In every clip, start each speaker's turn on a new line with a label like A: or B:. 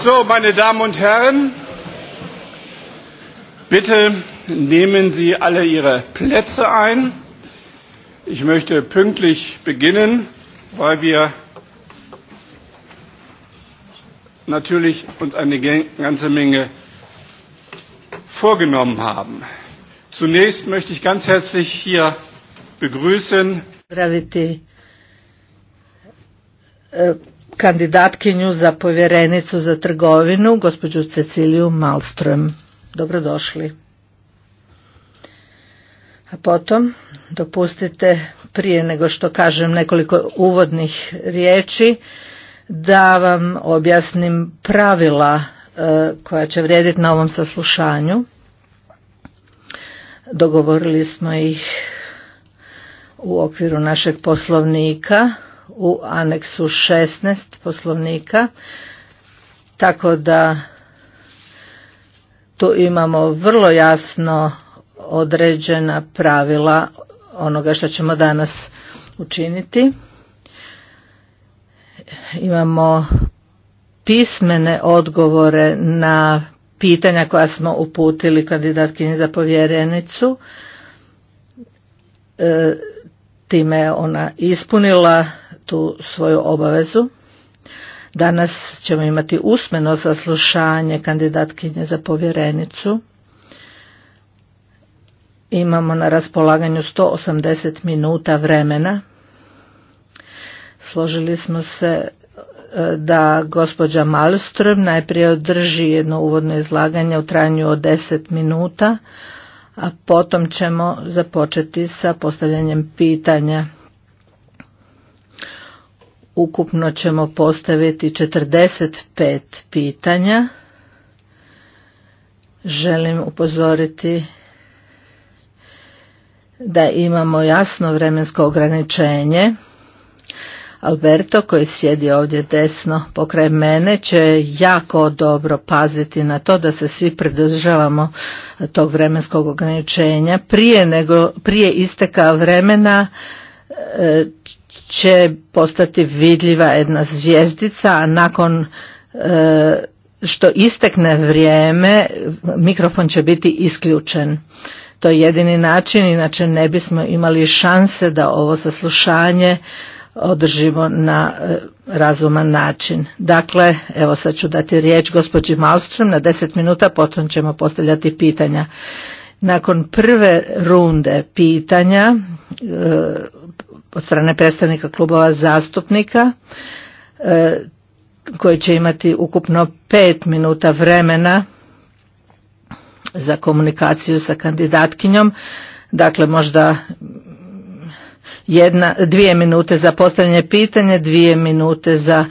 A: So, meine Damen und Herren,
B: bitte nehmen Sie alle Ihre Plätze ein. Ich möchte
C: pünktlich beginnen, weil wir natürlich uns eine ganze Menge vorgenommen
B: haben. Zunächst möchte ich ganz herzlich hier begrüßen kandidatkinju za povjerenicu za trgovinu, gospođu Ceciliju Malström. Dobrodošli. A potom, dopustite prije nego što kažem nekoliko uvodnih riječi, da vam objasnim pravila e, koja će vrijediti na ovom saslušanju. Dogovorili smo ih u okviru našeg poslovnika u aneksu 16 poslovnika, tako da tu imamo vrlo jasno određena pravila onoga što ćemo danas učiniti. Imamo pismene odgovore na pitanja koja smo uputili kandidatkinji za povjerenicu. E, time je ona ispunila tu svoju obavezu. Danas ćemo imati usmeno saslušanje kandidatkinje za povjerenicu. Imamo na raspolaganju 180 minuta vremena. Složili smo se e, da gospođa Malström najprije održi jedno uvodno izlaganje u trajanju od 10 minuta, a potom ćemo započeti sa postavljanjem pitanja. Ukupno ćemo postaviti 45 pitanja. Želim upozoriti da imamo jasno vremensko ograničenje. Alberto koji sjedi ovdje desno pokraj mene će jako dobro paziti na to da se svi pridržavamo tog vremenskog ograničenja. Prije, nego, prije isteka vremena e, će postati vidljiva jedna zvijezdica, a nakon e, što istekne vrijeme mikrofon će biti isključen. To je jedini način, inače ne bismo imali šanse da ovo saslušanje održimo na e, razuman način. Dakle, evo sad ću dati riječ gospođi Malstrom na 10 minuta, potom ćemo postavljati pitanja. Nakon prve runde pitanja e, od strane predstavnika klubova zastupnika e, koji će imati ukupno pet minuta vremena za komunikaciju sa kandidatkinjom, dakle možda jedna, dvije minute za postavljanje pitanja, dvije minute za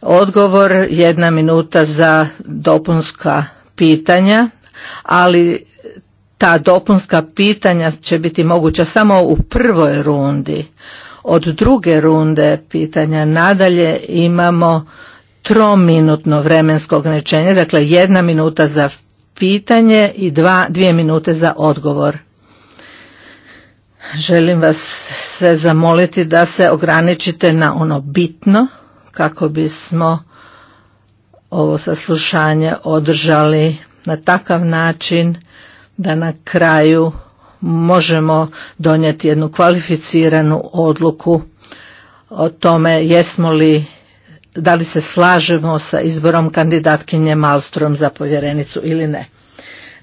B: odgovor, jedna minuta za dopunska pitanja, ali ta dopunska pitanja će biti moguća samo u prvoj rundi. Od druge runde pitanja nadalje imamo trominutno vremensko ograničenje, dakle jedna minuta za pitanje i dva, dvije minute za odgovor. Želim vas sve zamoliti da se ograničite na ono bitno kako bismo ovo saslušanje održali na takav način da na kraju možemo donijeti jednu kvalificiranu odluku o tome jesmo li da li se slažemo sa izborom kandidatkinje Malstrom za povjerenicu ili ne.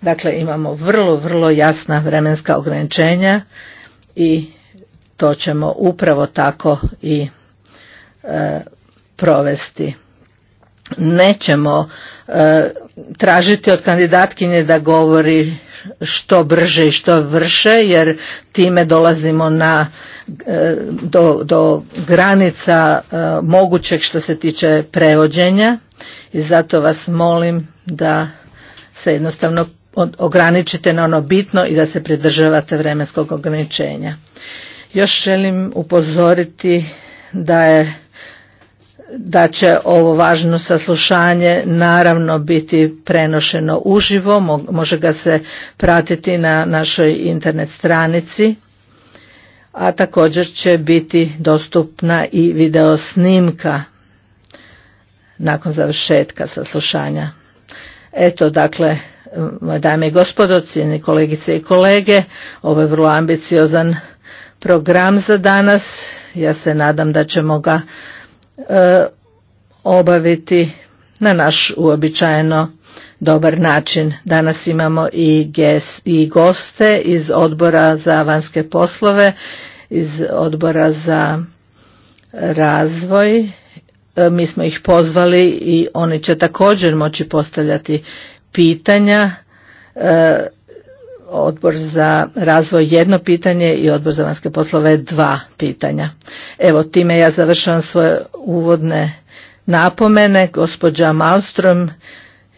B: Dakle, imamo vrlo, vrlo jasna vremenska ograničenja i to ćemo upravo tako i e, provesti. Nećemo e, tražiti od kandidatkinje da govori što brže i što vrše jer time dolazimo na, e, do, do granica e, mogućeg što se tiče prevođenja i zato vas molim da se jednostavno ograničite na ono bitno i da se pridržavate vremenskog ograničenja. Još želim upozoriti da je da će ovo važno saslušanje naravno biti prenošeno uživo, može ga se pratiti na našoj internet stranici, a također će biti dostupna i video snimka nakon završetka saslušanja. Eto, dakle, dame i gospodo, cijeni kolegice i kolege, ovo je vrlo ambiciozan program za danas. Ja se nadam da ćemo ga E, obaviti na naš uobičajeno dobar način. Danas imamo i, goste iz odbora za vanjske poslove, iz odbora za razvoj. E, mi smo ih pozvali i oni će također moći postavljati pitanja. E, odbor za razvoj jedno pitanje i odbor za vanjske poslove dva pitanja. Evo, time ja završavam svoje uvodne napomene. Gospođa Malstrom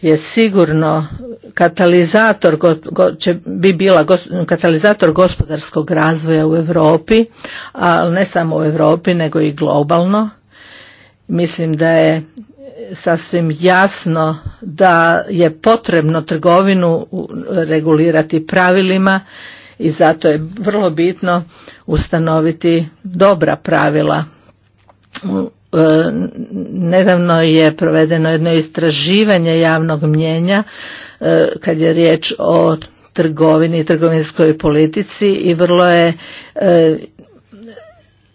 B: je sigurno katalizator, go, će bi bila katalizator gospodarskog razvoja u Europi, ali ne samo u Europi nego i globalno. Mislim da je sasvim jasno da je potrebno trgovinu regulirati pravilima i zato je vrlo bitno ustanoviti dobra pravila. E, nedavno je provedeno jedno istraživanje javnog mnjenja e, kad je riječ o trgovini i trgovinskoj politici i vrlo je e,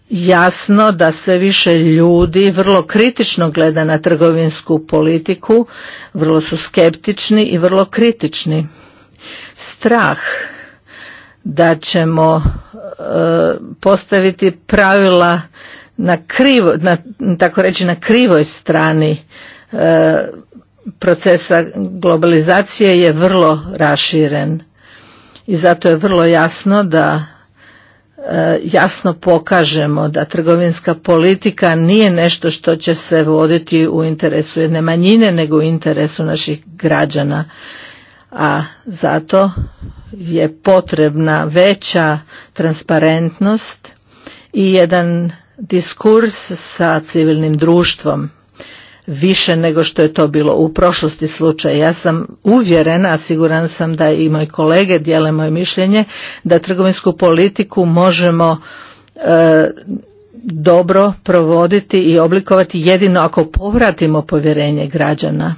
B: jasno da sve više ljudi vrlo kritično gleda na trgovinsku politiku, vrlo su skeptični i vrlo kritični. Strah da ćemo e, postaviti pravila na krivo, na, tako reći na krivoj strani e, procesa globalizacije je vrlo raširen i zato je vrlo jasno da E, jasno pokažemo da trgovinska politika nije nešto što će se voditi u interesu jedne manjine nego u interesu naših građana a zato je potrebna veća transparentnost i jedan diskurs sa civilnim društvom više nego što je to bilo u prošlosti slučaj. Ja sam uvjerena, a siguran sam da i moji kolege dijele moje mišljenje, da trgovinsku politiku možemo e, dobro provoditi i oblikovati jedino ako povratimo povjerenje građana.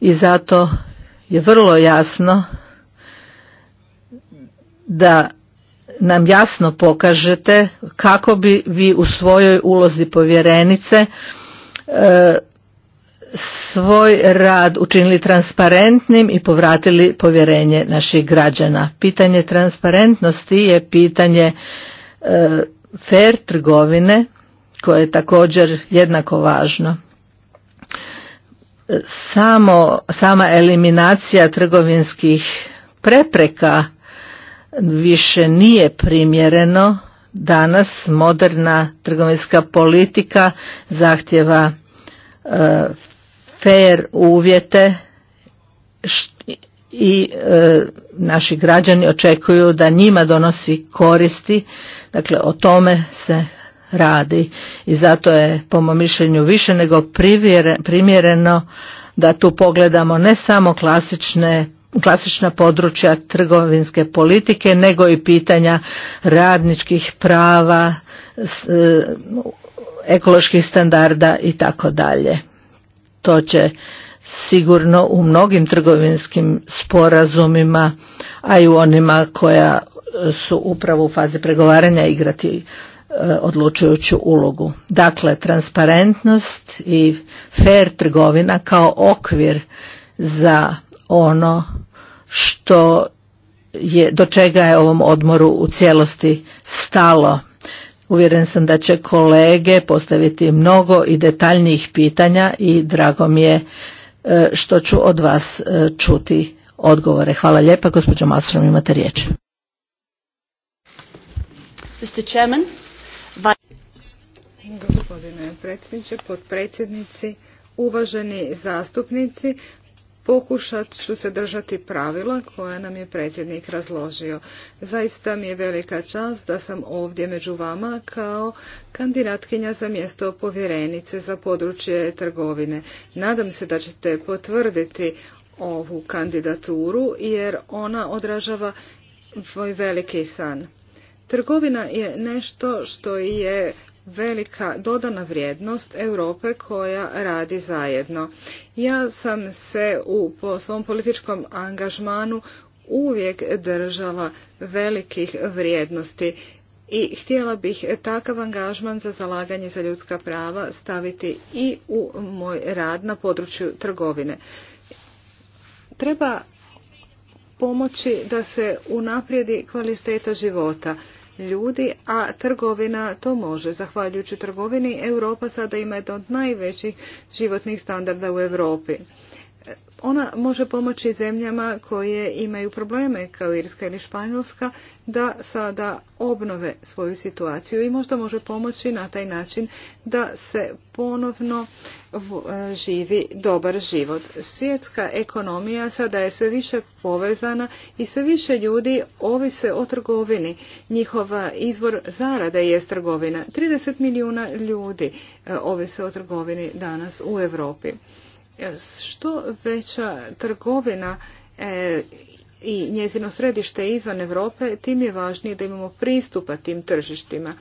B: I zato je vrlo jasno da nam jasno pokažete kako bi vi u svojoj ulozi povjerenice svoj rad učinili transparentnim i povratili povjerenje naših građana. Pitanje transparentnosti je pitanje e, fair trgovine koje je također jednako važno. Samo, sama eliminacija trgovinskih prepreka više nije primjereno. Danas moderna trgovinska politika zahtjeva fair uvjete i e, naši građani očekuju da njima donosi koristi dakle o tome se radi i zato je po mom mišljenju više nego primjereno da tu pogledamo ne samo klasične klasična područja trgovinske politike nego i pitanja radničkih prava e, ekoloških standarda i tako dalje. To će sigurno u mnogim trgovinskim sporazumima, a i u onima koja su upravo u fazi pregovaranja igrati e, odlučujuću ulogu. Dakle, transparentnost i fair trgovina kao okvir za ono što je, do čega je ovom odmoru u cijelosti stalo. Uvjeren sam da će kolege postaviti mnogo i detaljnijih pitanja i drago mi je e, što ću od vas e, čuti odgovore. Hvala lijepa, gospođo Masrom, imate riječ.
C: Mr. Chairman,
A: Gospodine predsjedniče, potpredsjednici, uvaženi zastupnici, Pokušat ću se držati pravila koje nam je predsjednik razložio. Zaista mi je velika čast da sam ovdje među vama kao kandidatkinja za mjesto povjerenice za područje trgovine. Nadam se da ćete potvrditi ovu kandidaturu jer ona odražava svoj veliki san. Trgovina je nešto što je velika dodana vrijednost Europe koja radi zajedno. Ja sam se u po svom političkom angažmanu uvijek držala velikih vrijednosti i htjela bih takav angažman za zalaganje za ljudska prava staviti i u moj rad na području trgovine. Treba pomoći da se unaprijedi kvaliteta života ljudi, a trgovina to može. Zahvaljujući trgovini Europa sada ima jedan od najvećih životnih standarda u Europi ona može pomoći zemljama koje imaju probleme kao Irska ili Španjolska da sada obnove svoju situaciju i možda može pomoći na taj način da se ponovno e, živi dobar život. Svjetska ekonomija sada je sve više povezana i sve više ljudi ovise o trgovini. Njihova izvor zarade je trgovina. 30 milijuna ljudi e, ovise o trgovini danas u Europi. Što veća trgovina e, i njezino središte izvan Europe, tim je važnije da imamo pristupa tim tržištima.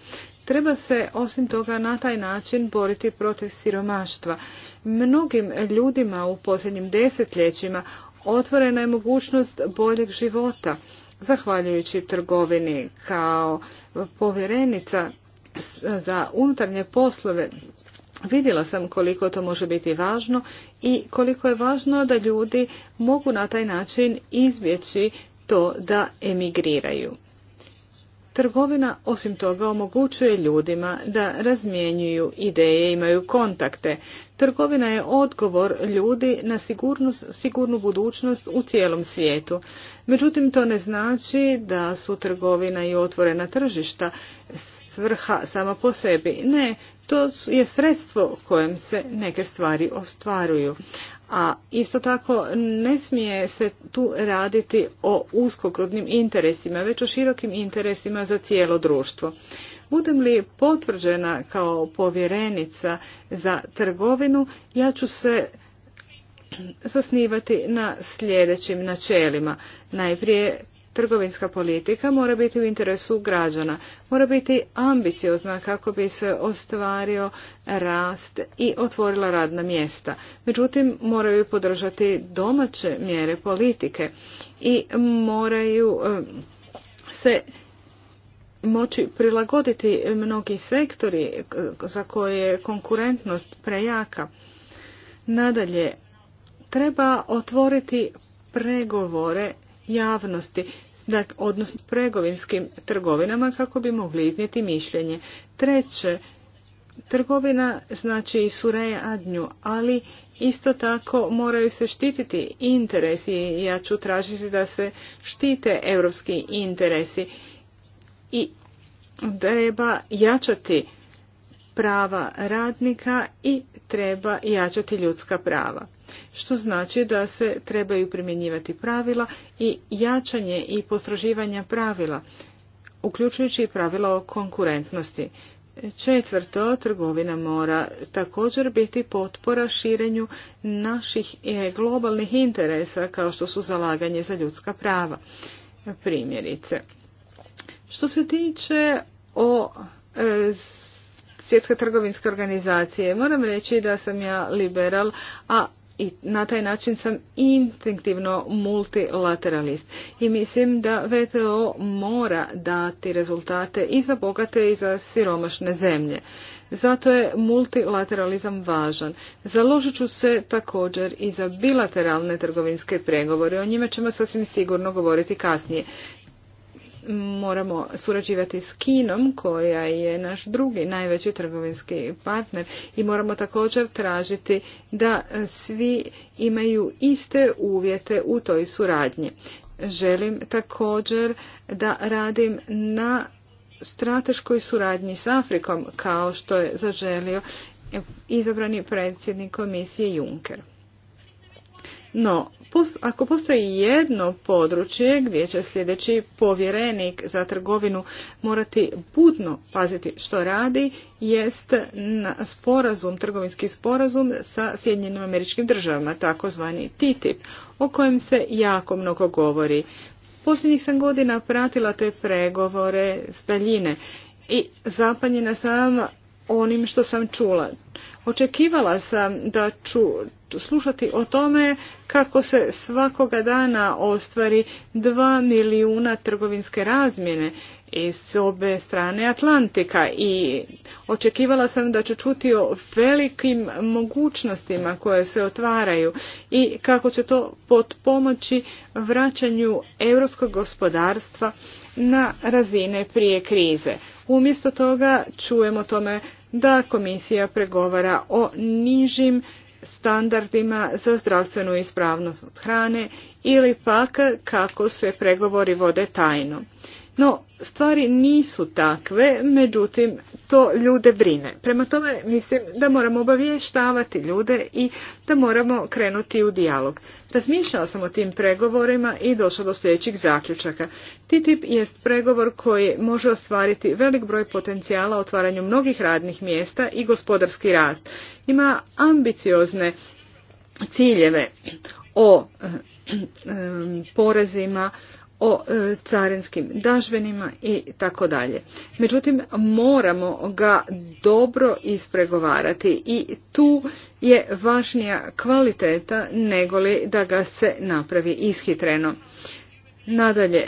A: Treba se osim toga na taj način boriti protiv siromaštva. Mnogim ljudima u posljednjim desetljećima otvorena je mogućnost boljeg života. Zahvaljujući trgovini kao povjerenica za unutarnje poslove Vidjela sam koliko to može biti važno i koliko je važno da ljudi mogu na taj način izbjeći to da emigriraju. Trgovina osim toga omogućuje ljudima da razmjenjuju ideje, imaju kontakte. Trgovina je odgovor ljudi na sigurnu budućnost u cijelom svijetu. Međutim, to ne znači da su trgovina i otvorena tržišta svrha sama po sebi. Ne, to je sredstvo kojem se neke stvari ostvaruju. A isto tako ne smije se tu raditi o uskogrudnim interesima, već o širokim interesima za cijelo društvo. Budem li potvrđena kao povjerenica za trgovinu, ja ću se zasnivati na sljedećim načelima. Najprije trgovinska politika mora biti u interesu građana, mora biti ambiciozna kako bi se ostvario rast i otvorila radna mjesta. Međutim, moraju podržati domaće mjere politike i moraju se moći prilagoditi mnogi sektori za koje je konkurentnost prejaka. Nadalje, treba otvoriti pregovore javnosti, odnosno pregovinskim trgovinama kako bi mogli iznijeti mišljenje. Treće, trgovina znači i suradnju, ali isto tako moraju se štititi interesi i ja ću tražiti da se štite europski interesi i treba jačati prava radnika i treba jačati ljudska prava što znači da se trebaju primjenjivati pravila i jačanje i postroživanja pravila, uključujući i pravila o konkurentnosti. Četvrto, trgovina mora također biti potpora širenju naših e, globalnih interesa kao što su zalaganje za ljudska prava. Primjerice. Što se tiče o e, svjetske trgovinske organizacije, moram reći da sam ja liberal, a i na taj način sam instinktivno multilateralist i mislim da VTO mora dati rezultate i za bogate i za siromašne zemlje. Zato je multilateralizam važan. Založit ću se također i za bilateralne trgovinske pregovore. O njima ćemo sasvim sigurno govoriti kasnije moramo surađivati s Kinom koja je naš drugi najveći trgovinski partner i moramo također tražiti da svi imaju iste uvjete u toj suradnji. Želim također da radim na strateškoj suradnji s Afrikom kao što je zaželio izabrani predsjednik komisije Juncker. No, ako postoji jedno područje gdje će sljedeći povjerenik za trgovinu morati budno paziti što radi, jest sporazum, trgovinski sporazum sa Sjedinjenim američkim državama, takozvani TTIP, o kojem se jako mnogo govori. Posljednjih sam godina pratila te pregovore s daljine i zapanjena sam onim što sam čula. Očekivala sam da ću slušati o tome kako se svakoga dana ostvari dva milijuna trgovinske razmjene iz obe strane Atlantika i očekivala sam da ću čuti o velikim mogućnostima koje se otvaraju i kako će to potpomoći vraćanju europskog gospodarstva na razine prije krize. Umjesto toga čujemo tome da komisija pregovara o nižim standardima za zdravstvenu ispravnost hrane ili pak kako se pregovori vode tajno. No, stvari nisu takve, međutim to ljude brine. Prema tome mislim da moramo obavještavati ljude i da moramo krenuti u dijalog. Razmišljala sam o tim pregovorima i došla do sljedećih zaključaka. TTIP jest pregovor koji može ostvariti velik broj potencijala otvaranju mnogih radnih mjesta i gospodarski rast. Ima ambiciozne ciljeve o eh, eh, porezima, o e, carinskim dažbenima i tako dalje. Međutim, moramo ga dobro ispregovarati i tu je važnija kvaliteta nego li da ga se napravi ishitreno. Nadalje,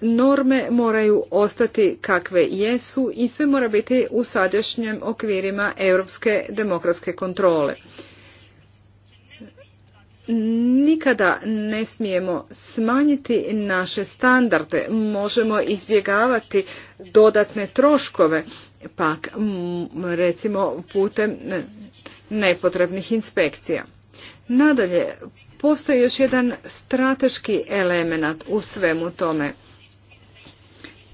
A: norme moraju ostati kakve jesu i sve mora biti u sadašnjim okvirima europske demokratske kontrole nikada ne smijemo smanjiti naše standarde, možemo izbjegavati dodatne troškove, pak recimo putem nepotrebnih inspekcija. Nadalje, postoji još jedan strateški element u svemu tome.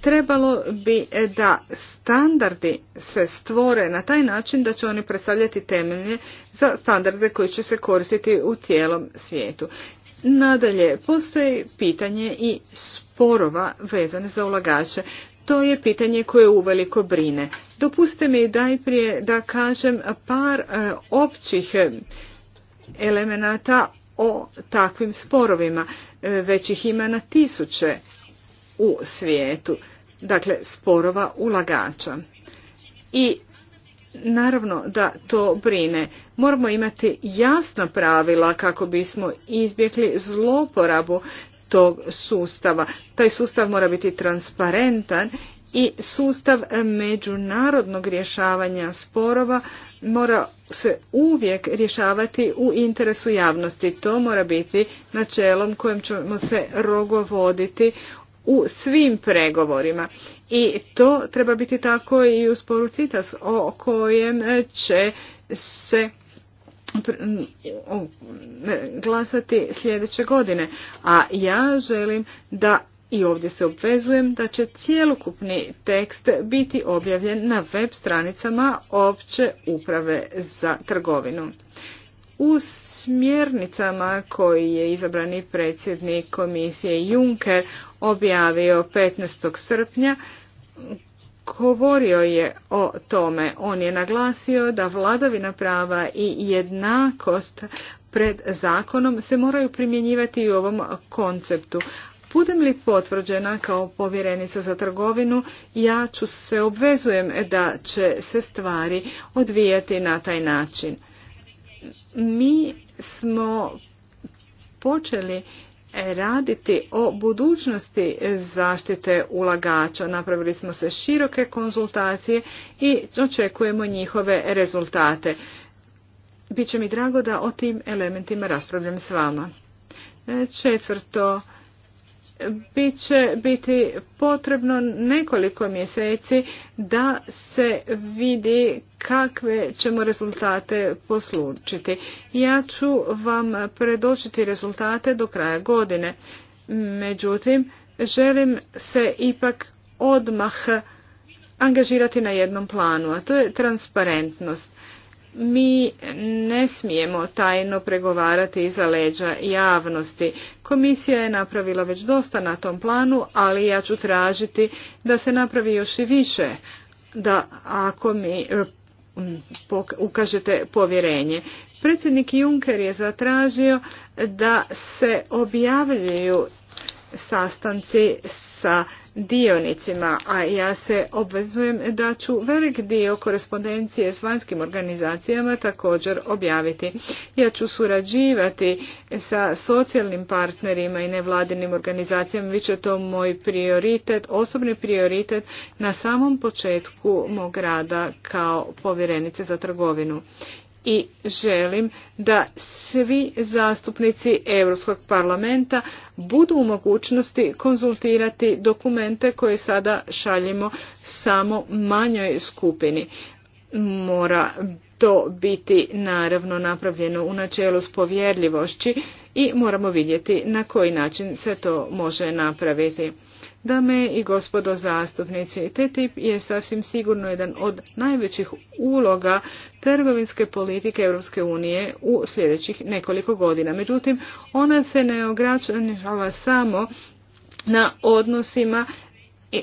A: Trebalo bi e, da standardi se stvore na taj način da će oni predstavljati temelje za standarde koji će se koristiti u cijelom svijetu. Nadalje, postoji pitanje i sporova vezane za ulagače. To je pitanje koje uveliko brine. Dopuste mi daj prije da kažem par e, općih e, elemenata o takvim sporovima. već ih ima na tisuće u svijetu, dakle sporova ulagača. I naravno da to brine. Moramo imati jasna pravila kako bismo izbjegli zloporabu tog sustava. Taj sustav mora biti transparentan i sustav međunarodnog rješavanja sporova mora se uvijek rješavati u interesu javnosti. To mora biti načelom kojem ćemo se rogovoditi u svim pregovorima. I to treba biti tako i u sporu CITAS o kojem će se glasati sljedeće godine. A ja želim da i ovdje se obvezujem da će cjelokupni tekst biti objavljen na web stranicama opće uprave za trgovinu. U smjernicama koji je izabrani predsjednik komisije Juncker objavio 15. srpnja, govorio je o tome. On je naglasio da vladavina prava i jednakost pred zakonom se moraju primjenjivati i u ovom konceptu. Budem li potvrđena kao povjerenica za trgovinu, ja ću se obvezujem da će se stvari odvijati na taj način mi smo počeli raditi o budućnosti zaštite ulagača. Napravili smo se široke konzultacije i očekujemo njihove rezultate. Biće mi drago da o tim elementima raspravljam s vama. Četvrto, bit će biti potrebno nekoliko mjeseci da se vidi kakve ćemo rezultate poslučiti. Ja ću vam predočiti rezultate do kraja godine. Međutim, želim se ipak odmah angažirati na jednom planu, a to je transparentnost mi ne smijemo tajno pregovarati iza leđa javnosti. Komisija je napravila već dosta na tom planu, ali ja ću tražiti da se napravi još i više, da ako mi e, ukažete povjerenje. Predsjednik Juncker je zatražio da se objavljuju sastanci sa dionicima, a ja se obvezujem da ću velik dio korespondencije s vanjskim organizacijama također objaviti. Ja ću surađivati sa socijalnim partnerima i nevladinim organizacijama, Vi će to moj prioritet, osobni prioritet na samom početku mog rada kao povjerenice za trgovinu i želim da svi zastupnici Europskog parlamenta budu u mogućnosti konzultirati dokumente koje sada šaljimo samo manjoj skupini. Mora to biti naravno napravljeno u načelu s povjerljivošći i moramo vidjeti na koji način se to može napraviti. Dame i gospodo zastupnici, TTIP je sasvim sigurno jedan od najvećih uloga trgovinske politike Europske unije u sljedećih nekoliko godina. Međutim, ona se ne ograničava samo na odnosima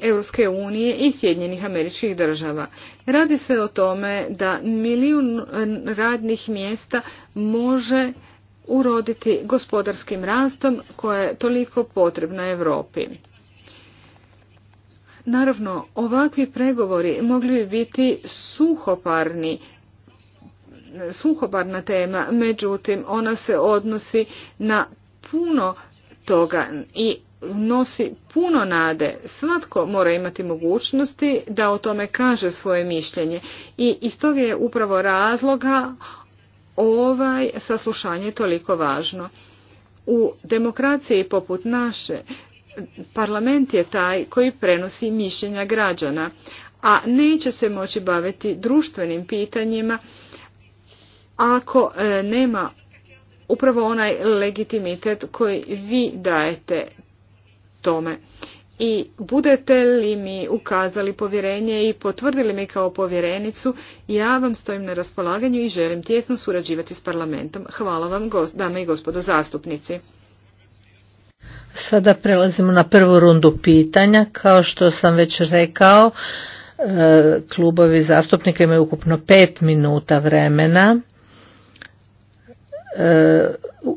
A: Europske unije i Sjedinjenih američkih država. Radi se o tome da milijun radnih mjesta može uroditi gospodarskim rastom koje je toliko potrebna Europi. Naravno, ovakvi pregovori mogli bi biti suhoparni, suhoparna tema, međutim ona se odnosi na puno toga i nosi puno nade. Svatko mora imati mogućnosti da o tome kaže svoje mišljenje i iz toga je upravo razloga ovaj saslušanje toliko važno. U demokraciji poput naše parlament je taj koji prenosi mišljenja građana, a neće se moći baviti društvenim pitanjima ako e, nema upravo onaj legitimitet koji vi dajete tome. I budete li mi ukazali povjerenje i potvrdili mi kao povjerenicu, ja vam stojim na raspolaganju i želim tjesno surađivati s parlamentom. Hvala vam, dame i gospodo zastupnici.
B: Sada prelazimo na prvu rundu pitanja. Kao što sam već rekao, e, klubovi zastupnika imaju ukupno pet minuta vremena e,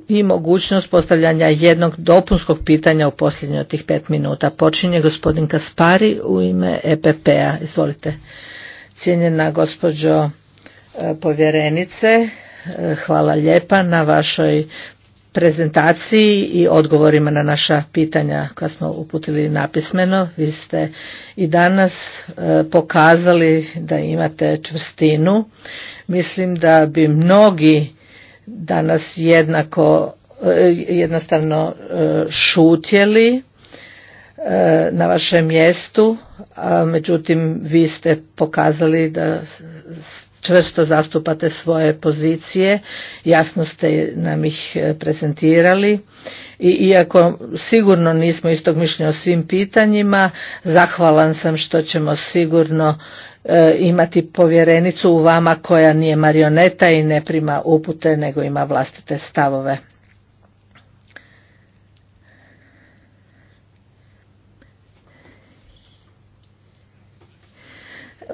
B: i mogućnost postavljanja jednog dopunskog pitanja u posljednje od tih pet minuta. Počinje gospodin Kaspari u ime EPP-a. Izvolite. Cijenjena gospođo e, povjerenice, hvala lijepa na vašoj prezentaciji i odgovorima na naša pitanja koja smo uputili napismeno. Vi ste i danas e, pokazali da imate čvrstinu. Mislim da bi mnogi danas jednako e, jednostavno e, šutjeli na vašem mjestu, međutim vi ste pokazali da čvrsto zastupate svoje pozicije, jasno ste nam ih e, prezentirali i iako sigurno nismo istog mišljenja o svim pitanjima, zahvalan sam što ćemo sigurno e, imati povjerenicu u vama koja nije marioneta i ne prima upute nego ima vlastite stavove.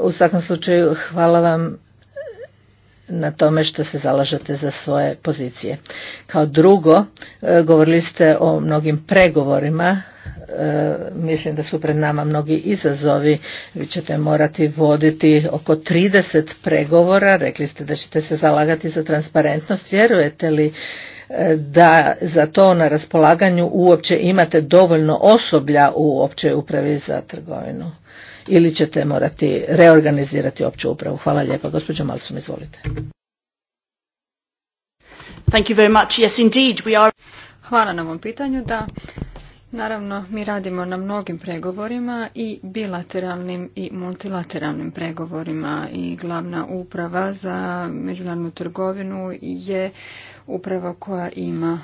B: U svakom slučaju hvala vam na tome što se zalažete za svoje pozicije. Kao drugo, e, govorili ste o mnogim pregovorima, e, mislim da su pred nama mnogi izazovi, vi ćete morati voditi oko 30 pregovora, rekli ste da ćete se zalagati za transparentnost, vjerujete li e, da za to na raspolaganju uopće imate dovoljno osoblja u općoj upravi za trgovinu? ili ćete morati reorganizirati opću upravu. Hvala lijepa. Gospođo Malcom, izvolite.
C: Thank you Hvala na ovom pitanju. Da, naravno, mi radimo na mnogim pregovorima i bilateralnim i multilateralnim pregovorima i glavna uprava za međunarodnu trgovinu je uprava koja ima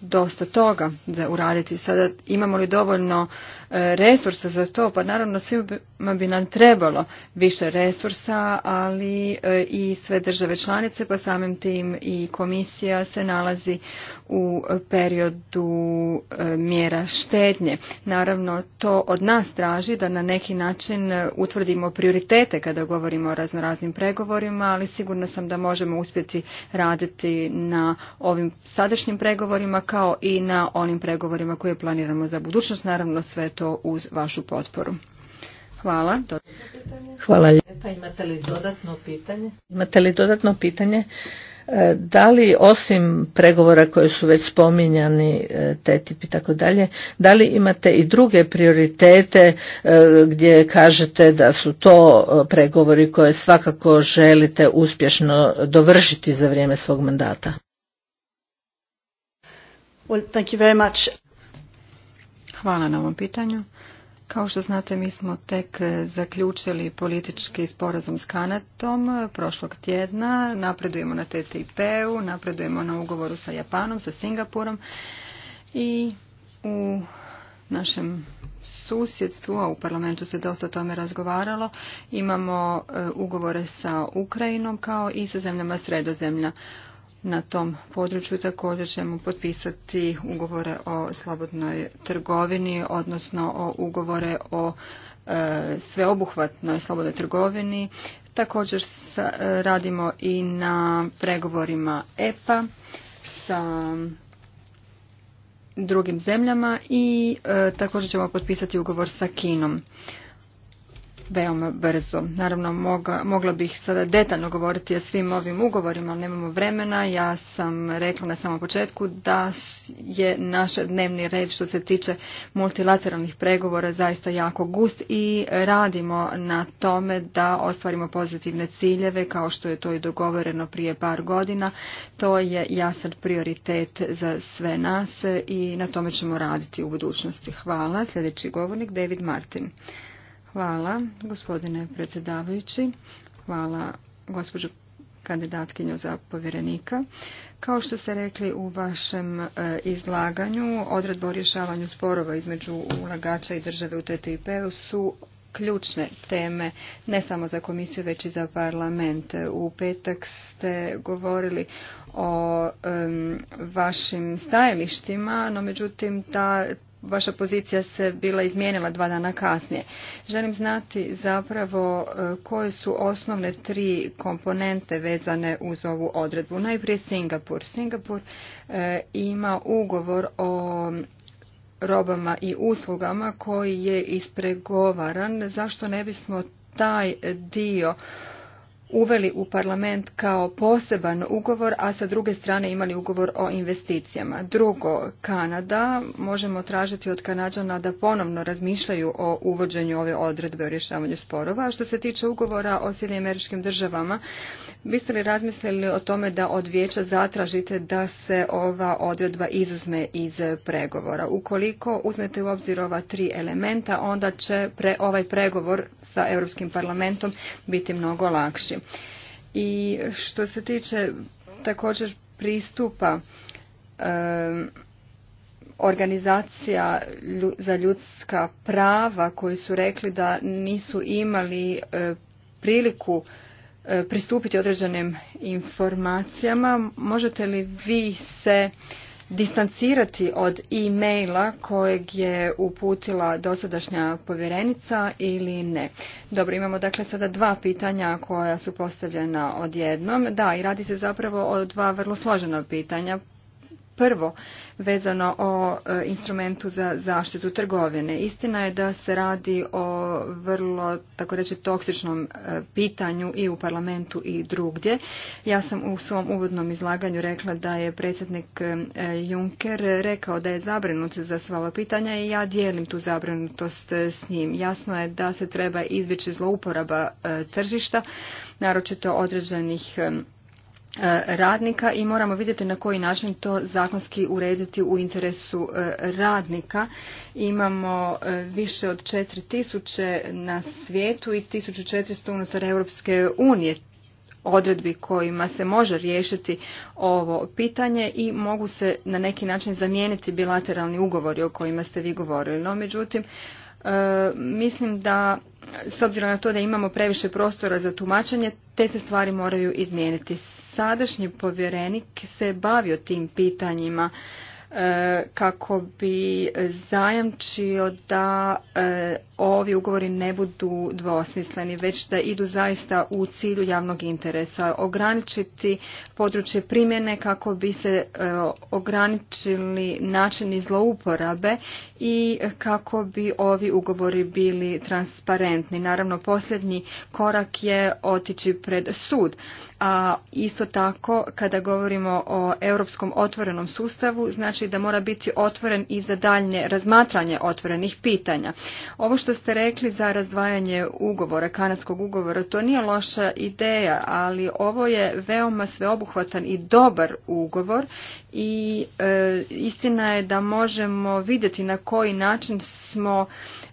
C: dosta toga za uraditi. Sada imamo li dovoljno resursa za to, pa naravno svima bi nam trebalo više resursa, ali e, i sve države članice, pa samim tim i komisija se nalazi u periodu e, mjera štednje. Naravno, to od nas traži da na neki način utvrdimo prioritete kada govorimo o raznoraznim pregovorima, ali sigurna sam da možemo uspjeti raditi na ovim sadašnjim pregovorima kao i na onim pregovorima koje planiramo za budućnost. Naravno, sve to uz vašu potporu. Hvala. Hvala lijepa. Imate li
B: dodatno pitanje? Imate li dodatno pitanje? E, da li osim pregovora koje su već spominjani, e, TTIP i tako dalje, da li imate i druge prioritete e, gdje kažete da su to pregovori koje svakako želite uspješno dovršiti za vrijeme svog mandata?
C: thank Hvala na ovom pitanju. Kao što znate, mi smo tek e, zaključili politički sporazum s kanatom e, prošlog tjedna. Napredujemo na TTIP-u, napredujemo na ugovoru sa Japanom, sa Singapurom i u našem susjedstvu, a u parlamentu se dosta tome razgovaralo, imamo e, ugovore sa Ukrajinom kao i sa zemljama sredozemlja na tom području također ćemo potpisati ugovore o slobodnoj trgovini, odnosno o ugovore o e, sveobuhvatnoj slobodnoj trgovini. Također e, radimo i na pregovorima EPA sa drugim zemljama i e, također ćemo potpisati ugovor sa Kinom veoma brzo. Naravno, mogla bih sada detaljno govoriti o svim ovim ugovorima, ali nemamo vremena. Ja sam rekla na samom početku da je naš dnevni red što se tiče multilateralnih pregovora zaista jako gust i radimo na tome da ostvarimo pozitivne ciljeve kao što je to i dogovoreno prije par godina. To je jasan prioritet za sve nas i na tome ćemo raditi u budućnosti. Hvala. Sljedeći govornik David Martin. Hvala, gospodine predsjedavajući. Hvala, gospođo kandidatkinju za povjerenika. Kao što ste rekli u vašem e, izlaganju, odredbe o rješavanju sporova između ulagača i države u TTIP-u su ključne teme, ne samo za komisiju, već i za parlament. U petak ste govorili o vašim stajalištima, no međutim ta vaša pozicija se bila izmijenila dva dana kasnije. Želim znati zapravo e, koje su osnovne tri komponente vezane uz ovu odredbu. Najprije Singapur. Singapur e, ima ugovor o robama i uslugama koji je ispregovaran. Zašto ne bismo taj dio uveli u parlament kao poseban ugovor, a sa druge strane imali ugovor o investicijama. Drugo, Kanada. Možemo tražiti od Kanađana da ponovno razmišljaju o uvođenju ove odredbe o rješavanju sporova. A što se tiče ugovora o sili američkim državama, biste li razmislili o tome da od vijeća zatražite da se ova odredba izuzme iz pregovora? Ukoliko uzmete u obzir ova tri elementa, onda će pre, ovaj pregovor sa Europskim parlamentom biti mnogo lakši. I što se tiče također pristupa organizacija za ljudska prava koji su rekli da nisu imali e, priliku e, pristupiti određenim informacijama. Možete li vi se distancirati od e-maila kojeg je uputila dosadašnja povjerenica ili ne. Dobro, imamo dakle sada dva pitanja koja su postavljena odjednom. Da, i radi se zapravo o dva vrlo složena pitanja. Prvo, vezano o e, instrumentu za zaštitu trgovine. Istina je da se radi o vrlo, tako reći, toksičnom e, pitanju i u parlamentu i drugdje. Ja sam u svom uvodnom izlaganju rekla da je predsjednik e, Juncker rekao da je zabrinut za sva ova pitanja i ja dijelim tu zabrinutost s njim. Jasno je da se treba izbjeći zlouporaba tržišta, naročito određenih E, radnika i moramo vidjeti na koji način to zakonski urediti u interesu e, radnika. Imamo e, više od 4000 na svijetu i 1400 unutar Europske unije odredbi kojima se može riješiti ovo pitanje i mogu se na neki način zamijeniti bilateralni ugovori o kojima ste vi govorili. No, međutim, mislim da s obzirom na to da imamo previše prostora za tumačenje, te se stvari moraju izmijeniti sadašnji povjerenik se bavio tim pitanjima e, kako bi zajamčio da e, ovi ugovori ne budu dvosmisleni, već da idu zaista u cilju javnog interesa. Ograničiti područje primjene kako bi se e, ograničili načini zlouporabe i kako bi ovi ugovori bili transparentni. Naravno, posljednji korak je otići pred sud a isto tako kada govorimo o europskom otvorenom sustavu znači da mora biti otvoren i za daljnje razmatranje otvorenih pitanja. Ovo što ste rekli za razdvajanje ugovora, kanadskog ugovora, to nije loša ideja, ali ovo je veoma sveobuhvatan i dobar ugovor i e, istina je da možemo vidjeti na koji način smo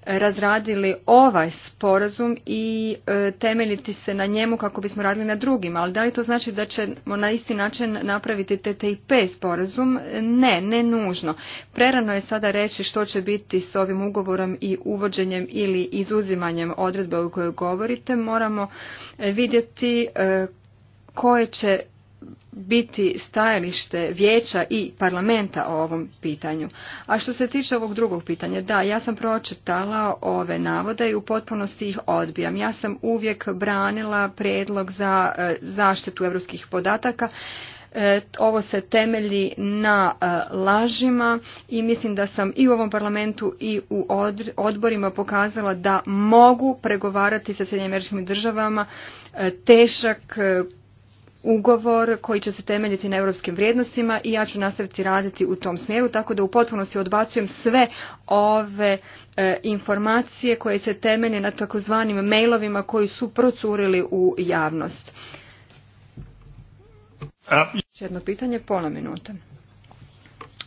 C: razradili ovaj sporazum i e, temeljiti se na njemu kako bismo radili na drugim. Ali da li to znači da ćemo na isti način napraviti TTIP sporazum? Ne, ne nužno. Prerano je sada reći što će biti s ovim ugovorom i uvođenjem ili izuzimanjem odredbe o kojoj govorite. Moramo e, vidjeti e, koje će biti stajalište vijeća i parlamenta o ovom pitanju. A što se tiče ovog drugog pitanja, da, ja sam pročitala ove navode i u potpunosti ih odbijam. Ja sam uvijek branila predlog za e, zaštitu europskih podataka e, ovo se temelji na e, lažima i mislim da sam i u ovom parlamentu i u odborima pokazala da mogu pregovarati sa Sjedinjenim državama težak ugovor koji će se temeljiti na europskim vrijednostima i ja ću nastaviti raditi u tom smjeru, tako da u potpunosti odbacujem sve ove e, informacije koje se temelje na takozvanim mailovima koji su procurili u javnost. Jedno pitanje, pola minuta.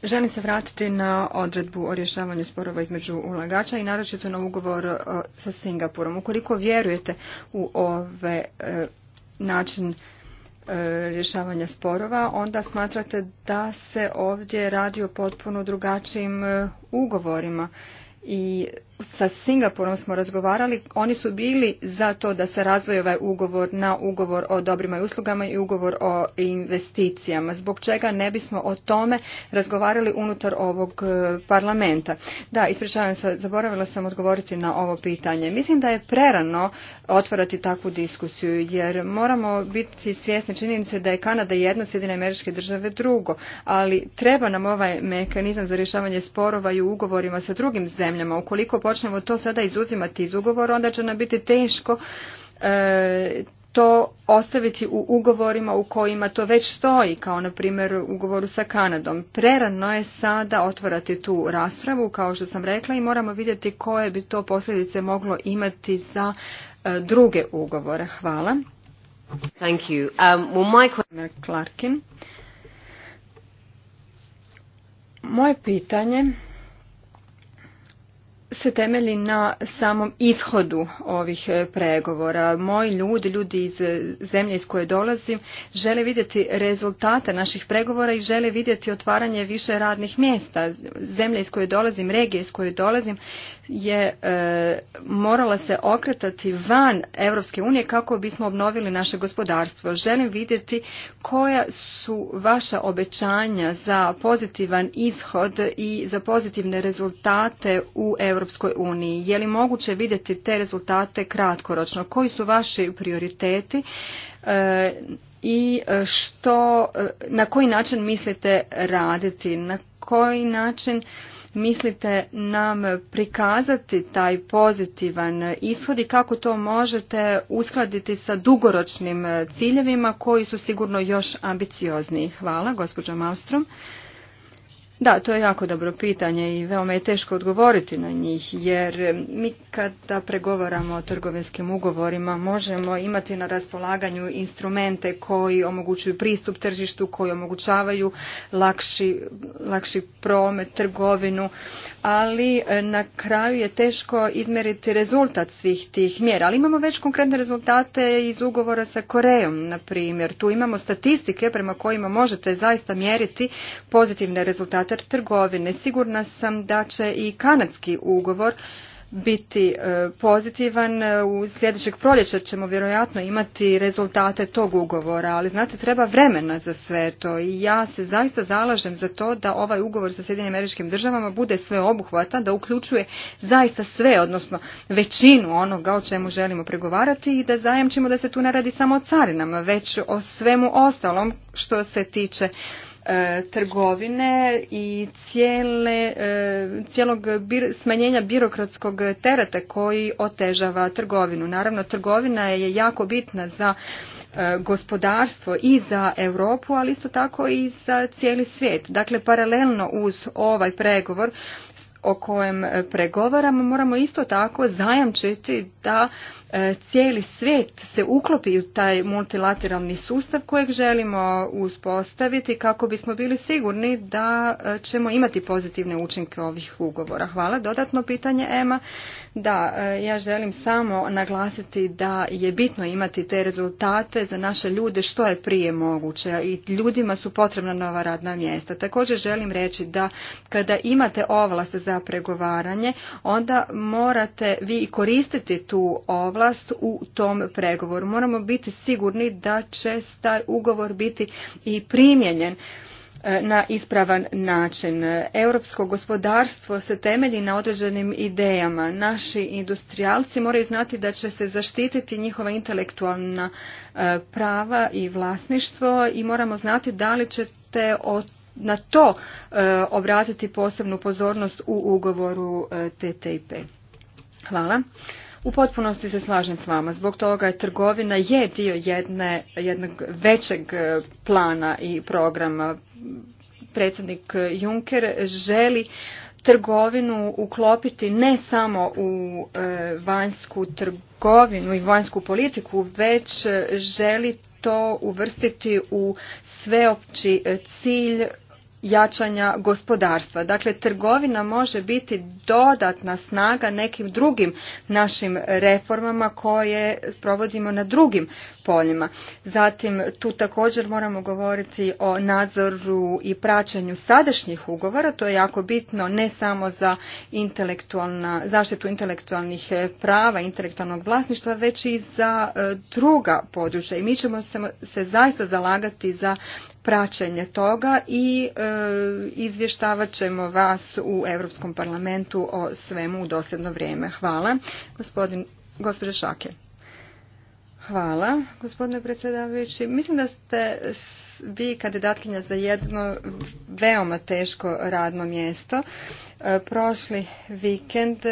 C: Želim se vratiti na odredbu o rješavanju sporova između ulagača i naročito na ugovor e, sa Singapurom. Ukoliko vjerujete u ove e, način E, rješavanja sporova, onda smatrate da se ovdje radi o potpuno drugačijim e, ugovorima i sa Singapurom smo razgovarali, oni su bili za to da se razvoje ovaj ugovor na ugovor o dobrima i uslugama i ugovor o investicijama. Zbog čega ne bismo o tome razgovarali unutar ovog e, parlamenta? Da, ispričavam se, zaboravila sam odgovoriti na ovo pitanje. Mislim da je prerano otvarati takvu diskusiju, jer moramo biti svjesni činjenice da je Kanada jedno, Sjedine američke države drugo, ali treba nam ovaj mehanizam za rješavanje sporova i ugovorima sa drugim zemljama. Ukoliko počnemo to sada izuzimati iz ugovora, onda će nam biti teško e, to ostaviti u ugovorima u kojima to već stoji, kao na primjer ugovoru sa Kanadom. Prerano je sada otvorati tu raspravu, kao što sam rekla, i moramo vidjeti koje bi to posljedice moglo imati za e, druge ugovore. Hvala. Thank you. Um, well, Clarkin. Moje pitanje se temelji na samom ishodu ovih e, pregovora. Moji ljudi, ljudi iz e, zemlje iz koje dolazim, žele vidjeti rezultate naših pregovora i žele vidjeti otvaranje više radnih mjesta. Zemlje iz koje dolazim, regije iz koje dolazim je e, morala se okretati van Europske unije kako bismo obnovili naše gospodarstvo. Želim vidjeti koja su vaša obećanja za pozitivan ishod i za pozitivne rezultate u EU Europskoj uniji. Je li moguće vidjeti te rezultate kratkoročno? Koji su vaši prioriteti e, i e, što, e, na koji način mislite raditi? Na koji način mislite nam prikazati taj pozitivan ishod i kako to možete uskladiti sa dugoročnim ciljevima koji su sigurno još ambiciozniji? Hvala, gospođo Malstrom. Da, to je jako dobro pitanje i veoma je teško odgovoriti na njih, jer mi kada pregovaramo o trgovinskim ugovorima možemo imati na raspolaganju instrumente koji omogućuju pristup tržištu, koji omogućavaju lakši, lakši promet, trgovinu, ali e, na kraju je teško izmeriti rezultat svih tih mjera. Ali imamo već konkretne rezultate iz ugovora sa Korejom, na primjer. Tu imamo statistike prema kojima možete zaista mjeriti pozitivne rezultate unutar trgovine. Sigurna sam da će i kanadski ugovor biti e, pozitivan. E, u sljedećeg proljeća ćemo vjerojatno imati rezultate tog ugovora, ali znate treba vremena za sve to i ja se zaista zalažem za to da ovaj ugovor sa Sjedinim američkim državama bude sveobuhvatan, da uključuje zaista sve, odnosno većinu onoga o čemu želimo pregovarati i da zajamčimo da se tu ne radi samo o carinama, već o svemu ostalom što se tiče E, trgovine i e, cijelog smanjenja birokratskog tereta koji otežava trgovinu. Naravno, trgovina je jako bitna za e, gospodarstvo i za Europu, ali isto tako i za cijeli svijet. Dakle, paralelno uz ovaj pregovor o kojem e, pregovaramo moramo isto tako zajamčiti da e, cijeli svijet se uklopi u taj multilateralni sustav kojeg želimo uspostaviti kako bismo bili sigurni da e, ćemo imati pozitivne učinke ovih ugovora. Hvala. Dodatno pitanje Ema. Da, e, ja želim samo naglasiti da je bitno imati te rezultate za naše ljude što je prije moguće i ljudima su potrebna nova radna mjesta. Također želim reći da kada imate ovlast za pregovaranje, onda morate vi koristiti tu ovlast u tom pregovoru. Moramo biti sigurni da će taj ugovor biti i primjenjen E, na ispravan način. Europsko gospodarstvo se temelji na određenim idejama. Naši industrijalci moraju znati da će se zaštititi njihova intelektualna e, prava i vlasništvo i moramo znati da li ćete na to e, obratiti posebnu pozornost u ugovoru TTIP. Hvala. U potpunosti se slažem s vama. Zbog toga je trgovina je dio jedne, jednog većeg e, plana i programa. Predsjednik Juncker želi trgovinu uklopiti ne samo u e, vanjsku trgovinu i vanjsku politiku, već želi to uvrstiti u sveopći e, cilj jačanja gospodarstva. Dakle, trgovina može biti dodatna snaga nekim drugim našim reformama koje provodimo na drugim poljima. Zatim, tu također moramo govoriti o nadzoru i praćenju sadašnjih ugovora. To je jako bitno ne samo za intelektualna, zaštitu intelektualnih e, prava, intelektualnog vlasništva, već i za e, druga područja. I mi ćemo se, se zaista zalagati za praćenje toga i e, E, izvještavat ćemo vas u Europskom parlamentu o svemu u dosljedno vrijeme. Hvala. Gospodin, gospođa Šake. Hvala, gospodine predsjedavajući. Mislim da ste bi kandidatkinja za jedno veoma teško radno mjesto. E, prošli vikend e,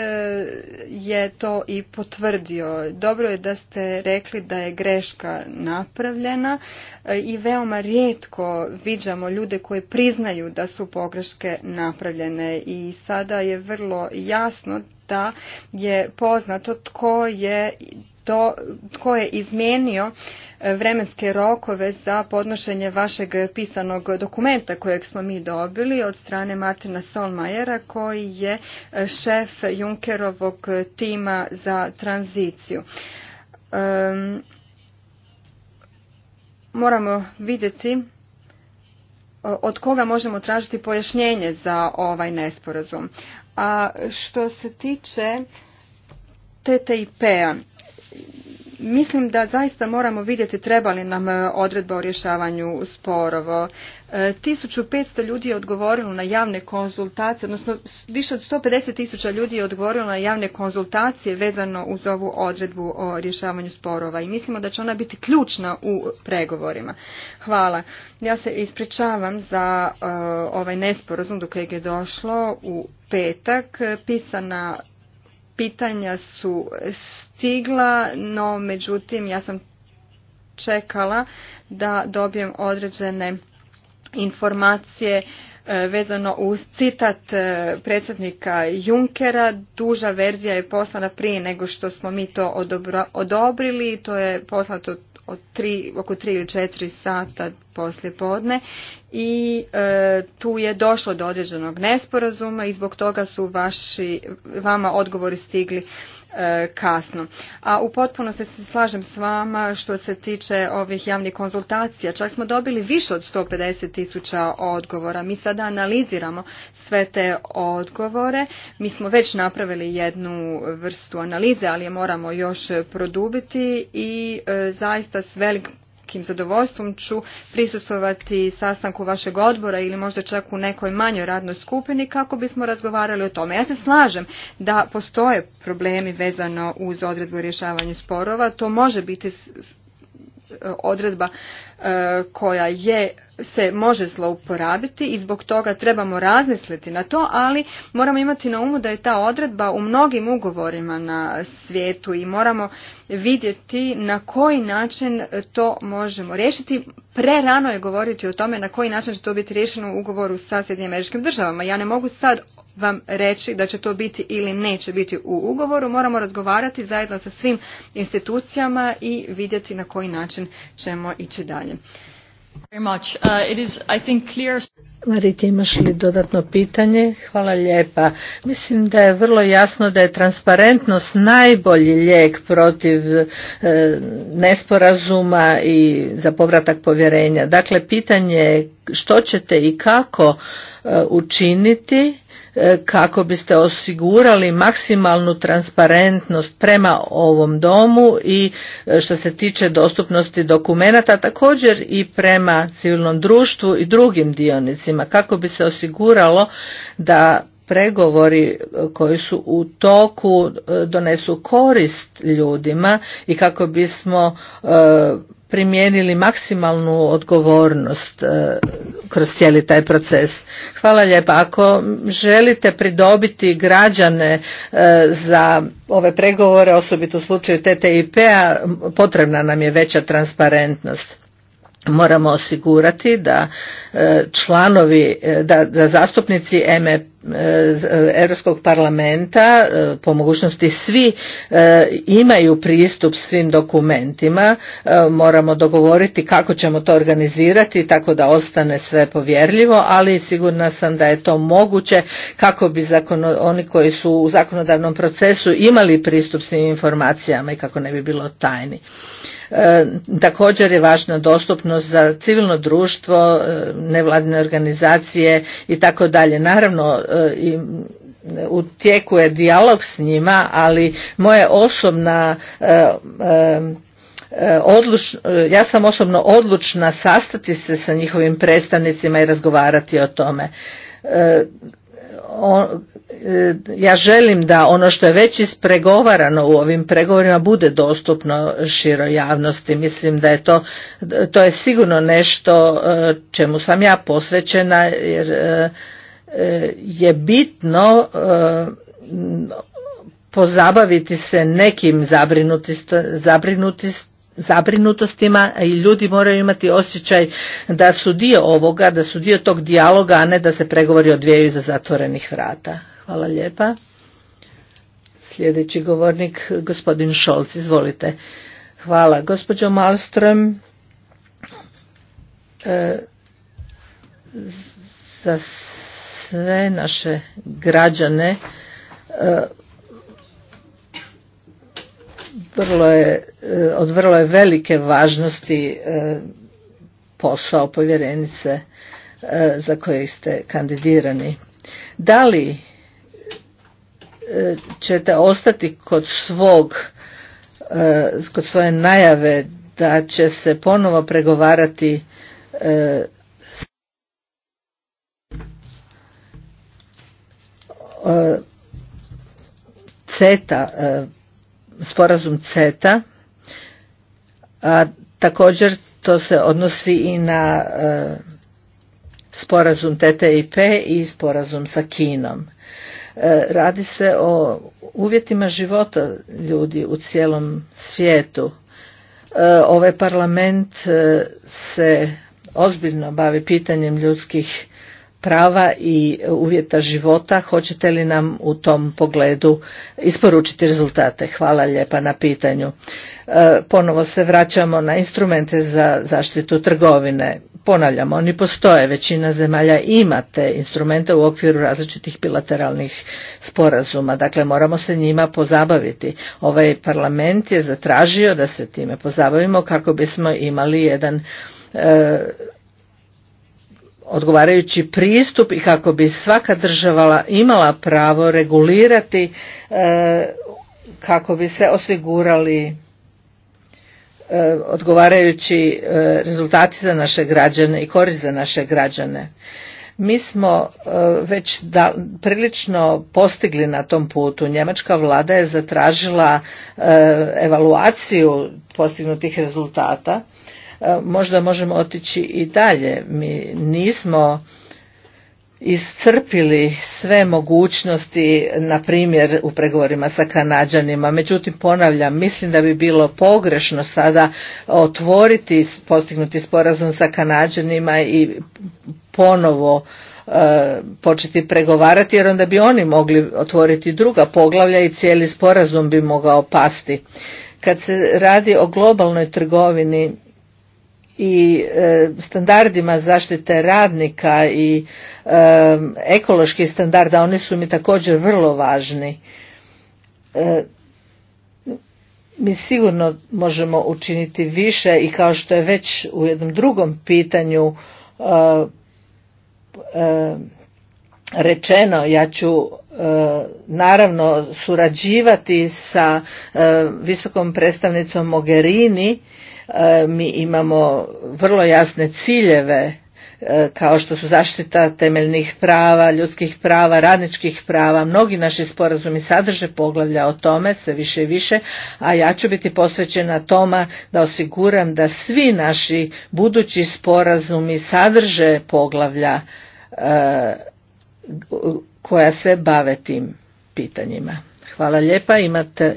C: je to i potvrdio. Dobro je da ste rekli da je greška napravljena e, i veoma rijetko viđamo ljude koji priznaju da su pogreške napravljene i sada je vrlo jasno da je poznato tko je to, tko je izmijenio e, vremenske rokove za podnošenje vašeg pisanog dokumenta kojeg smo mi dobili od strane Martina Solmajera koji je e, šef Junkerovog tima za tranziciju. moramo vidjeti e, od koga možemo tražiti pojašnjenje za ovaj nesporazum. A što se tiče TTIP-a, Mislim da zaista moramo vidjeti treba li nam e, odredba o rješavanju sporova. 1500 e, ljudi je odgovorilo na javne konzultacije, odnosno više od 150 tisuća ljudi je odgovorilo na javne konzultacije vezano uz ovu odredbu o rješavanju sporova i mislimo da će ona biti ključna u pregovorima. Hvala. Ja se ispričavam za e, ovaj nesporazum do kojeg je došlo u petak. Pisana pitanja su stigla, no međutim ja sam čekala da dobijem određene informacije e, vezano uz citat e, predsjednika Junkera. Duža verzija je poslana prije nego što smo mi to odobrili. To je poslato od tri, oko tri ili četiri sata poslijepodne podne i e, tu je došlo do određenog nesporazuma i zbog toga su vaši, vama odgovori stigli E, kasno. A u potpunosti se slažem s vama što se tiče ovih javnih konzultacija. Čak smo dobili više od 150 tisuća odgovora. Mi sada analiziramo sve te odgovore. Mi smo već napravili jednu vrstu analize, ali je moramo još produbiti i e, zaista s velikim velikim zadovoljstvom ću prisustovati sastanku vašeg odbora ili možda čak u nekoj manjoj radnoj skupini kako bismo razgovarali o tome. Ja se slažem da postoje problemi vezano uz odredbu o rješavanju sporova. To može biti odredba e, koja je se može zlouporabiti i zbog toga trebamo razmisliti na to, ali moramo imati na umu da je ta odredba u mnogim ugovorima na svijetu i moramo vidjeti na koji način to možemo riješiti. Prerano je govoriti o tome na koji način će to biti riješeno u ugovoru sa Sjedinim američkim državama. Ja ne mogu sad vam reći da će to biti ili neće biti u ugovoru. Moramo razgovarati zajedno sa svim institucijama i vidjeti na koji način način ćemo ići dalje. Uh,
B: imaš li dodatno pitanje? Hvala lijepa. Mislim da je vrlo jasno da je transparentnost najbolji lijek protiv e, nesporazuma i za povratak povjerenja. Dakle, pitanje je što ćete i kako e, učiniti E, kako biste osigurali maksimalnu transparentnost prema ovom domu i e, što se tiče dostupnosti dokumenata također i prema civilnom društvu i drugim dionicima kako bi se osiguralo da pregovori e, koji su u toku donesu korist ljudima i kako bismo primijenili maksimalnu odgovornost e, kroz cijeli taj proces. Hvala lijepa. Ako želite pridobiti građane e, za ove pregovore, osobito u slučaju TTIP-a, potrebna nam je veća transparentnost moramo osigurati da e, članovi, e, da, da zastupnici e, Europskog parlamenta po mogućnosti svi imaju pristup svim dokumentima, moramo dogovoriti kako ćemo to organizirati tako da ostane sve povjerljivo, ali sigurna sam da je to moguće kako bi oni koji su u zakonodavnom procesu imali pristup svim informacijama i kako ne bi bilo tajni. E, također je važna dostupnost za civilno društvo, e, nevladine organizacije i tako dalje. Naravno e, i u je dijalog s njima, ali moje osobna Odluč, ja sam osobno odlučna sastati se sa njihovim predstavnicima i razgovarati o tome. E, ja želim da ono što je već ispregovarano u ovim pregovorima bude dostupno široj javnosti. Mislim da je to, to je sigurno nešto e, čemu sam ja posvećena jer e, je bitno pozabaviti se nekim zabrinutistima zabrinutostima i ljudi moraju imati osjećaj da su dio ovoga, da su dio tog dijaloga, a ne da se pregovori odvijaju iza zatvorenih vrata. Hvala lijepa. Sljedeći govornik, gospodin Šolc, izvolite. Hvala. Gospođo Malström, e, za sve naše građane e, vrlo je, eh, od vrlo je velike važnosti eh, posao povjerenice eh, za koje ste kandidirani. Da li ćete ostati kod svog kod svoje najave da će se ponovo pregovarati CETA sporazum CETA, a također to se odnosi i na e, sporazum TTIP i sporazum sa Kinom. E, radi se o uvjetima života ljudi u cijelom svijetu. E, ovaj parlament e, se ozbiljno bavi pitanjem ljudskih prava i uvjeta života. Hoćete li nam u tom pogledu isporučiti rezultate? Hvala lijepa na pitanju. E, ponovo se vraćamo na instrumente za zaštitu trgovine. Ponavljamo, oni postoje, većina zemalja ima te instrumente u okviru različitih bilateralnih sporazuma, dakle moramo se njima pozabaviti. Ovaj parlament je zatražio da se time pozabavimo kako bismo imali jedan e, odgovarajući pristup i kako bi svaka država imala pravo regulirati e, kako bi se osigurali e, odgovarajući e, rezultati za naše građane i korist za naše građane. Mi smo već da, prilično postigli na tom putu. Njemačka vlada je zatražila evaluaciju postignutih rezultata E, možda možemo otići i dalje. Mi nismo iscrpili sve mogućnosti, na primjer u pregovorima sa Kanađanima. Međutim, ponavljam, mislim da bi bilo pogrešno sada otvoriti postignuti sporazum sa Kanađanima i ponovo e, početi pregovarati jer onda bi oni mogli otvoriti druga poglavlja i cijeli sporazum bi mogao pasti. Kad se radi o globalnoj trgovini i e, standardima zaštite radnika i e, ekoloških standarda oni su mi također vrlo važni e, mi sigurno možemo učiniti više i kao što je već u jednom drugom pitanju rečeno ja ću naravno surađivati sa visokom predstavnicom Mogherini E, mi imamo vrlo jasne ciljeve e, kao što su zaštita temeljnih prava, ljudskih prava, radničkih prava. Mnogi naši sporazumi sadrže poglavlja o tome, sve više i više, a ja ću biti posvećena toma da osiguram da svi naši budući sporazumi sadrže poglavlja e, koja se bave tim pitanjima. Hvala lijepa. Imate,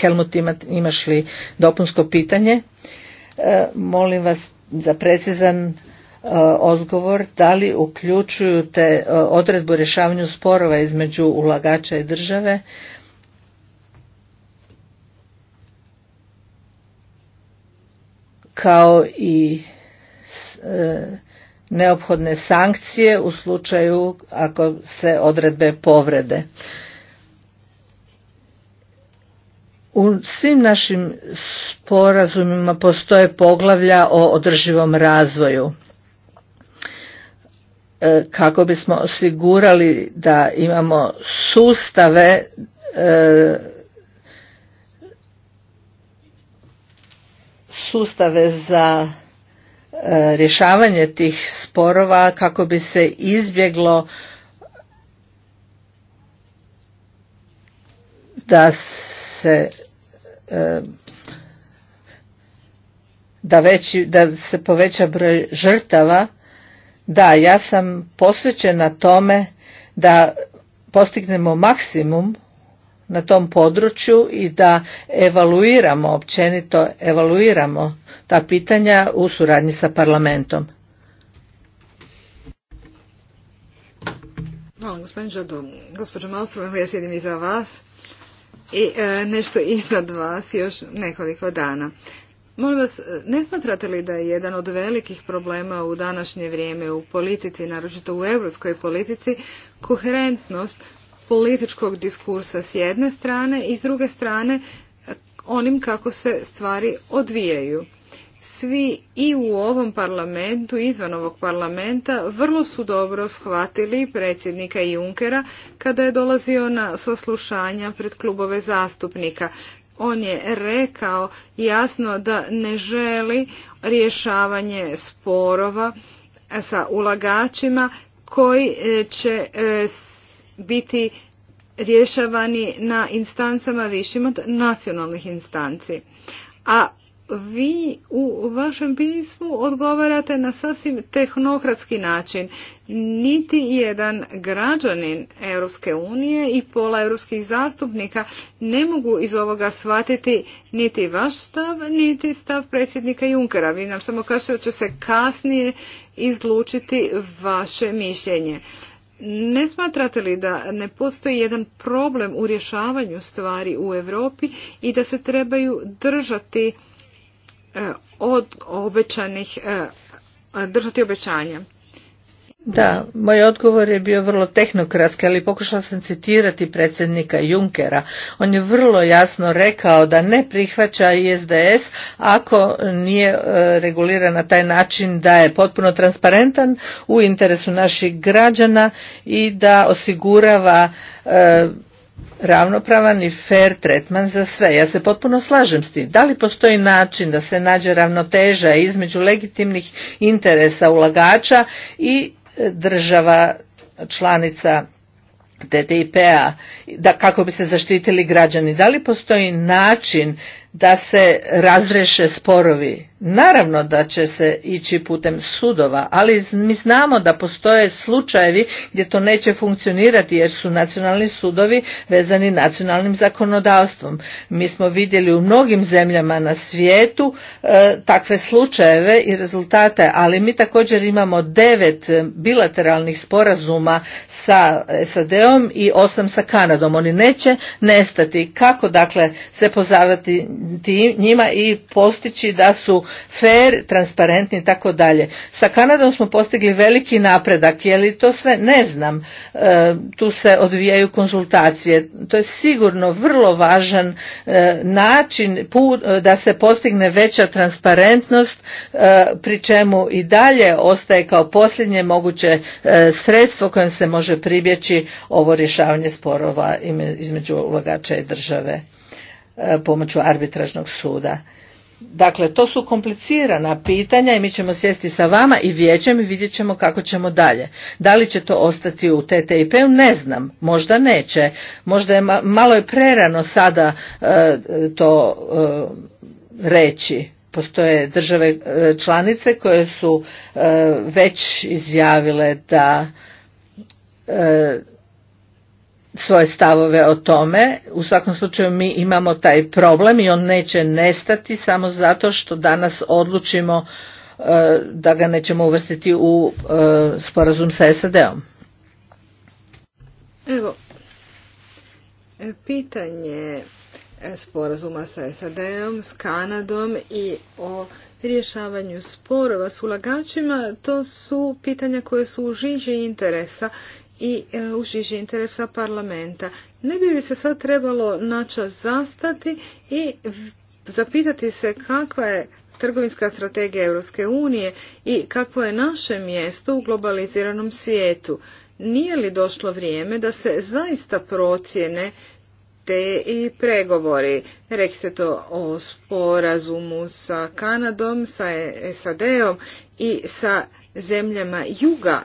B: Helmut, ima, imaš li dopunsko pitanje? E, molim vas za precizan e, odgovor da li uključuju te e, odredbu o rješavanju sporova između ulagača i države kao i neophodne sankcije u slučaju ako se odredbe povrede. U svim našim sporazumima postoje poglavlja o održivom razvoju e, kako bismo osigurali da imamo sustave e, sustave za e, rješavanje tih sporova kako bi se izbjeglo da se da, da se poveća broj žrtava, da, ja sam posvećena tome da postignemo maksimum na tom području i da evaluiramo, općenito evaluiramo ta pitanja u suradnji sa parlamentom.
A: Hvala, gospođo Malstrom, ja sjedim iza vas i e, nešto iznad vas još nekoliko dana. Molim vas, ne smatrate li da je jedan od velikih problema u današnje vrijeme u politici, naročito u europskoj politici, koherentnost političkog diskursa s jedne strane i s druge strane onim kako se stvari odvijaju svi i u ovom parlamentu, izvan ovog parlamenta, vrlo su dobro shvatili predsjednika Junkera kada je dolazio na saslušanja pred klubove zastupnika. On je rekao jasno da ne želi rješavanje sporova sa ulagačima koji e, će e, biti rješavani na instancama višim od nacionalnih instanci. A vi u vašem pismu odgovarate na sasvim tehnokratski način. Niti jedan građanin Europske unije i pola europskih zastupnika ne mogu iz ovoga shvatiti niti vaš stav, niti stav predsjednika Junkera. Vi nam samo kažete da će se kasnije izlučiti vaše mišljenje. Ne smatrate li da ne postoji jedan problem u rješavanju stvari u Europi i da se trebaju držati E, od obećanih, e, držati obećanja.
B: Da, moj odgovor je bio vrlo tehnokratski, ali pokušala sam citirati predsjednika Junkera. On je vrlo jasno rekao da ne prihvaća ISDS ako nije e, reguliran na taj način da je potpuno transparentan u interesu naših građana i da osigurava ravnopravan i fair tretman za sve. Ja se potpuno slažem s tim. Da li postoji način da se nađe ravnoteža između legitimnih interesa ulagača i e, država članica TTIP-a da kako bi se zaštitili građani? Da li postoji način da se razreše sporovi Naravno da će se ići putem sudova, ali mi znamo da postoje slučajevi gdje to neće funkcionirati jer su nacionalni sudovi vezani nacionalnim zakonodavstvom. Mi smo vidjeli u mnogim zemljama na svijetu e, takve slučajeve i rezultate, ali mi također imamo devet bilateralnih sporazuma sa SAD-om i osam sa Kanadom. Oni neće nestati. Kako dakle se pozavati njima i postići da su fair, transparentni i tako dalje. Sa Kanadom smo postigli veliki napredak, je li to sve? Ne znam. E, tu se odvijaju konzultacije. To je sigurno vrlo važan e, način e, da se postigne veća transparentnost, pri čemu i dalje ostaje kao posljednje moguće sredstvo kojem se može pribjeći ovo rješavanje sporova između ulagača i države pomoću arbitražnog suda. Dakle, to su komplicirana pitanja i mi ćemo sjesti sa vama i vijećem i vidjet ćemo kako ćemo dalje. Da li će to ostati u TTIP-u? Ne znam. Možda neće. Možda je malo je prerano sada e, to e, reći. Postoje države e, članice koje su već izjavile da svoje stavove o tome. U svakom slučaju mi imamo taj problem i on neće nestati samo zato što danas odlučimo e, da ga nećemo uvrstiti u e, sporazum sa SAD-om.
A: Evo, e, pitanje sporazuma sa SAD-om, s Kanadom i o rješavanju sporova s ulagačima, to su pitanja koje su u žiži interesa i e, u žiži interesa parlamenta. Ne bi li se sad trebalo načas zastati i zapitati se kakva je trgovinska strategija Europske unije i kakvo je naše mjesto u globaliziranom svijetu. Nije li došlo vrijeme da se zaista procjene te i pregovori. Rekli ste to o sporazumu sa Kanadom, sa e SAD-om i sa zemljama juga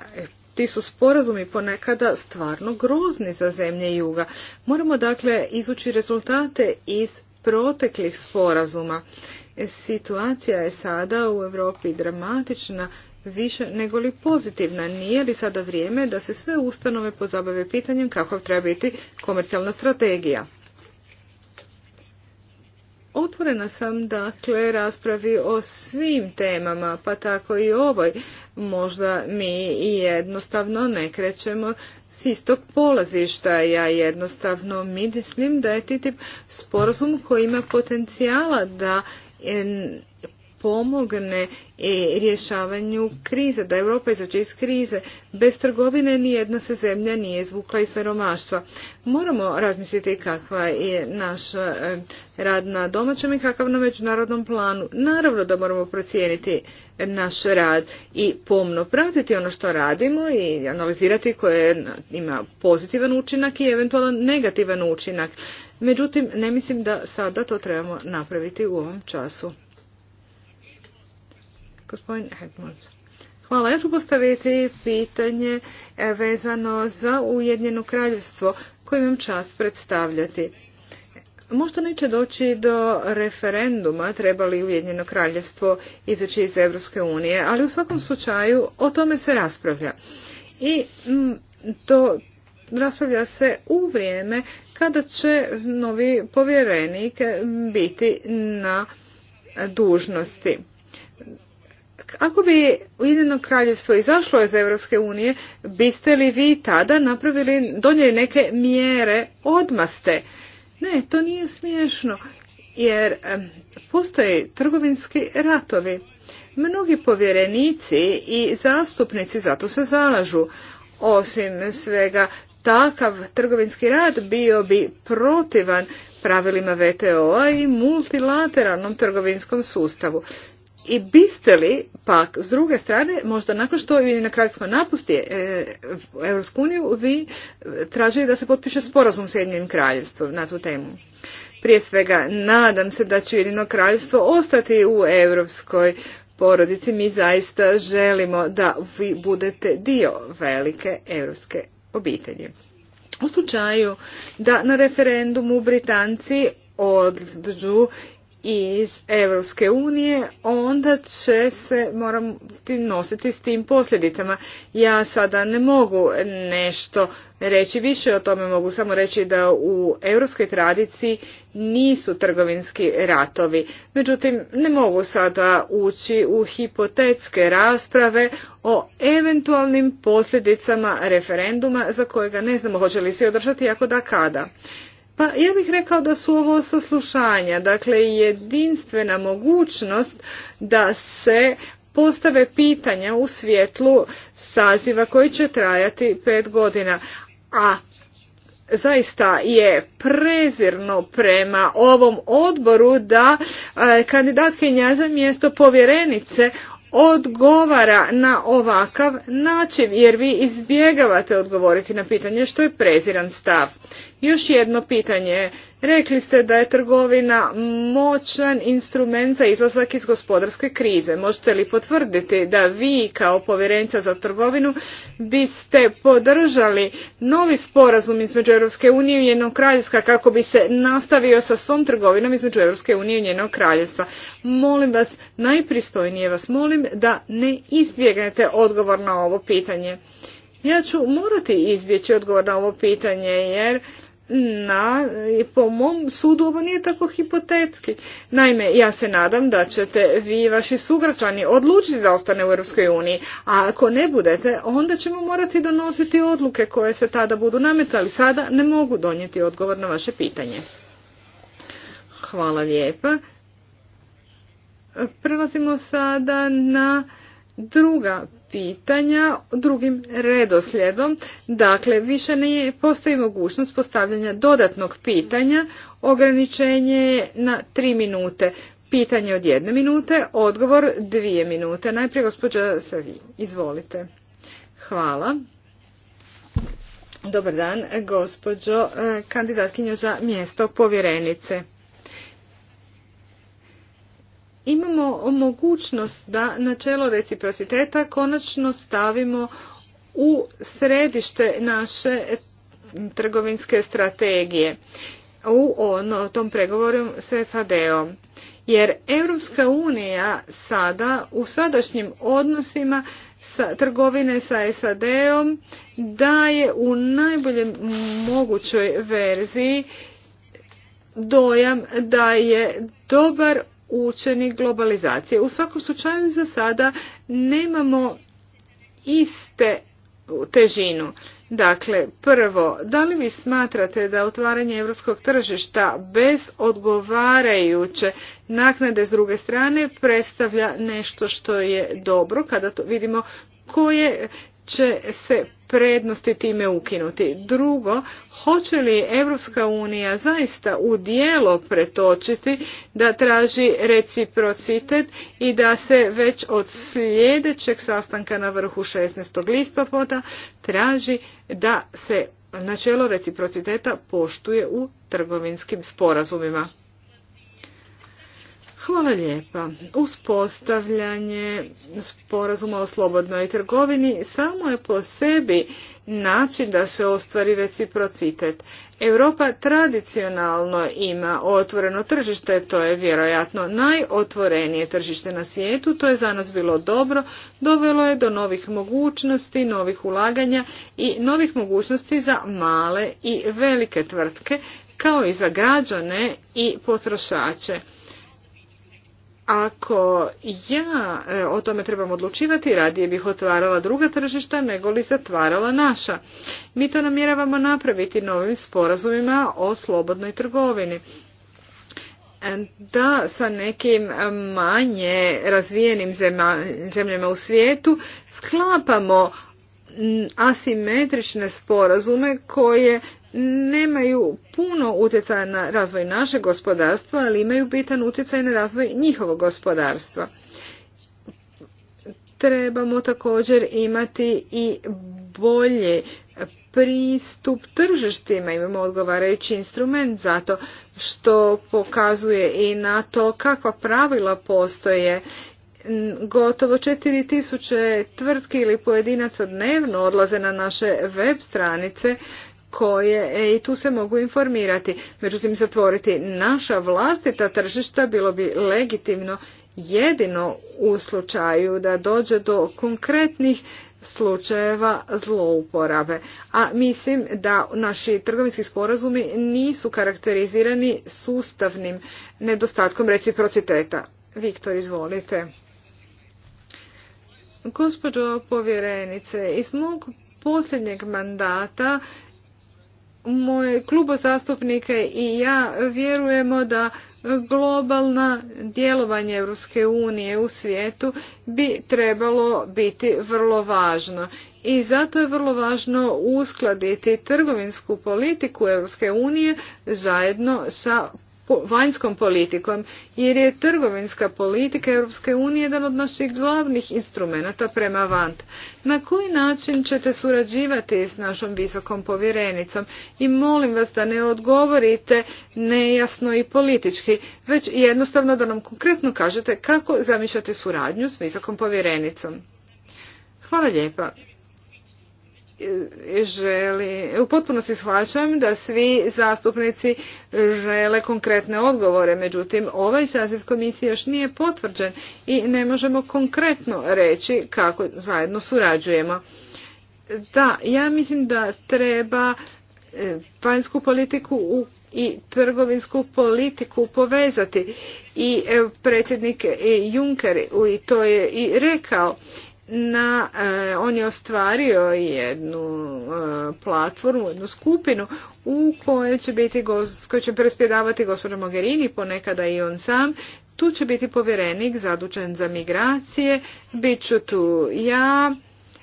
A: ti su sporazumi ponekada stvarno grozni za zemlje juga. Moramo dakle izući rezultate iz proteklih sporazuma. Situacija je sada u Europi dramatična, više nego li pozitivna. Nije li sada vrijeme da se sve ustanove pozabave pitanjem kakva treba biti komercijalna strategija? Otvorena sam dakle raspravi o svim temama, pa tako i ovoj. Možda mi jednostavno ne krećemo s istog polazišta. Ja jednostavno mislim da je TTIP sporazum koji ima potencijala da pomogne e, rješavanju krize, da Europa izađe iz krize. Bez trgovine nijedna se zemlja nije zvukla iz siromaštva. Moramo razmisliti kakva je naš e, rad na domaćem i kakav na međunarodnom planu. Naravno da moramo procijeniti naš rad i pomno pratiti ono što radimo i analizirati koje ima pozitivan učinak i eventualno negativan učinak. Međutim, ne mislim da sada to trebamo napraviti u ovom času. Gospodin Hvala. Ja ću postaviti pitanje e, vezano za Ujedinjeno kraljevstvo koje imam čast predstavljati. Možda neće doći do referenduma treba li Ujedinjeno kraljevstvo izaći iz Europske unije, ali u svakom slučaju o tome se raspravlja. I to raspravlja se u vrijeme kada će novi povjerenik biti na dužnosti. Ako bi Ujedinjeno kraljevstvo izašlo iz Europske unije, biste li vi tada napravili, donijeli neke mjere odmaste? Ne, to nije smiješno, jer postoje trgovinski ratovi. Mnogi povjerenici i zastupnici zato se zalažu. Osim svega, takav trgovinski rad bio bi protivan pravilima VTO-a i multilateralnom trgovinskom sustavu. I biste li pak s druge strane, možda nakon što ili na kraju napusti e, Europsku uniju, vi e, tražili da se potpiše sporazum s Ujedinjenim kraljevstvom na tu temu? Prije svega, nadam se da će Jedino kraljevstvo ostati u Europskoj porodici. Mi zaista želimo da vi budete dio velike europske obitelji. U slučaju da na referendumu Britanci odluđu iz Europske unije, onda će se morati nositi s tim posljedicama. Ja sada ne mogu nešto reći više o tome, mogu samo reći da u europskoj tradiciji nisu trgovinski ratovi. Međutim, ne mogu sada ući u hipotetske rasprave o eventualnim posljedicama referenduma za kojega ne znamo hoće li se održati, ako da kada. Pa ja bih rekao da su ovo saslušanja, dakle jedinstvena mogućnost da se postave pitanja u svjetlu saziva koji će trajati pet godina. A zaista je prezirno prema ovom odboru da e, kandidatkinja za mjesto povjerenice odgovara na ovakav način jer vi izbjegavate odgovoriti na pitanje što je preziran stav. Još jedno pitanje. Rekli ste da je trgovina moćan instrument za izlazak iz gospodarske krize. Možete li potvrditi da vi kao povjerenica za trgovinu biste podržali novi sporazum između Europske unije i njenog kraljevstva kako bi se nastavio sa svom trgovinom između Europske unije i njenog kraljevstva? Molim vas, najpristojnije vas molim da ne izbjegnete odgovor na ovo pitanje. Ja ću morati izbjeći odgovor na ovo pitanje jer na, po mom sudu ovo nije tako hipotetski. Naime, ja se nadam da ćete vi i vaši sugrađani odlučiti da ostane u Europskoj uniji, a ako ne budete, onda ćemo morati donositi odluke koje se tada budu nametali. Sada ne mogu donijeti odgovor na vaše pitanje. Hvala lijepa. Prelazimo sada na druga pitanja drugim redoslijedom. Dakle, više ne postoji mogućnost postavljanja dodatnog pitanja. Ograničenje je na tri minute. Pitanje od jedne minute, odgovor dvije minute. Najprije gospođa Savi, izvolite. Hvala. Dobar dan, gospođo eh, kandidatkinjo za mjesto povjerenice imamo mogućnost da načelo reciprociteta konačno stavimo u središte naše trgovinske strategije u ono, tom pregovoru s SAD-om. Jer Europska unija sada u sadašnjim odnosima sa, trgovine sa SAD-om daje u najboljoj mogućoj verziji dojam da je dobar učenik globalizacije. U svakom slučaju za sada nemamo iste težinu. Dakle, prvo, da li vi smatrate da otvaranje europskog tržišta bez odgovarajuće naknade s druge strane predstavlja nešto što je dobro kada to vidimo koje će se prednosti time ukinuti. Drugo, hoće li Europska unija zaista u dijelo pretočiti da traži reciprocitet i da se već od sljedećeg sastanka na vrhu 16. listopada traži da se načelo reciprociteta poštuje u trgovinskim sporazumima. Hvala lijepa. Uspostavljanje sporazuma o slobodnoj trgovini samo je po sebi način da se ostvari reciprocitet. Europa tradicionalno ima otvoreno tržište, to je vjerojatno najotvorenije tržište na svijetu, to je za nas bilo dobro, dovelo je do novih mogućnosti, novih ulaganja i novih mogućnosti za male i velike tvrtke, kao i za građane i potrošače. Ako ja e, o tome trebam odlučivati, radije bih otvarala druga tržišta nego li zatvarala naša. Mi to namjeravamo napraviti novim sporazumima o slobodnoj trgovini. E, da, sa nekim manje razvijenim zemljama u svijetu sklapamo asimetrične sporazume koje nemaju puno utjecaja na razvoj našeg gospodarstva, ali imaju bitan utjecaj na razvoj njihovog gospodarstva. Trebamo također imati i bolje pristup tržištima. Imamo odgovarajući instrument zato što pokazuje i na to kakva pravila postoje gotovo 4000 tvrtki ili pojedinaca dnevno odlaze na naše web stranice koje e, i tu se mogu informirati. Međutim, zatvoriti naša vlastita tržišta bilo bi legitimno jedino u slučaju da dođe do konkretnih slučajeva zlouporabe. A mislim da naši trgovinski sporazumi nisu karakterizirani sustavnim nedostatkom reciprociteta. Viktor, izvolite. Gospođo povjerenice, iz mog posljednjeg mandata moje klubo zastupnike i ja vjerujemo da globalna djelovanje Europske unije u svijetu bi trebalo biti vrlo važno. I zato je vrlo važno uskladiti trgovinsku politiku Europske unije zajedno sa vanjskom politikom, jer je trgovinska politika Europske unije jedan od naših glavnih instrumenata prema van. Na koji način ćete surađivati s našom visokom povjerenicom i molim vas da ne odgovorite nejasno i politički, već jednostavno da nam konkretno kažete kako zamišljate suradnju s visokom povjerenicom. Hvala lijepa želi, u potpunosti shvaćam da svi zastupnici žele konkretne odgovore, međutim ovaj saziv komisije još nije potvrđen i ne možemo konkretno reći kako zajedno surađujemo. Da, ja mislim da treba e, vanjsku politiku i trgovinsku politiku povezati i e, predsjednik e, Juncker to je i rekao na, e, on je ostvario jednu e, platformu, jednu skupinu u kojoj će biti, će prespjedavati gospođa Mogherini, ponekada i on sam. Tu će biti povjerenik zadučen za migracije, bit ću tu ja,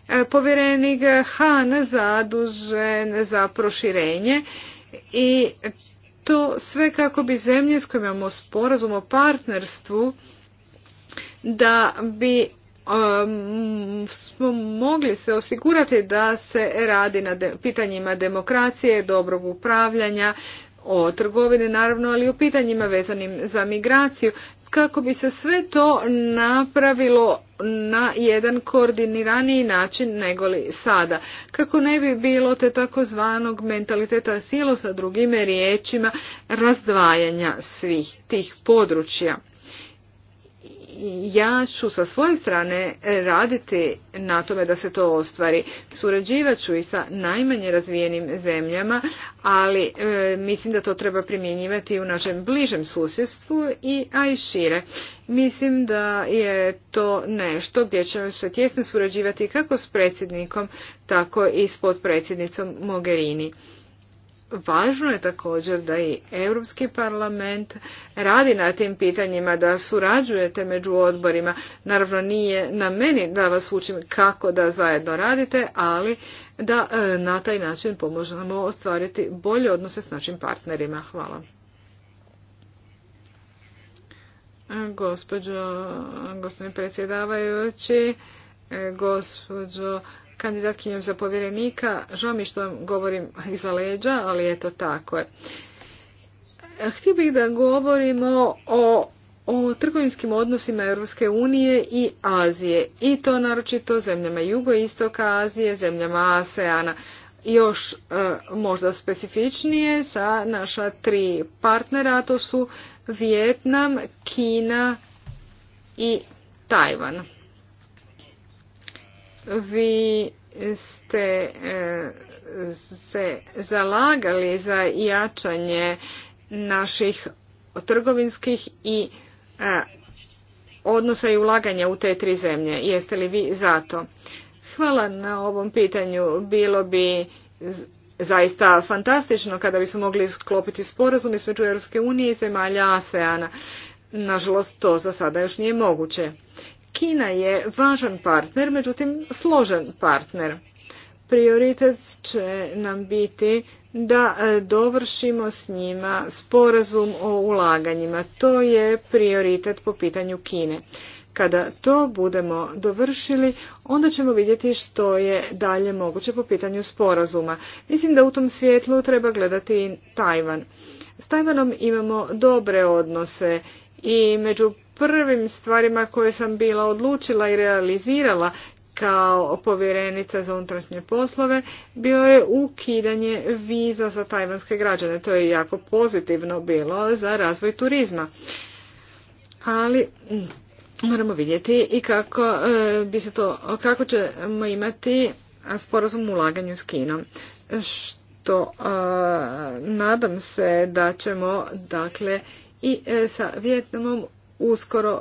A: e, povjerenik Han zadužen za proširenje i to sve kako bi zemlje s kojima imamo sporazum o partnerstvu da bi smo mogli se osigurati da se radi na pitanjima demokracije, dobrog upravljanja, o trgovini naravno, ali i o pitanjima vezanim za migraciju, kako bi se sve to napravilo na jedan koordiniraniji način nego li sada. Kako ne bi bilo te takozvanog mentaliteta silo sa drugime riječima razdvajanja svih tih područja ja ću sa svoje strane raditi na tome da se to ostvari. Surađivat ću i sa najmanje razvijenim zemljama, ali e, mislim da to treba primjenjivati u našem bližem susjedstvu, i, a i šire. Mislim da je to nešto gdje ćemo se tjesno surađivati kako s predsjednikom, tako i s potpredsjednicom Mogherini. Važno je također da i Europski parlament radi na tim pitanjima, da surađujete među odborima. Naravno nije na meni da vas učim kako da zajedno radite, ali da e, na taj način pomožemo ostvariti bolje odnose s našim partnerima. Hvala. E, predsjedavajući, e, gospođo kandidatkinjom za povjerenika. Žao mi što vam govorim iza leđa, ali eto tako je. Htio bih da govorimo o, trgovinskim odnosima Europske unije i Azije i to naročito zemljama jugoistoka Azije, zemljama ASEANA. Još e, možda specifičnije sa naša tri partnera, to su Vjetnam, Kina i Tajvan vi ste e, se zalagali za jačanje naših trgovinskih i e, odnosa i ulaganja u te tri zemlje. Jeste li vi za to? Hvala na ovom pitanju. Bilo bi zaista fantastično kada bismo mogli sklopiti sporazum između Europske unije i zemalja ASEANA. Nažalost, to za sada još nije moguće. Kina je važan partner, međutim složen partner. Prioritet će nam biti da e, dovršimo s njima sporazum o ulaganjima. To je prioritet po pitanju Kine. Kada to budemo dovršili, onda ćemo vidjeti što je dalje moguće po pitanju sporazuma. Mislim da u tom svjetlu treba gledati Tajvan. S Tajvanom imamo dobre odnose i među prvim stvarima koje sam bila odlučila i realizirala kao povjerenica za unutrašnje poslove bio je ukidanje viza za tajvanske građane. To je jako pozitivno bilo za razvoj turizma. Ali mm, moramo vidjeti i kako e, bi se to, kako ćemo imati sporazum u ulaganju s Kinom. Što e, nadam se da ćemo dakle i e, sa Vjetnamom uskoro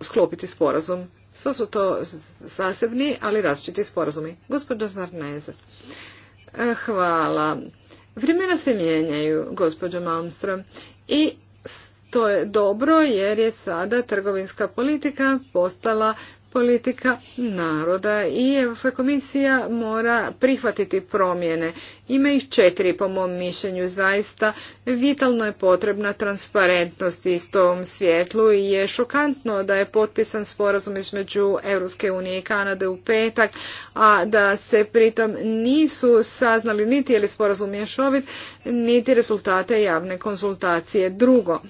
A: sklopiti sporazum. sva su to zasebni, ali različiti sporazumi. Gospodo Zarneze, e, hvala. Vremena se mijenjaju, gospođo Malmström, i to je dobro jer je sada trgovinska politika postala politika naroda i Europska komisija mora prihvatiti promjene. Ima ih četiri po mom mišljenju zaista. Vitalno je potrebna transparentnost iz tom svjetlu i je šokantno da je potpisan sporazum između Europske unije i Kanade u petak, a da se pritom nisu saznali niti je li sporazum mješovit, niti rezultate javne konzultacije Drugo,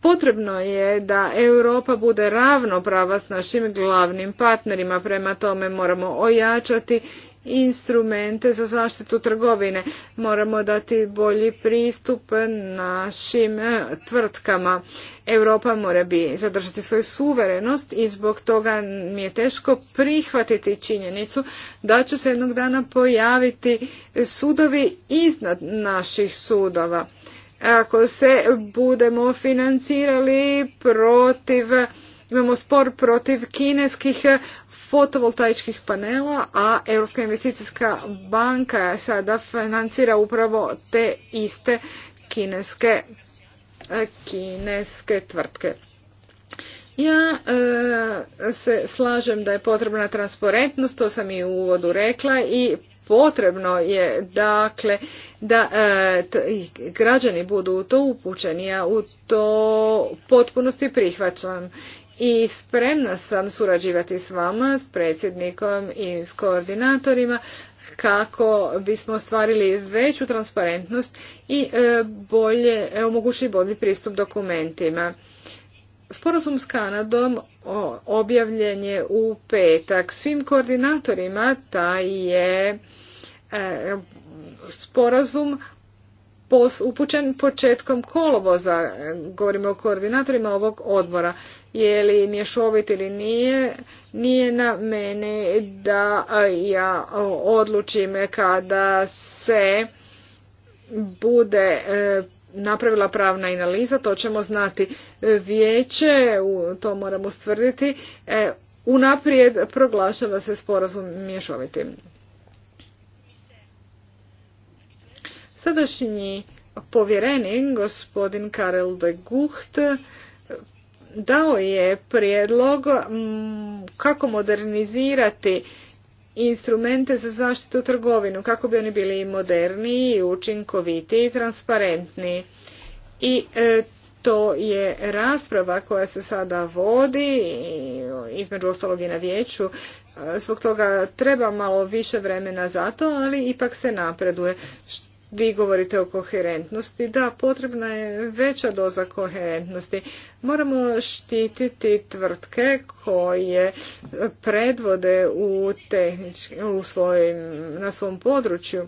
A: Potrebno je da Europa bude ravnoprava s našim glavnim partnerima, prema tome moramo ojačati instrumente za zaštitu trgovine. Moramo dati bolji pristup našim e, tvrtkama. Europa mora bi zadržati svoju suverenost i zbog toga mi je teško prihvatiti činjenicu da će se jednog dana pojaviti sudovi iznad naših sudova ako se budemo financirali protiv, imamo spor protiv kineskih fotovoltaičkih panela, a Europska investicijska banka sada financira upravo te iste kineske, e, kineske tvrtke. Ja e, se slažem da je potrebna transparentnost, to sam i u uvodu rekla i potrebno je dakle da e, građani budu u to upućeni, ja u to potpunosti prihvaćam i spremna sam surađivati s vama, s predsjednikom i s koordinatorima kako bismo ostvarili veću transparentnost i e, bolje, e, omogućili bolji pristup dokumentima. Sporazum s Kanadom objavljen je u petak. Svim koordinatorima taj je e, sporazum upućen početkom kolovoza, govorimo o koordinatorima ovog odbora, je li mješovit ili nije, nije na mene da ja odlučim kada se bude e, napravila pravna analiza, to ćemo znati vijeće, to moramo stvrditi, e, unaprijed proglašava se sporazum mješovitim. Sadašnji povjerenik, gospodin Karel de Gucht, dao je prijedlog kako modernizirati instrumente za zaštitu trgovinu kako bi oni bili moderniji, učinkovitiji i transparentniji. I e, to je rasprava koja se sada vodi, između ostalog i na vijeću, e, zbog toga treba malo više vremena za to, ali ipak se napreduje vi govorite o koherentnosti. Da, potrebna je veća doza koherentnosti. Moramo štititi tvrtke koje predvode u, tehnički, u svojim, na svom području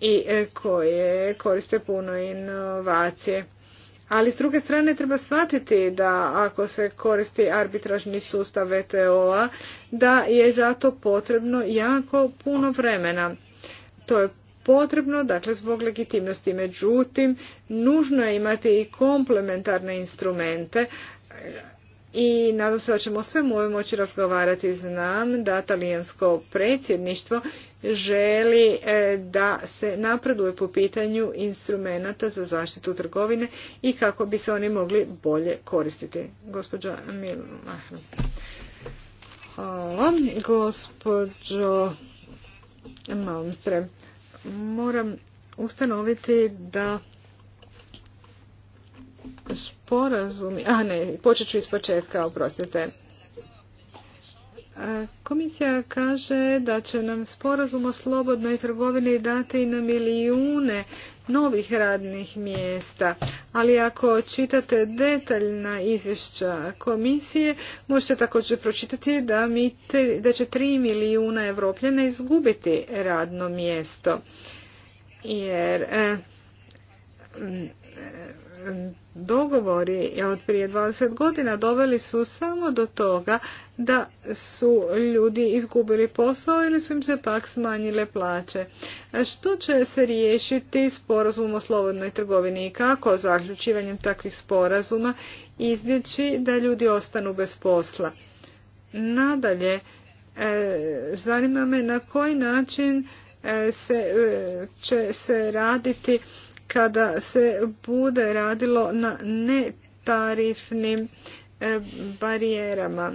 A: i e, koje koriste puno inovacije. Ali s druge strane treba shvatiti da ako se koristi arbitražni sustav VTO-a, da je zato potrebno jako puno vremena. To je potrebno, dakle zbog legitimnosti. Međutim, nužno je imati i komplementarne instrumente i nadam se da ćemo sve svemu moći razgovarati. Znam da talijansko predsjedništvo želi e, da se napreduje po pitanju instrumenata za zaštitu trgovine i kako bi se oni mogli bolje koristiti. Gospođa Hvala. Gospođo Malmstre moram ustanoviti da sporazumi, a ne, počet ću iz oprostite. Komisija kaže da će nam sporazum o slobodnoj trgovini dati na milijune novih radnih mjesta. Ali ako čitate detaljna izvješća komisije, možete također pročitati da, mi da će 3 milijuna evropljana izgubiti radno mjesto. Jer e, dogovori od prije 20 godina doveli su samo do toga da su ljudi izgubili posao ili su im se pak smanjile plaće. Što će se riješiti sporazum o slobodnoj trgovini i kako zaključivanjem takvih sporazuma izbjeći da ljudi ostanu bez posla? Nadalje, e, zanima me na koji način e, se, e, će se raditi kada se bude radilo na netarifnim e, barijerama.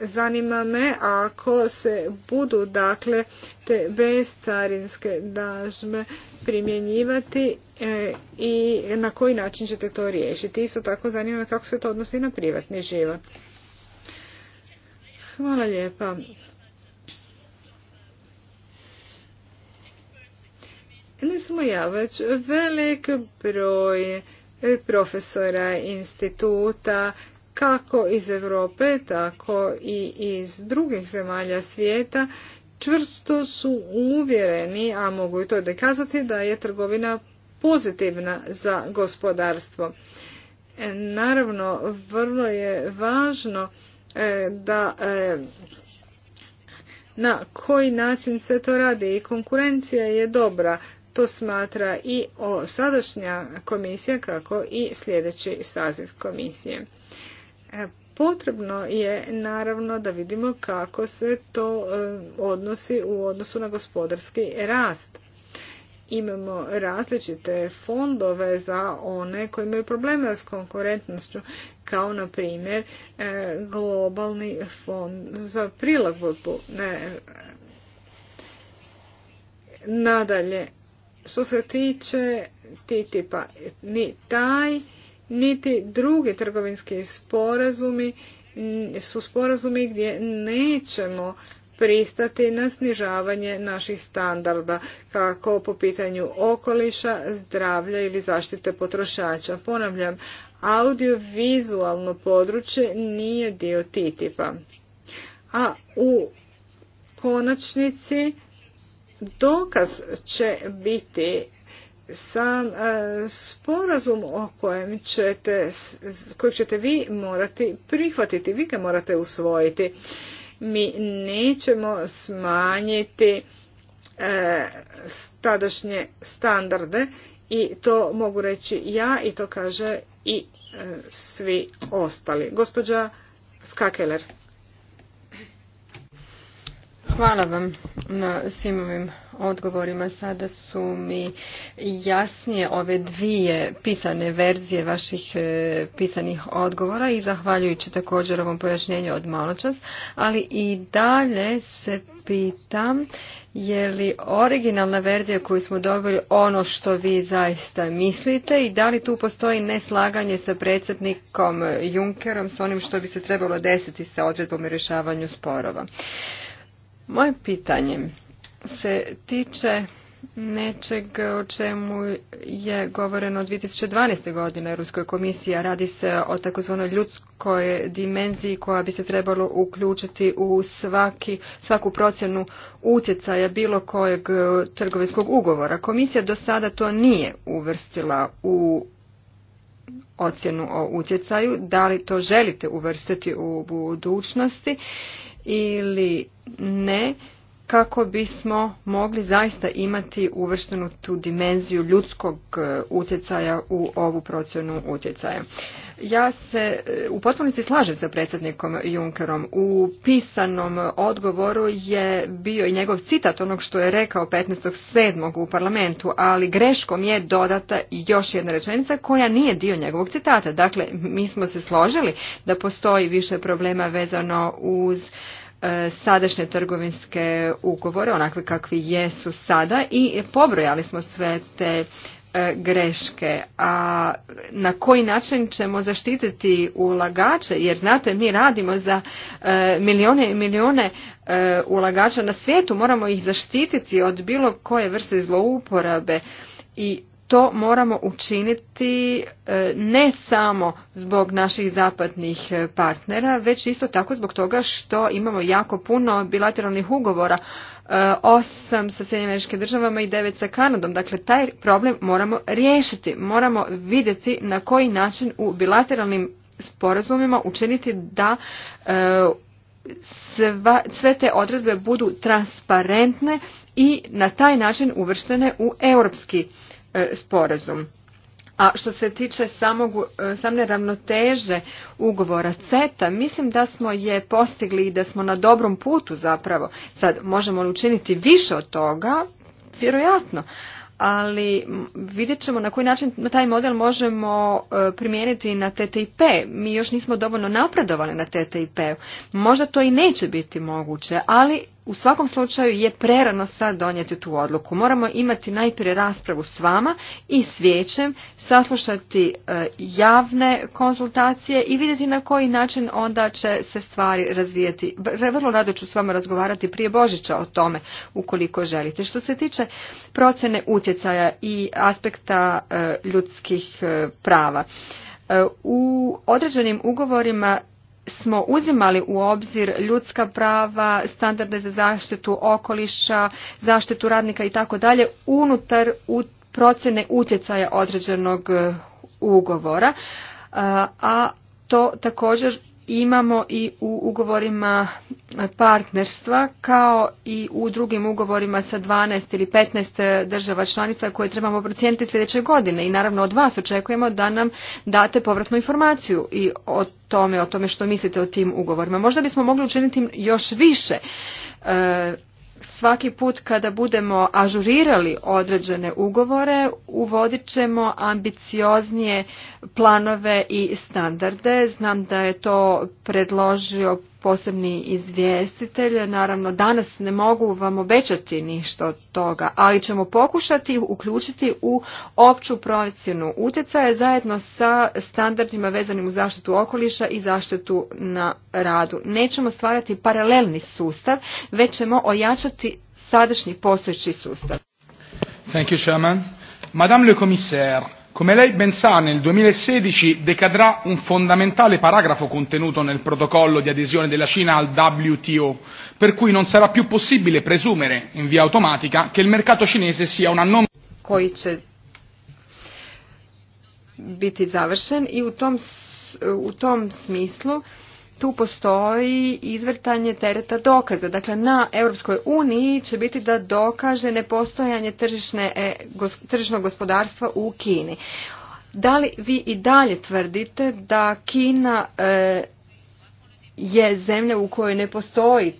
A: E, zanima me ako se budu dakle te bezcarinske dažbe primjenjivati e, i na koji način ćete to riješiti. Isto tako zanima me kako se to odnosi na privatni život. Hvala lijepa. ne samo ja, već velik broj e, profesora instituta, kako iz Europe, tako i iz drugih zemalja svijeta, čvrsto su uvjereni, a mogu i to dekazati, da je trgovina pozitivna za gospodarstvo. E, naravno, vrlo je važno e, da na koji način se to radi i konkurencija je dobra. To smatra i o sadašnja komisija kako i sljedeći saziv komisije. E, potrebno je naravno da vidimo kako se to e, odnosi u odnosu na gospodarski rast. Imamo različite fondove za one koji imaju probleme s konkurentnošću, kao na primjer e, globalni fond za prilagodbu. Nadalje, što se tiče TTIP-a, ni taj, niti drugi trgovinski sporazumi su sporazumi gdje nećemo pristati na snižavanje naših standarda, kako po pitanju okoliša, zdravlja ili zaštite potrošača. Ponavljam, audiovizualno područje nije dio TTIP-a. A u konačnici dokaz će biti sam e, sporazum o kojem ćete, kojeg ćete vi morati prihvatiti, vi ga morate usvojiti. Mi nećemo smanjiti e, tadašnje standarde i to mogu reći ja i to kaže i e, svi ostali. Gospođa Skakeler.
C: Hvala vam na svim ovim odgovorima. Sada su mi jasnije ove dvije pisane verzije vaših e, pisanih odgovora i zahvaljujući također ovom pojašnjenju od maločas, ali i dalje se pitam je li originalna verzija koju smo dobili ono što vi zaista mislite i da li tu postoji neslaganje sa predsjednikom Junkerom s onim što bi se trebalo desiti sa odredbom i rješavanju sporova. Moje pitanje se tiče nečeg o čemu je govoreno 2012. godine Ruskoj komisiji, a radi se o takozvanoj ljudskoj dimenziji koja bi se trebalo uključiti u svaki, svaku procjenu utjecaja bilo kojeg trgovinskog ugovora. Komisija do sada to nije uvrstila u ocjenu o utjecaju, da li to želite uvrstiti u budućnosti ili ne kako bismo mogli zaista imati uvrštenu tu dimenziju ljudskog e, utjecaja u ovu procjenu utjecaja. Ja se e, u potpunosti slažem sa predsjednikom Junkerom. U pisanom odgovoru je bio i njegov citat onog što je rekao 15.7. u parlamentu, ali greškom je dodata još jedna rečenica koja nije dio njegovog citata. Dakle, mi smo se složili da postoji više problema vezano uz E, sadašnje trgovinske ugovore, onakvi kakvi jesu sada i pobrojali smo sve te e, greške, a na koji način ćemo zaštititi ulagače, jer znate mi radimo za e, milijone i milijone ulagača na svijetu, moramo ih zaštititi od bilo koje vrste zlouporabe i to moramo učiniti e, ne samo zbog naših zapadnih e, partnera, već isto tako zbog toga što imamo jako puno bilateralnih ugovora, e, osam sa američkim državama i devet sa Kanadom. Dakle, taj problem moramo riješiti. Moramo vidjeti na koji način u bilateralnim sporazumima učiniti da sve te odredbe budu transparentne i na taj način uvrštene u europski E, sporazum. A što se tiče samog, e, samne ravnoteže ugovora CETA, mislim da smo je postigli i da smo na dobrom putu zapravo. Sad, možemo li učiniti više od toga? Vjerojatno. Ali vidjet ćemo na koji način taj model možemo e, primijeniti na TTIP. Mi još nismo dovoljno napredovali na TTIP. Možda to i neće biti moguće, ali u svakom slučaju je prerano sad donijeti tu odluku. Moramo imati najprije raspravu s vama i s vijećem, saslušati e, javne konzultacije i vidjeti na koji način onda će se stvari razvijeti. Vrlo rado ću s vama razgovarati prije Božića o tome ukoliko želite. Što se tiče procjene utjecaja i aspekta e, ljudskih e, prava, u određenim ugovorima smo uzimali u obzir ljudska prava, standarde za zaštitu okoliša, zaštitu radnika i tako dalje unutar procjene utjecaja određenog uh, ugovora, uh, a to također imamo i u ugovorima partnerstva kao i u drugim ugovorima sa 12 ili 15 država članica koje trebamo procijeniti sljedeće godine i naravno od vas očekujemo da nam date povratnu informaciju i o tome, o tome što mislite o tim ugovorima. Možda bismo mogli učiniti još više e, svaki put kada budemo ažurirali određene ugovore uvodit ćemo ambicioznije planove i standarde. Znam da je to predložio posebni izvjestitelj. Naravno, danas ne mogu vam obećati ništa od toga, ali ćemo pokušati uključiti u opću procjenu utjecaja zajedno sa standardima vezanim u zaštitu okoliša i zaštitu na radu. Nećemo stvarati paralelni sustav, već ćemo ojačati sadašnji postojeći sustav.
A: Thank you, Madame le commissaire, Come lei ben sa, nel 2016 e decadrà un fondamentale paragrafo contenuto nel protocollo di adesione della Cina al WTO, per cui non sarà più possibile presumere in via automatica che il mercato cinese sia una non
C: koji će biti završen i u tom, u tom smislu tu postoji izvrtanje tereta dokaza. Dakle, na Europskoj uniji će biti da dokaže nepostojanje e, tržišnog gospodarstva u Kini. Da li vi i dalje tvrdite da Kina e, je zemlja u kojoj ne postoji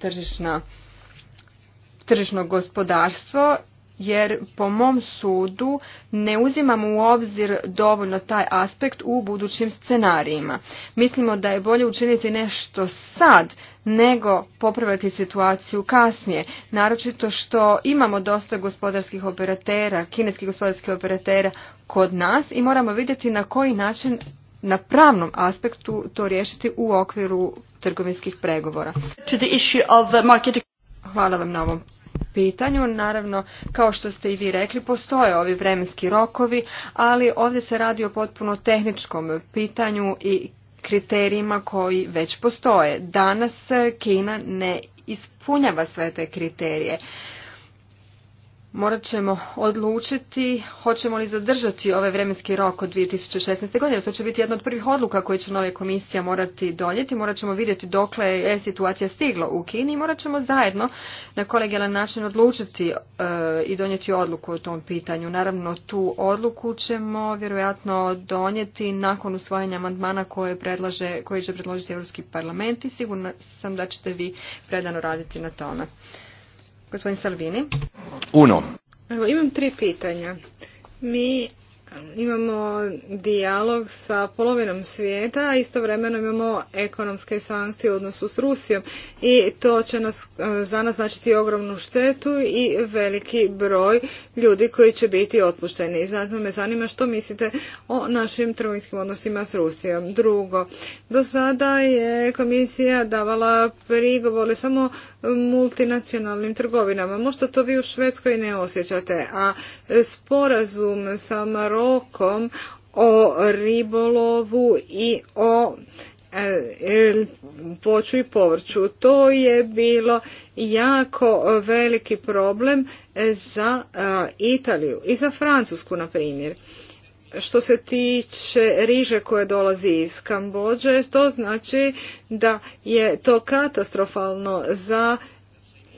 C: tržišno gospodarstvo jer po mom sudu ne uzimamo u obzir dovoljno taj aspekt u budućim scenarijima. Mislimo da je bolje učiniti nešto sad nego popraviti situaciju kasnije, naročito što imamo dosta gospodarskih operatera, kineskih gospodarskih operatera kod nas i moramo vidjeti na koji način na pravnom aspektu to riješiti u okviru trgovinskih pregovora. Hvala vam na ovom pitanju. Naravno, kao što ste i vi rekli, postoje ovi vremenski rokovi, ali ovdje se radi o potpuno tehničkom pitanju i kriterijima koji već postoje. Danas Kina ne ispunjava sve te kriterije morat ćemo odlučiti hoćemo li zadržati ovaj vremenski rok od 2016. godine. To će biti jedna od prvih odluka koje će nove komisija morati donijeti. Morat ćemo vidjeti dokle je situacija stigla u Kini i morat ćemo zajedno na kolegijalan način odlučiti e, i donijeti odluku o tom pitanju. Naravno, tu odluku ćemo vjerojatno donijeti nakon usvajanja amandmana koje, predlaže, koje će predložiti Europski parlament i sigurno sam da ćete vi predano raditi na tome gospodine Salvini. imam tri pitanja. Mi imamo
A: dijalog sa polovinom svijeta, a istovremeno imamo ekonomske sankcije u odnosu s Rusijom i to će nas, e, za nas značiti ogromnu štetu i veliki broj ljudi koji će biti otpušteni. Zato me zanima što mislite o našim trgovinskim odnosima s Rusijom. Drugo, do sada je komisija davala prigovore samo multinacionalnim trgovinama. Možda to vi u Švedskoj ne osjećate, a sporazum sa Marokom rokom o ribolovu i o voću e, i povrću. To je bilo jako veliki problem za e, Italiju i za Francusku, na primjer. Što se tiče riže koje dolazi iz Kambođe, to znači da je to katastrofalno za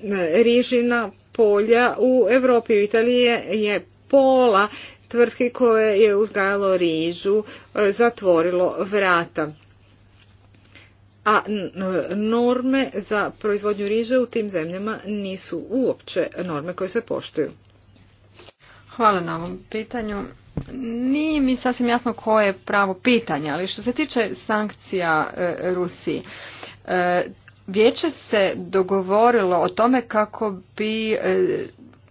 A: e, rižina polja u Europi. U Italiji je pola tvrtki koje je uzgajalo rižu e, zatvorilo vrata. A norme za proizvodnju riže u tim zemljama nisu uopće norme koje se poštuju.
C: Hvala na ovom pitanju. Nije mi sasvim jasno koje je pravo pitanje, ali što se tiče sankcija e, Rusiji, vječe Vijeće se dogovorilo o tome kako bi e,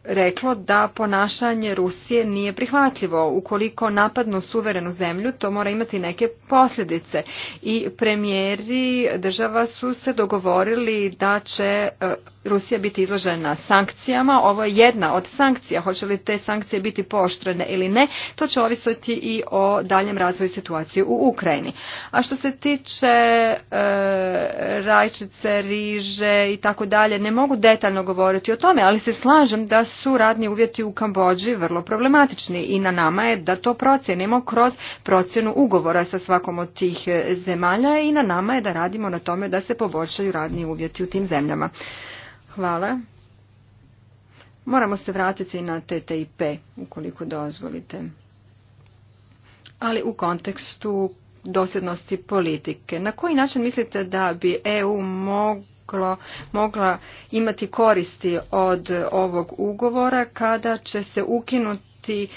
C: reklo da ponašanje Rusije nije prihvatljivo. Ukoliko napadnu suverenu zemlju, to mora imati neke posljedice. I premijeri država su se dogovorili da će e, Rusija biti izložena sankcijama. Ovo je jedna od sankcija. Hoće li te sankcije biti pooštrene ili ne, to će ovisiti i o daljem razvoju situacije u Ukrajini. A što se tiče e, rajčice, riže i tako dalje, ne mogu detaljno govoriti o tome, ali se slažem da su radni uvjeti u Kambodži vrlo problematični i na nama je da to procijenimo kroz procjenu ugovora sa svakom od tih e, zemalja i na nama je da radimo na tome da se poboljšaju radni uvjeti u tim zemljama. Hvala. Moramo se vratiti na TTIP, ukoliko dozvolite. Ali u kontekstu dosljednosti politike. Na koji način mislite da bi EU moglo, mogla imati koristi od ovog ugovora kada će se ukinuti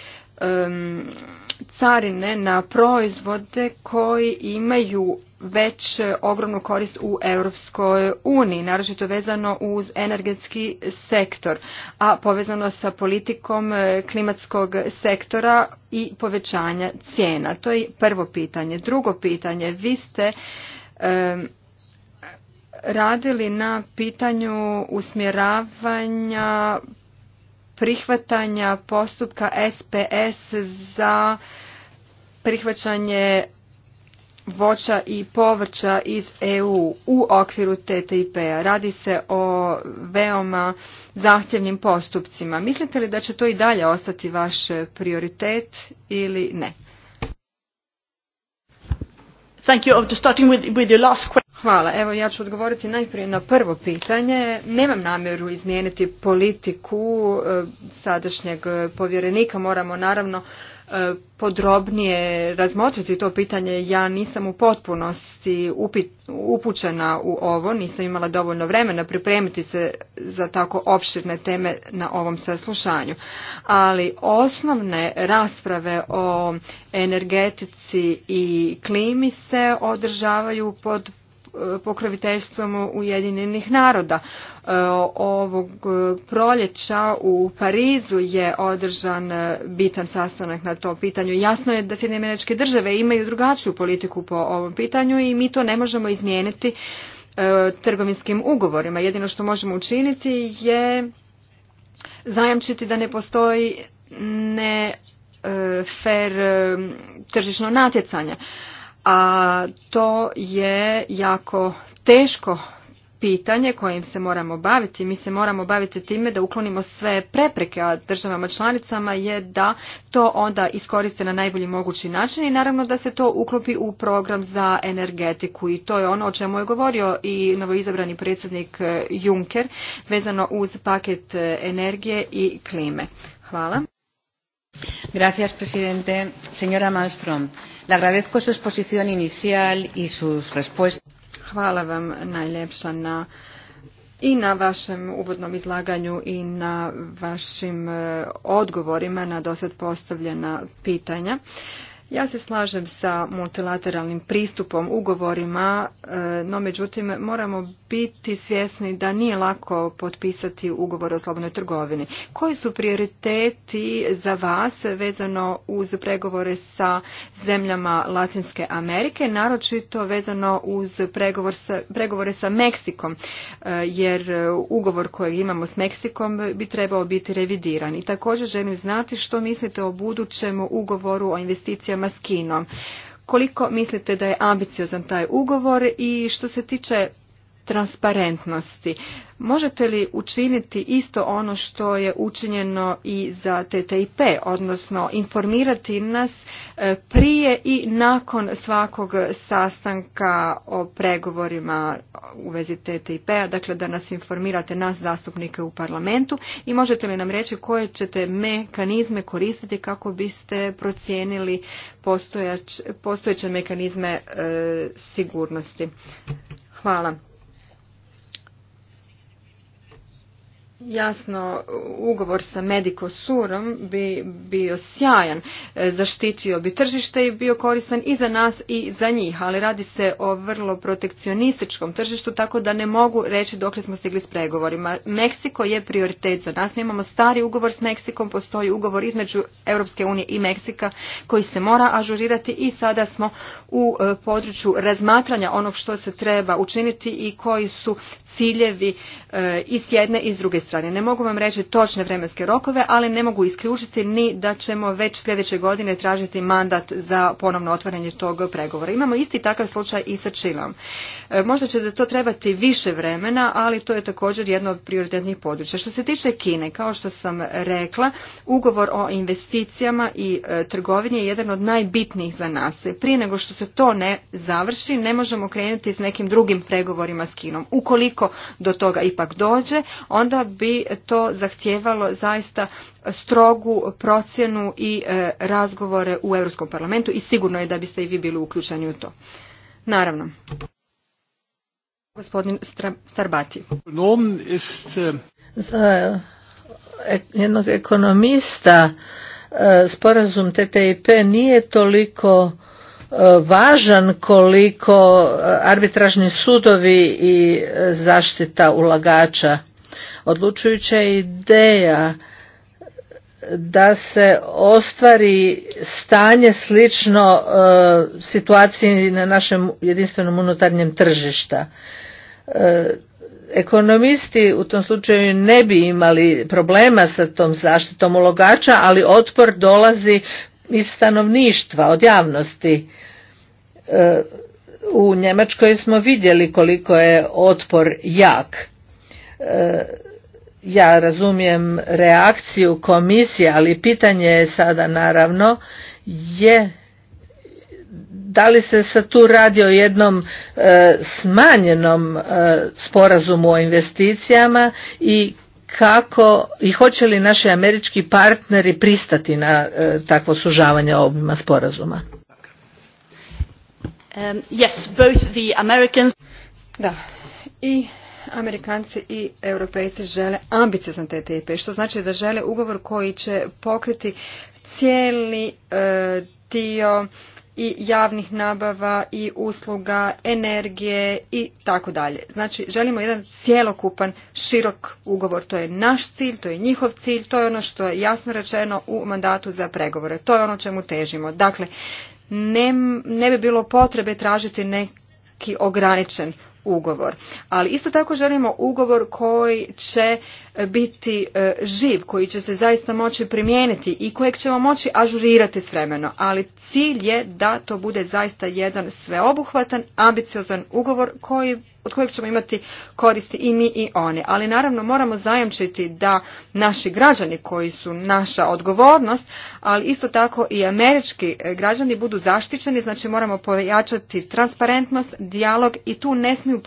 C: carine na proizvode koji imaju već e, ogromnu korist u Europskoj uniji, naročito vezano uz energetski sektor, a povezano sa politikom e, klimatskog sektora i povećanja cijena. To je prvo pitanje. Drugo pitanje, vi ste e, radili na pitanju usmjeravanja prihvatanja postupka SPS za prihvaćanje voća i povrća iz EU u okviru TTIP-a. Radi se o veoma zahtjevnim postupcima. Mislite li da će to i dalje ostati vaš prioritet ili ne? Hvala. Evo ja ću odgovoriti najprije na prvo pitanje. Nemam namjeru izmijeniti politiku eh, sadašnjeg povjerenika. Moramo naravno E, podrobnije razmotriti to pitanje. Ja nisam u potpunosti upućena u ovo, nisam imala dovoljno vremena pripremiti se za tako opširne teme na ovom saslušanju. Ali osnovne rasprave o energetici i klimi se održavaju pod pokroviteljstvom Ujedinjenih naroda. E, ovog e, proljeća u Parizu je održan e, bitan sastanak na tom pitanju. Jasno je da američke države imaju drugačiju politiku po ovom pitanju i mi to ne možemo izmijeniti trgovinskim ugovorima. Jedino što možemo učiniti je zajamčiti da ne postoji ne fer tržišno natjecanje a to je jako teško pitanje kojim se moramo baviti. Mi se moramo baviti time da uklonimo sve prepreke a državama članicama je da to onda iskoriste na najbolji mogući način i naravno da se to uklopi u program za energetiku i to je ono o čemu je govorio i novoizabrani predsjednik eh, Juncker vezano uz paket eh, energije i klime. Hvala. Gracias, presidente. Señora Malmstrm, le agradezco su exposición inicial y sus respuestas. Hvala vam najljepša na i na vašem uvodnom izlaganju i na vašim eh, odgovorima na dosad postavljena pitanja. Ja se slažem sa multilateralnim pristupom, ugovorima, e, no međutim moramo biti svjesni da nije lako potpisati ugovor o slobodnoj trgovini. Koji su prioriteti za vas vezano uz pregovore sa zemljama Latinske Amerike, naročito vezano uz pregovor pregovore sa Meksikom, e, jer ugovor kojeg imamo s Meksikom bi trebao biti revidiran. I također želim znati što mislite o budućem ugovoru o investicijama s Kinom. Koliko mislite da je ambiciozan taj ugovor i što se tiče transparentnosti. Možete li učiniti isto ono što je učinjeno i za TTIP, odnosno informirati nas e, prije i nakon svakog sastanka o pregovorima u vezi TTIP-a, dakle da nas informirate, nas zastupnike u parlamentu i možete li nam reći koje ćete mekanizme koristiti kako biste procijenili postojeće mekanizme e, sigurnosti. Hvala. Jasno, ugovor sa Surom bi bio sjajan, e, zaštitio bi tržište i bio koristan i za nas i za njih, ali radi se o vrlo protekcionističkom tržištu, tako da ne mogu reći dok smo stigli s pregovorima. Meksiko je prioritet za nas, mi imamo stari ugovor s Meksikom, postoji ugovor između Europske unije i Meksika koji se mora ažurirati i sada smo u e, području razmatranja onog što se treba učiniti i koji su ciljevi e, i s jedne i s druge strane strane. Ne mogu vam reći točne vremenske rokove, ali ne mogu isključiti ni da ćemo već sljedeće godine tražiti mandat za ponovno otvaranje tog pregovora. Imamo isti takav slučaj i sa Čilom. E, možda će za to trebati više vremena, ali to je također jedno od prioritetnih područja. Što se tiče Kine, kao što sam rekla, ugovor o investicijama i e, trgovini je jedan od najbitnijih za nas. Prije nego što se to ne završi, ne možemo krenuti s nekim drugim pregovorima s Kinom. Ukoliko do toga ipak dođe, onda bi to zahtijevalo zaista strogu procjenu i e, razgovore u Europskom parlamentu i sigurno je da biste i vi bili uključeni u to. Naravno. Gospodin Starbati. E, Za e, jednog
B: ekonomista sporazum TTIP nije toliko važan koliko arbitražni sudovi i zaštita ulagača Odlučujuća ideja da se ostvari stanje slično e, situaciji na našem jedinstvenom unutarnjem tržišta. E, ekonomisti u tom slučaju ne bi imali problema sa tom zaštitom ulogača, ali otpor dolazi iz stanovništva, od javnosti. E, u Njemačkoj smo vidjeli koliko je otpor jak ja razumijem reakciju komisije, ali pitanje je sada naravno je da li se sad tu radi o jednom e, smanjenom e, sporazumu o investicijama i kako i hoće li naši američki partneri pristati na e, takvo sužavanje obima sporazuma?
C: Um, yes, both the Americans... Da, i Amerikanci i Europejci žele ambiciozan TTIP, što znači da žele ugovor koji će pokriti cijeli e, dio i javnih nabava i usluga, energije i tako dalje. Znači želimo jedan cjelokupan, širok ugovor. To je naš cilj, to je njihov cilj, to je ono što je jasno rečeno u mandatu za pregovore. To je ono čemu težimo. Dakle, ne, ne bi bilo potrebe tražiti neki ograničen ugovor. Ali isto tako želimo ugovor koji će biti e, živ, koji će se zaista moći primijeniti i kojeg ćemo moći ažurirati s vremenom, ali cilj je da to bude zaista jedan sveobuhvatan, ambiciozan ugovor koji, od kojeg ćemo imati koristi i mi i oni. Ali naravno moramo zajamčiti da naši građani koji su naša odgovornost, ali isto tako i američki e, građani budu zaštićeni, znači moramo pojačati transparentnost, dijalog i tu ne smiju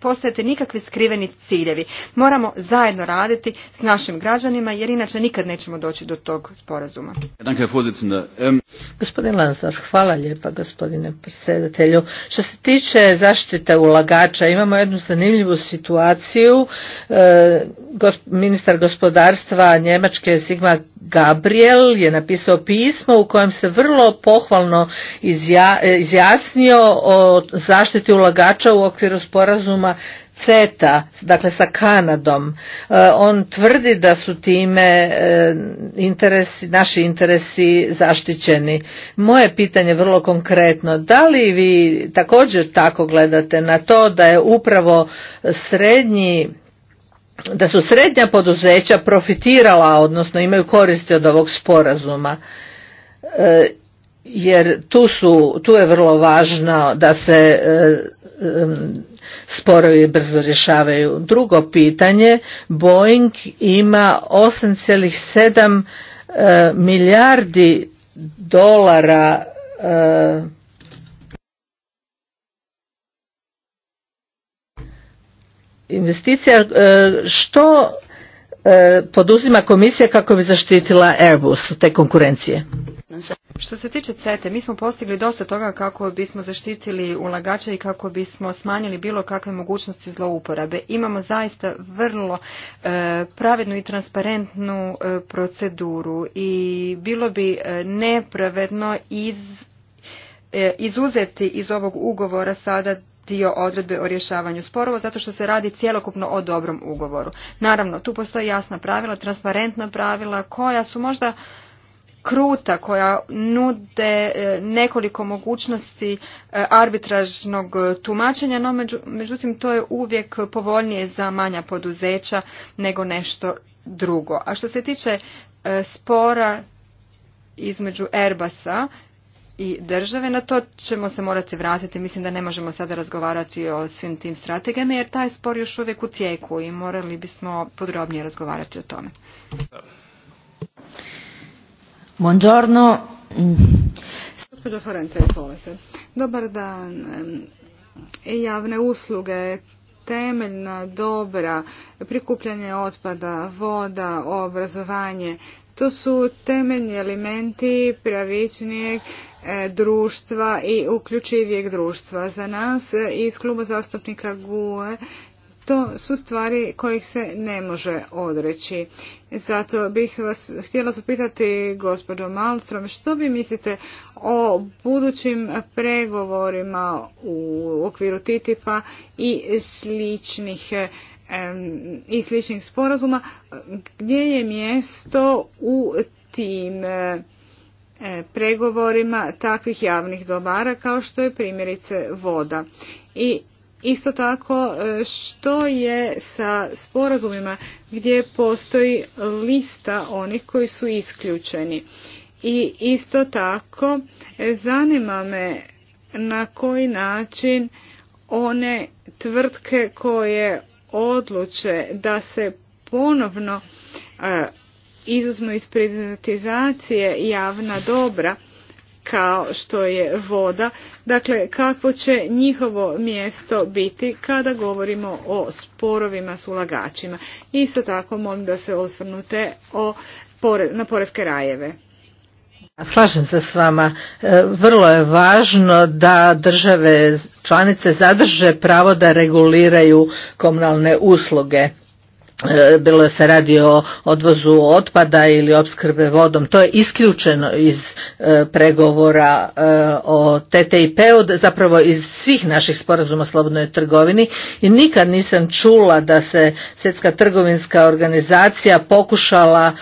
C: postojati nikakvi skriveni ciljevi. Moramo zajedno raditi raditi s našim građanima jer inače nikad nećemo doći do tog sporazuma. Ähm,
B: Gospodin Lazar, hvala lijepa gospodine predsjedatelju. Što se tiče zaštite ulagača, imamo jednu zanimljivu situaciju. E, ministar gospodarstva Njemačke Sigma Gabriel je napisao pismo u kojem se vrlo pohvalno e, izjasnio o zaštiti ulagača u okviru sporazuma CETA, dakle sa Kanadom. E, on tvrdi da su time e, interesi, naši interesi zaštićeni. Moje pitanje je vrlo konkretno, da li vi također tako gledate na to da je upravo srednji da su srednja poduzeća profitirala, odnosno imaju koristi od ovog sporazuma e, jer tu, su, tu je vrlo važno da se sporovi brzo rješavaju. Drugo pitanje, Boeing ima 8,7 e, milijardi dolara e, investicija e, što E, poduzima komisija kako bi zaštitila Airbus te konkurencije?
C: Što se tiče CETE, mi smo postigli dosta toga kako bismo zaštitili ulagača i kako bismo smanjili bilo kakve mogućnosti zlouporabe. Imamo zaista vrlo e, pravednu i transparentnu e, proceduru i bilo bi nepravedno izuzeti iz ovog ugovora sada dio odredbe o rješavanju sporova zato što se radi cjelokupno o dobrom ugovoru. Naravno, tu postoje jasna pravila, transparentna pravila koja su možda kruta, koja nude e, nekoliko mogućnosti e, arbitražnog tumačenja, no međutim to je uvijek povoljnije za manja poduzeća nego nešto drugo. A što se tiče e, spora između Airbusa i države. Na to ćemo se morati vratiti. Mislim da ne možemo sada razgovarati o svim tim strategijama jer taj spor još uvijek u tijeku i morali bismo podrobnije razgovarati o tome.
A: Buongiorno. izvolite. Dobar dan. E, javne usluge, temeljna dobra, prikupljanje otpada, voda, obrazovanje, to su temeljni elementi pravičnijeg E, društva i uključivijeg društva. Za nas e, iz kluba zastupnika GUE to su stvari kojih se ne može odreći. Zato bih vas htjela zapitati gospođo Malstrom što vi mislite o budućim pregovorima u okviru TTIP-a i sličnih e, i sličnih sporazuma gdje je mjesto u tim E, pregovorima takvih javnih dobara kao što je primjerice voda. I isto tako e, što je sa sporazumima gdje postoji lista onih koji su isključeni. I isto tako e, zanima me na koji način one tvrtke koje odluče da se ponovno izuzmu iz privatizacije javna dobra kao što je voda. Dakle, kakvo će njihovo mjesto biti kada govorimo o sporovima s ulagačima. Isto tako molim da se osvrnute o, na porezke rajeve.
B: Slažem se s vama. E, vrlo je važno da države članice zadrže pravo da reguliraju komunalne usluge. E, bilo se radi o odvozu otpada ili opskrbe vodom, to je isključeno iz e, pregovora e, o ttip zapravo iz svih naših sporazuma o slobodnoj trgovini i nikad nisam čula da se Svjetska trgovinska organizacija pokušala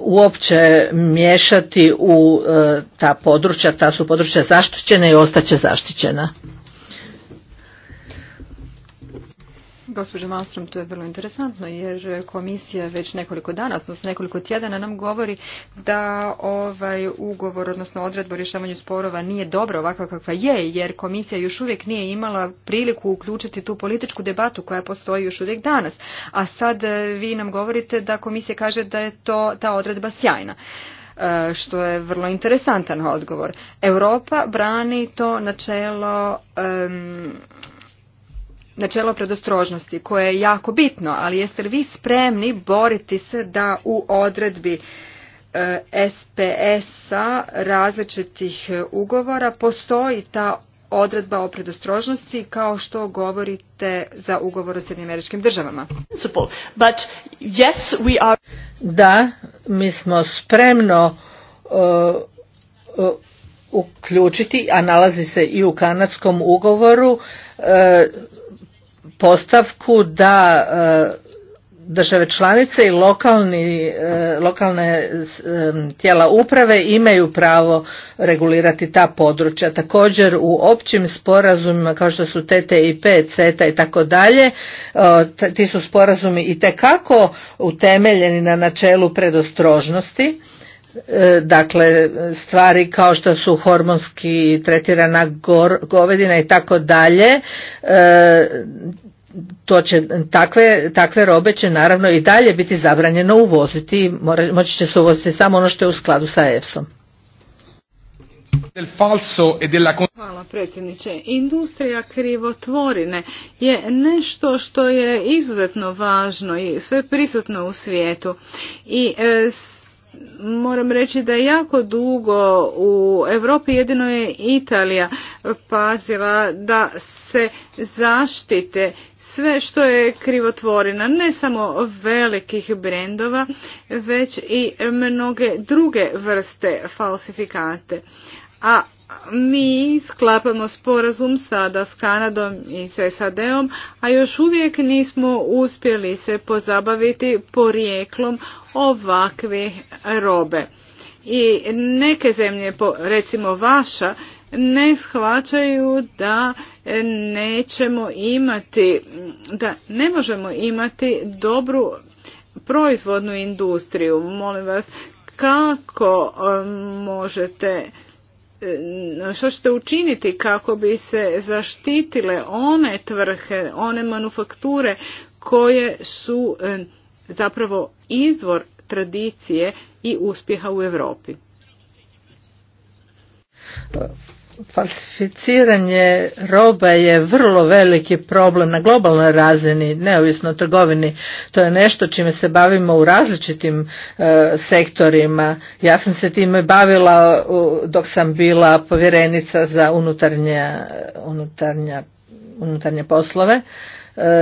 B: uopće miješati u ta područja, ta su područja zaštićena i ostaće zaštićena.
C: Gospođo Malstrom, to je vrlo interesantno jer komisija već nekoliko dana, odnosno nekoliko tjedana nam govori da ovaj ugovor, odnosno odredba o rješavanju sporova nije dobra ovakva kakva je, jer komisija još uvijek nije imala priliku uključiti tu političku debatu koja postoji još uvijek danas. A sad eh, vi nam govorite da komisija kaže da je to ta odredba sjajna eh, što je vrlo interesantan odgovor. Europa brani to načelo um, načelo predostrožnosti koje je jako bitno, ali jeste li vi spremni boriti se da u odredbi e, SPS-a različitih e, ugovora postoji ta odredba o predostrožnosti kao što govorite za ugovor o Sjedinim američkim državama.
B: Da, mi smo spremno e, uključiti, a nalazi se i u kanadskom ugovoru, postavku da e, države članice i lokalni, e, lokalne tijela uprave imaju pravo regulirati ta područja. Također u općim sporazumima kao što su TTIP, CETA i tako dalje, ti su sporazumi i tekako utemeljeni na načelu predostrožnosti E, dakle stvari kao što su hormonski tretirana govedina i tako dalje e, to će, takve, takve robe će naravno i dalje biti zabranjeno uvoziti moći će se uvoziti samo ono što je u skladu sa EFSom. E
A: Hvala predsjedniče. Industrija krivotvorine je nešto što je izuzetno važno i sve prisutno u svijetu i moram reći da je jako dugo u Europi jedino je Italija pazila da se zaštite sve što je krivotvorina, ne samo velikih brendova, već i mnoge druge vrste falsifikate. A mi sklapamo sporazum sada s Kanadom i s SAD-om, a još uvijek nismo uspjeli se pozabaviti porijeklom ovakve robe. I neke zemlje, recimo vaša, ne shvaćaju da nećemo imati, da ne možemo imati dobru proizvodnu industriju. Molim vas, kako e, možete što ćete učiniti kako bi se zaštitile one tvrhe, one manufakture koje su e, zapravo izvor tradicije i uspjeha u Europi
B: falsificiranje roba je vrlo veliki problem na globalnoj razini, neovisno o trgovini. To je nešto čime se bavimo u različitim e, sektorima. Ja sam se time bavila dok sam bila povjerenica za unutarnja, unutarnja, unutarnje poslove. E,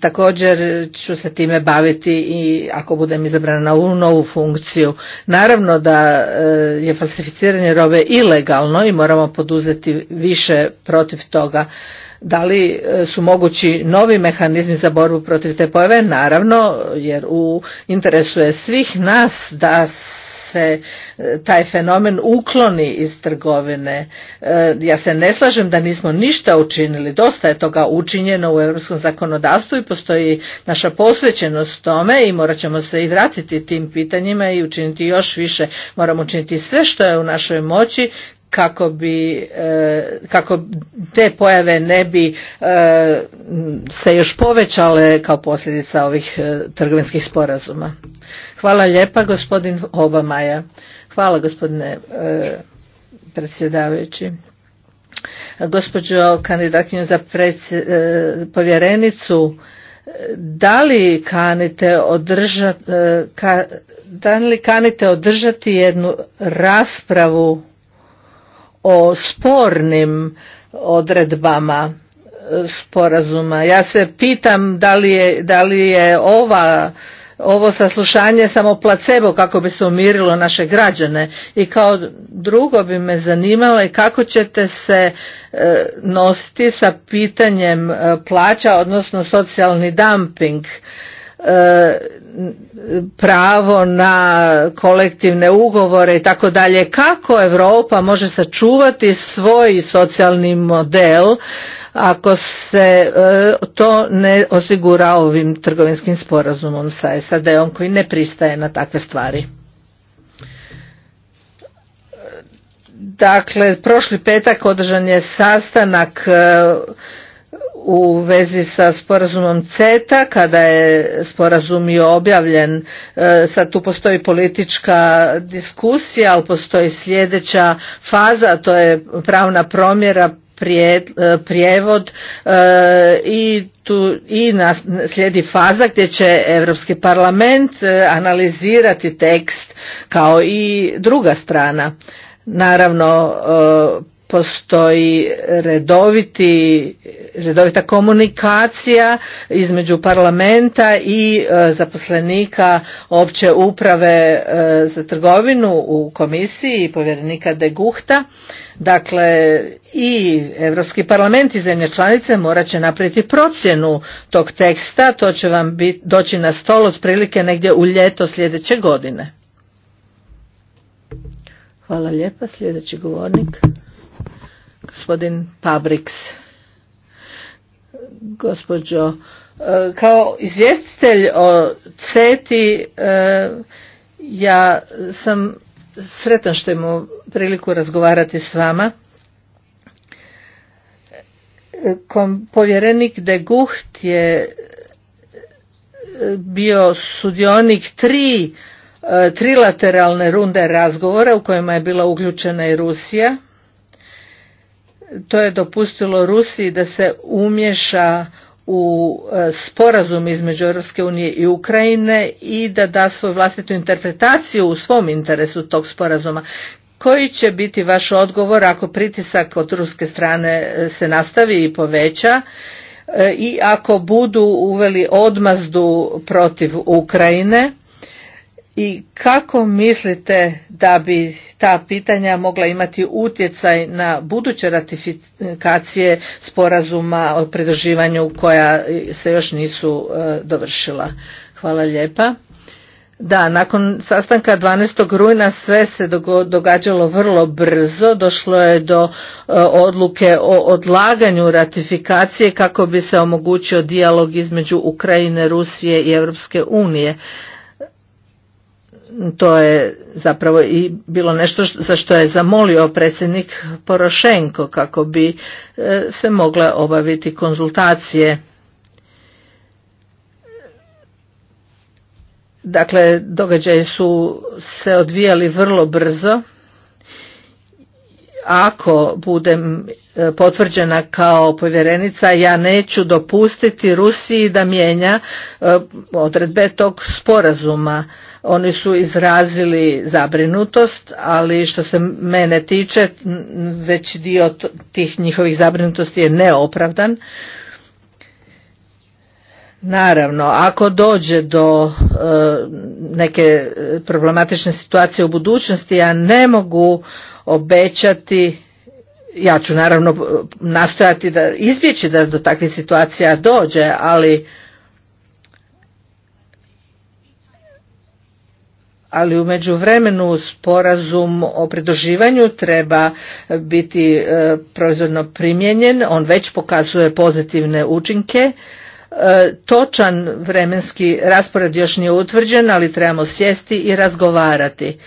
B: također ću se time baviti i ako budem izabrana na ovu novu funkciju. Naravno da e, je falsificiranje robe ilegalno i moramo poduzeti više protiv toga. Da li e, su mogući novi mehanizmi za borbu protiv te pojave? Naravno, jer u interesu je svih nas da se e, taj fenomen ukloni iz trgovine. E, ja se ne slažem da nismo ništa učinili, dosta je toga učinjeno u europskom zakonodavstvu i postoji naša posvećenost tome i morat ćemo se i vratiti tim pitanjima i učiniti još više. Moramo učiniti sve što je u našoj moći kako bi e, kako te pojave ne bi e, se još povećale kao posljedica ovih e, trgovinskih sporazuma. Hvala lijepa gospodin Obamaja. Hvala gospodine predsjedavajući. Gospođo kandidatinju za povjerenicu, da li kanite održati, da li kanite održati jednu raspravu o spornim odredbama e, sporazuma. Ja se pitam da li je, da li je ova ovo saslušanje samo placebo kako bi se umirilo naše građane i kao drugo bi me zanimalo i kako ćete se e, nositi sa pitanjem e, plaća odnosno socijalni dumping pravo na kolektivne ugovore i tako dalje kako Europa može sačuvati svoj socijalni model ako se e, to ne osigura ovim trgovinskim sporazumom sa SAD-om koji ne pristaje na takve stvari Dakle prošli petak održan je sastanak e, u vezi sa sporazumom CETA kada je sporazum i objavljen e, sad tu postoji politička diskusija ali postoji sljedeća faza to je pravna promjera e, prijevod e, i tu i slijedi faza gdje će Europski parlament analizirati tekst kao i druga strana naravno postoji redoviti, redovita komunikacija između parlamenta i e, zaposlenika opće uprave e, za trgovinu u komisiji i povjerenika de Guhta. Dakle, i Europski parlament i zemlje članice morat će napraviti procjenu tog teksta, to će vam doći na stol otprilike negdje u ljeto sljedeće godine. Hvala lijepa, sljedeći govornik. Gospodin Pabriks. Gospođo, e, kao izvjestitelj o CETI e, ja sam sretan što imamo priliku razgovarati s vama. E, povjerenik de Gucht je bio sudionik tri trilateralne runde razgovora u kojima je bila uključena i Rusija to je dopustilo Rusiji da se umješa u e, sporazum između Europske unije i Ukrajine i da da svoju vlastitu interpretaciju u svom interesu tog sporazuma. Koji će biti vaš odgovor ako pritisak od ruske strane e, se nastavi i poveća e, i ako budu uveli odmazdu protiv Ukrajine? i kako mislite da bi ta pitanja mogla imati utjecaj na buduće ratifikacije sporazuma o pridruživanju koja se još nisu e, dovršila? Hvala lijepa. Da, nakon sastanka 12. rujna sve se događalo vrlo brzo, došlo je do e, odluke o odlaganju ratifikacije kako bi se omogućio dijalog između Ukrajine, Rusije i Europske unije to je zapravo i bilo nešto za što je zamolio predsjednik Porošenko kako bi e, se mogle obaviti konzultacije. Dakle, događaji su se odvijali vrlo brzo. Ako budem e, potvrđena kao povjerenica, ja neću dopustiti Rusiji da mijenja e, odredbe tog sporazuma oni su izrazili zabrinutost, ali što se mene tiče, već dio tih njihovih zabrinutosti je neopravdan. Naravno, ako dođe do e, neke e, problematične situacije u budućnosti, ja ne mogu obećati, ja ću naravno nastojati da izbjeći da do takvih situacija dođe, ali ali u međuvremenu sporazum o pridruživanju treba biti e, proizvodno primijenjen, on već pokazuje pozitivne učinke. E, točan vremenski raspored još nije utvrđen, ali trebamo sjesti i razgovarati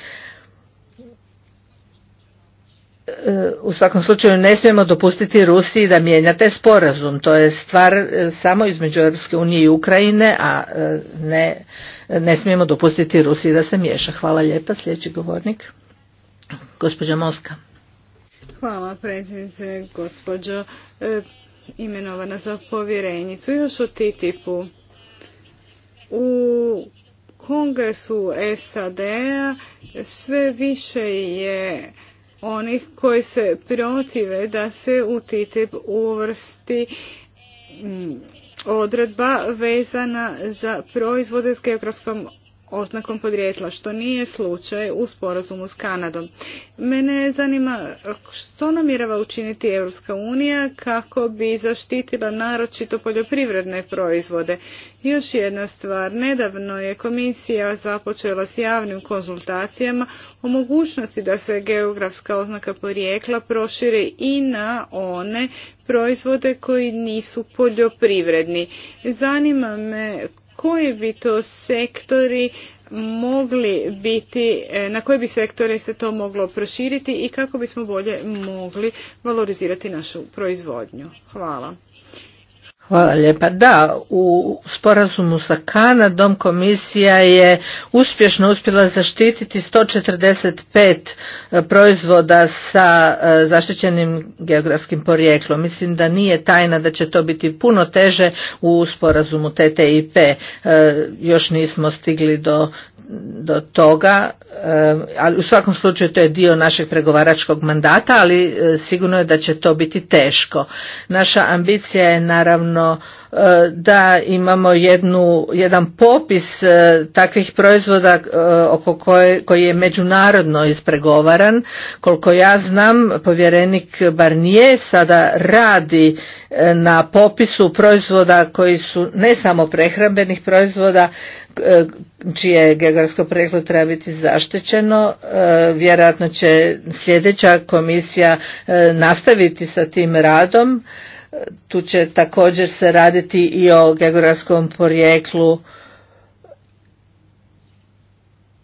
B: u svakom slučaju ne smijemo dopustiti Rusiji da mijenja taj sporazum. To je stvar e, samo između Europske unije i Ukrajine, a e, ne, ne smijemo dopustiti Rusiji da se miješa. Hvala lijepa. Sljedeći govornik, gospođa Moska.
A: Hvala predsjednice, gospođo e, imenovana za povjerenicu. Još u TTIP-u. U kongresu SAD-a sve više je onih koji se protive da se u TTIP uvrsti mm, odredba vezana za proizvode s geografskom oznakom podrijetla, što nije slučaj u sporazumu s Kanadom. Mene zanima što namjerava učiniti Europska unija kako bi zaštitila naročito poljoprivredne proizvode. Još jedna stvar, nedavno je komisija započela s javnim konzultacijama o mogućnosti da se geografska oznaka porijekla prošire i na one proizvode koji nisu poljoprivredni. Zanima me koji bi to sektori mogli biti, e, na koje bi sektore se to moglo proširiti i kako bismo bolje mogli valorizirati našu proizvodnju. Hvala.
B: Hvala lijepa. Da, u sporazumu sa Kanadom komisija je uspješno uspjela zaštititi 145 e, proizvoda sa e, zaštićenim geografskim porijeklom. Mislim da nije tajna da će to biti puno teže u sporazumu TTIP. E, još nismo stigli do do toga, eh, ali u svakom slučaju to je dio našeg pregovaračkog mandata, ali eh, sigurno je da će to biti teško. Naša ambicija je naravno eh, da imamo jednu, jedan popis takvih proizvoda oko koji je međunarodno ispregovaran. Koliko ja znam, povjerenik Barnije sada radi na popisu proizvoda koji su ne samo prehrambenih proizvoda, E, čije geografsko porijeklo treba biti zaštićeno. E, vjerojatno će sljedeća komisija e, nastaviti sa tim radom. Tu će također se raditi i o geografskom porijeklu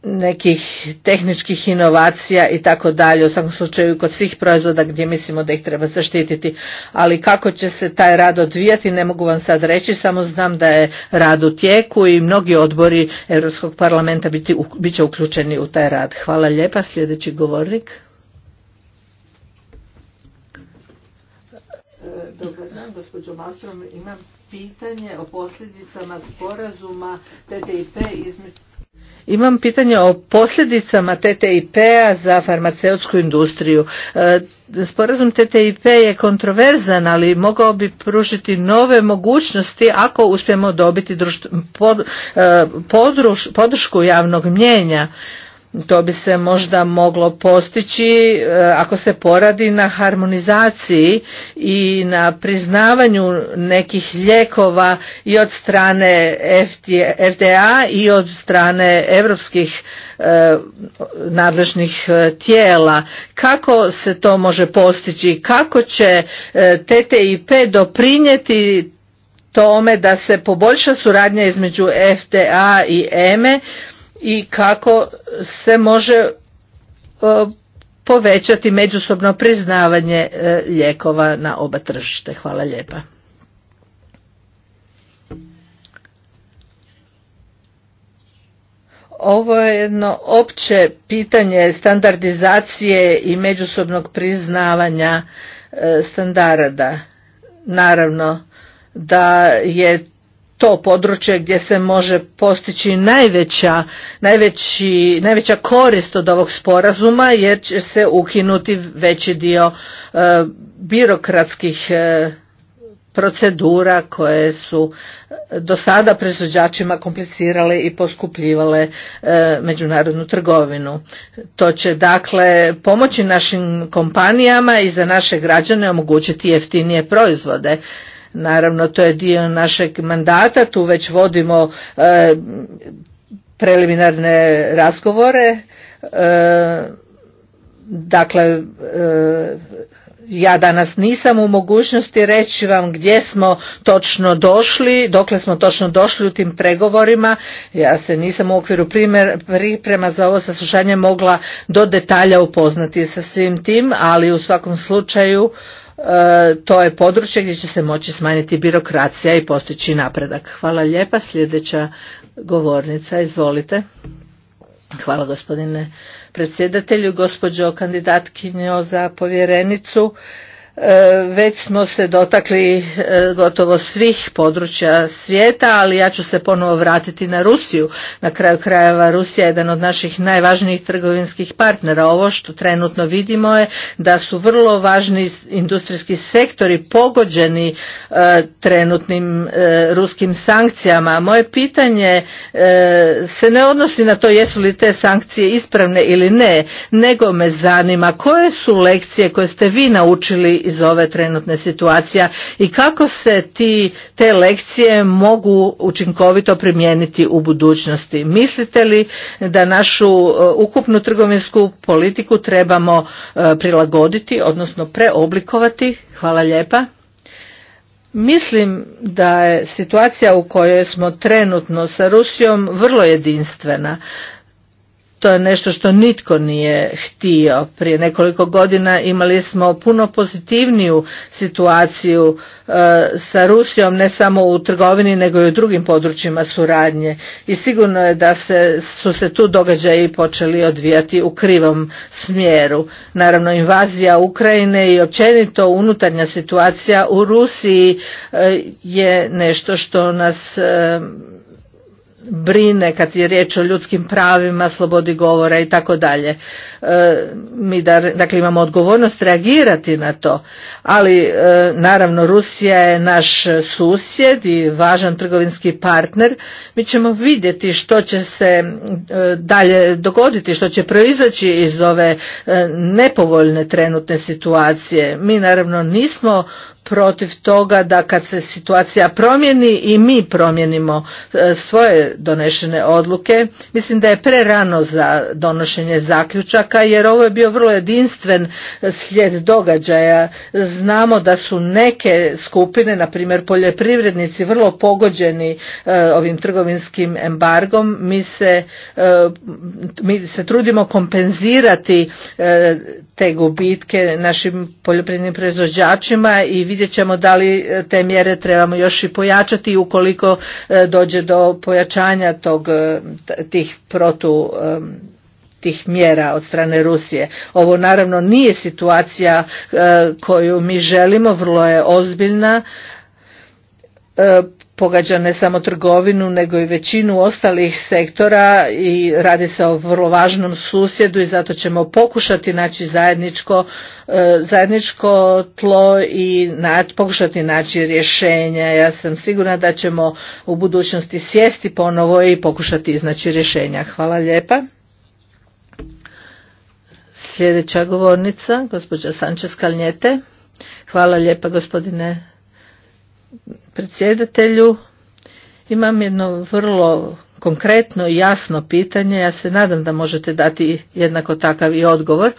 B: nekih tehničkih inovacija i tako dalje, u svakom slučaju kod svih proizvoda gdje mislimo da ih treba zaštititi. Ali kako će se taj rad odvijati ne mogu vam sad reći, samo znam da je rad u tijeku i mnogi odbori Europskog parlamenta biti, bit će uključeni u taj rad. Hvala lijepa, sljedeći govornik. Dobar gospođo imam pitanje o posljedicama sporazuma TTIP između imam pitanje o posljedicama TTIP-a za farmaceutsku industriju. E, sporazum TTIP je kontroverzan, ali mogao bi pružiti nove mogućnosti ako uspijemo dobiti e, podršku javnog mnjenja to bi se možda moglo postići e, ako se poradi na harmonizaciji i na priznavanju nekih lijekova i od strane FDA i od strane europskih e, nadležnih e, tijela. Kako se to može postići? Kako će TTIP doprinijeti tome da se poboljša suradnja između FDA i EME i kako se može e, povećati međusobno priznavanje e, lijekova na oba tržište. Hvala lijepa. Ovo je jedno opće pitanje standardizacije i međusobnog priznavanja e, standarda. Naravno da je to područje gdje se može postići najveća, najveći, najveća korist od ovog sporazuma jer će se ukinuti veći dio e, birokratskih e, procedura koje su e, do sada proizvođačima komplicirale i poskupljivale međunarodnu trgovinu. To će dakle pomoći našim kompanijama i za naše građane omogućiti jeftinije proizvode. Naravno, to je dio našeg mandata, tu već vodimo e, preliminarne razgovore. E, dakle, e, ja danas nisam u mogućnosti reći vam gdje smo točno došli, dokle smo točno došli u tim pregovorima. Ja se nisam u okviru primer, priprema za ovo saslušanje mogla do detalja upoznati sa svim tim, ali u svakom slučaju E, to je područje gdje će se moći smanjiti birokracija i postići napredak. Hvala lijepa. Sljedeća govornica, izvolite. Hvala gospodine predsjedatelju, gospođo kandidatkinjo za povjerenicu. E, već smo se dotakli e, gotovo svih područja svijeta, ali ja ću se ponovo vratiti na Rusiju. Na kraju krajeva Rusija je jedan od naših najvažnijih trgovinskih partnera. Ovo što trenutno vidimo je da su vrlo važni industrijski sektori pogođeni e, trenutnim ruskim sankcijama. Moje pitanje se ne odnosi na to jesu li te sankcije ispravne ili ne, nego me zanima koje su lekcije koje ste vi naučili iz ove trenutne situacije i kako se ti, te lekcije mogu učinkovito primijeniti u budućnosti. Mislite li da našu uh, ukupnu trgovinsku politiku trebamo uh, prilagoditi, odnosno preoblikovati? Hvala lijepa. Mislim da je situacija u kojoj smo trenutno sa Rusijom vrlo jedinstvena to je nešto što nitko nije htio. Prije nekoliko godina imali smo puno pozitivniju situaciju e, sa Rusijom, ne samo u trgovini nego i u drugim područjima suradnje. I sigurno je da se, su se tu događaji počeli odvijati u krivom smjeru. Naravno invazija Ukrajine i općenito unutarnja situacija u Rusiji e, je nešto što nas e, brine kad je riječ o ljudskim pravima, slobodi govora i tako dalje. E, mi da, dakle imamo odgovornost reagirati na to, ali e, naravno Rusija je naš susjed i važan trgovinski partner. Mi ćemo vidjeti što će se e, dalje dogoditi, što će proizaći iz ove nepovoljne trenutne situacije. Mi naravno nismo protiv toga da kad se situacija promijeni i mi promijenimo e, svoje donešene odluke. Mislim da je prerano za donošenje zaključaka jer ovo je bio vrlo jedinstven slijed događaja. Znamo da su neke skupine, na primjer poljoprivrednici, vrlo pogođeni e, ovim trgovinskim embargom. Mi se, e, mi se trudimo kompenzirati te gubitke našim poljoprivrednim proizvođačima i vidjet ćemo da li e, te mjere trebamo još i pojačati i ukoliko e, dođe do pojačanja tog, e, tih protu tih mjera od strane Rusije. Ovo naravno nije situacija koju mi želimo, vrlo je ozbiljna pogađa ne samo trgovinu nego i većinu ostalih sektora i radi se o vrlo važnom susjedu i zato ćemo pokušati naći zajedničko, e, zajedničko tlo i pokušati naći rješenja. Ja sam sigurna da ćemo u budućnosti sjesti ponovo i pokušati iznaći rješenja. Hvala lijepa. Sljedeća govornica, gospođa Sančes Kalnjete. Hvala lijepa gospodine predsjedatelju. Imam jedno vrlo konkretno i jasno pitanje. Ja se nadam da možete dati jednako takav i odgovor.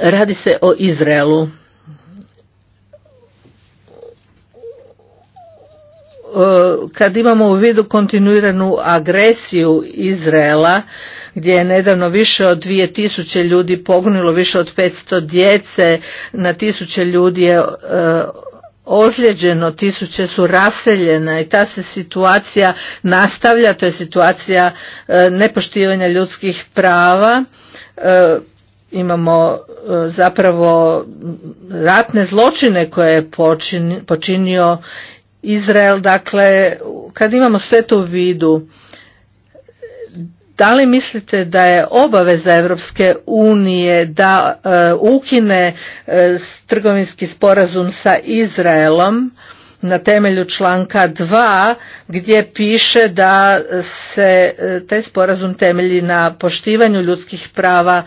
B: Radi se o Izraelu. E, kad imamo u vidu kontinuiranu agresiju Izraela, gdje je nedavno više od 2000 ljudi pogunilo, više od 500 djece, na tisuće ljudi je e, ozlijeđeno, tisuće su raseljena i ta se situacija nastavlja, to je situacija e, nepoštivanja ljudskih prava. E, imamo e, zapravo ratne zločine koje je počinio Izrael, dakle kad imamo sve to u vidu da li mislite da je obaveza Europske unije da e, ukine e, trgovinski sporazum sa Izraelom na temelju članka 2 gdje piše da se e, taj sporazum temelji na poštivanju ljudskih prava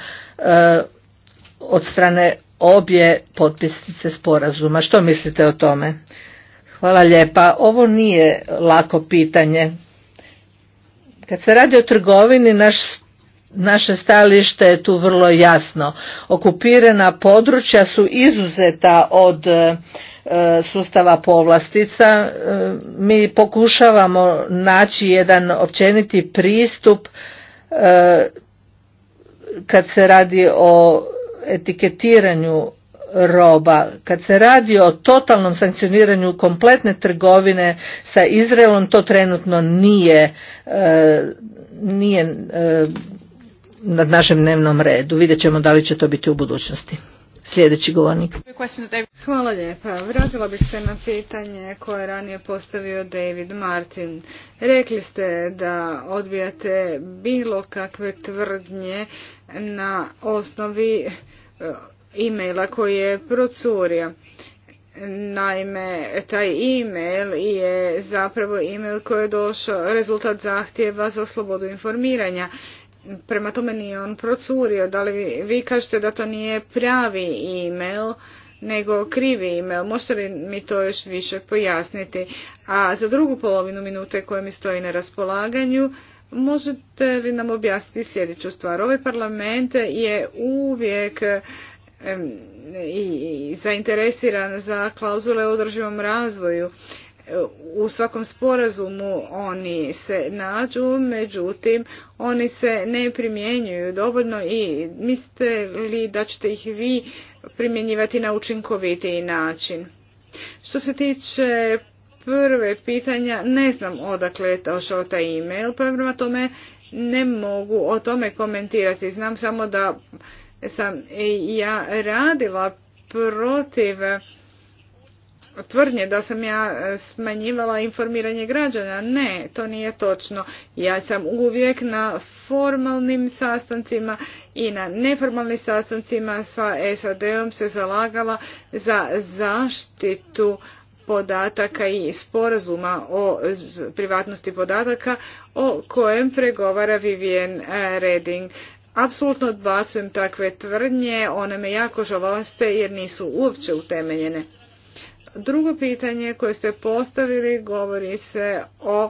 B: od strane obje potpisnice sporazuma. Što mislite o tome? Hvala lijepa. Ovo nije lako pitanje. Kad se radi o trgovini, naš naše stajalište je tu vrlo jasno. Okupirana područja su izuzeta od e, sustava povlastica. E, mi pokušavamo naći jedan općeniti pristup e, kad se radi o etiketiranju roba. Kad se radi o totalnom sankcioniranju kompletne trgovine sa Izraelom, to trenutno nije, e, nije e, na našem dnevnom redu. Vidjet ćemo da li će to biti u budućnosti. Sljedeći govornik.
A: Hvala lijepa. Vratila bih se na pitanje koje je ranije postavio David Martin. Rekli ste da odbijate bilo kakve tvrdnje na osnovi e, e-maila koji je procurio. Naime, taj e-mail je zapravo e-mail koji je došao rezultat zahtjeva za slobodu informiranja. Prema tome nije on procurio. Da li vi, kažete da to nije pravi e-mail, nego krivi e-mail? Možete li mi to još više pojasniti? A za drugu polovinu minute koja mi stoji na raspolaganju, možete li nam objasniti sljedeću stvar? Ovaj parlament je uvijek i zainteresiran za klauzule o održivom razvoju. U svakom sporazumu oni se nađu, međutim oni se ne primjenjuju dovoljno i mislite li da ćete ih vi primjenjivati na učinkovitiji način? Što se tiče prve pitanja, ne znam odakle je došao taj e-mail, pa prema tome ne mogu o tome komentirati. Znam samo da sam ja radila protiv tvrdnje da sam ja smanjivala informiranje građana. Ne, to nije točno. Ja sam uvijek na formalnim sastancima i na neformalnim sastancima sa SAD-om se zalagala za zaštitu podataka i sporazuma o privatnosti podataka o kojem pregovara Vivian Reding. Apsolutno odbacujem takve tvrdnje, one me jako žaloste jer nisu uopće utemeljene. Drugo pitanje koje ste postavili govori se o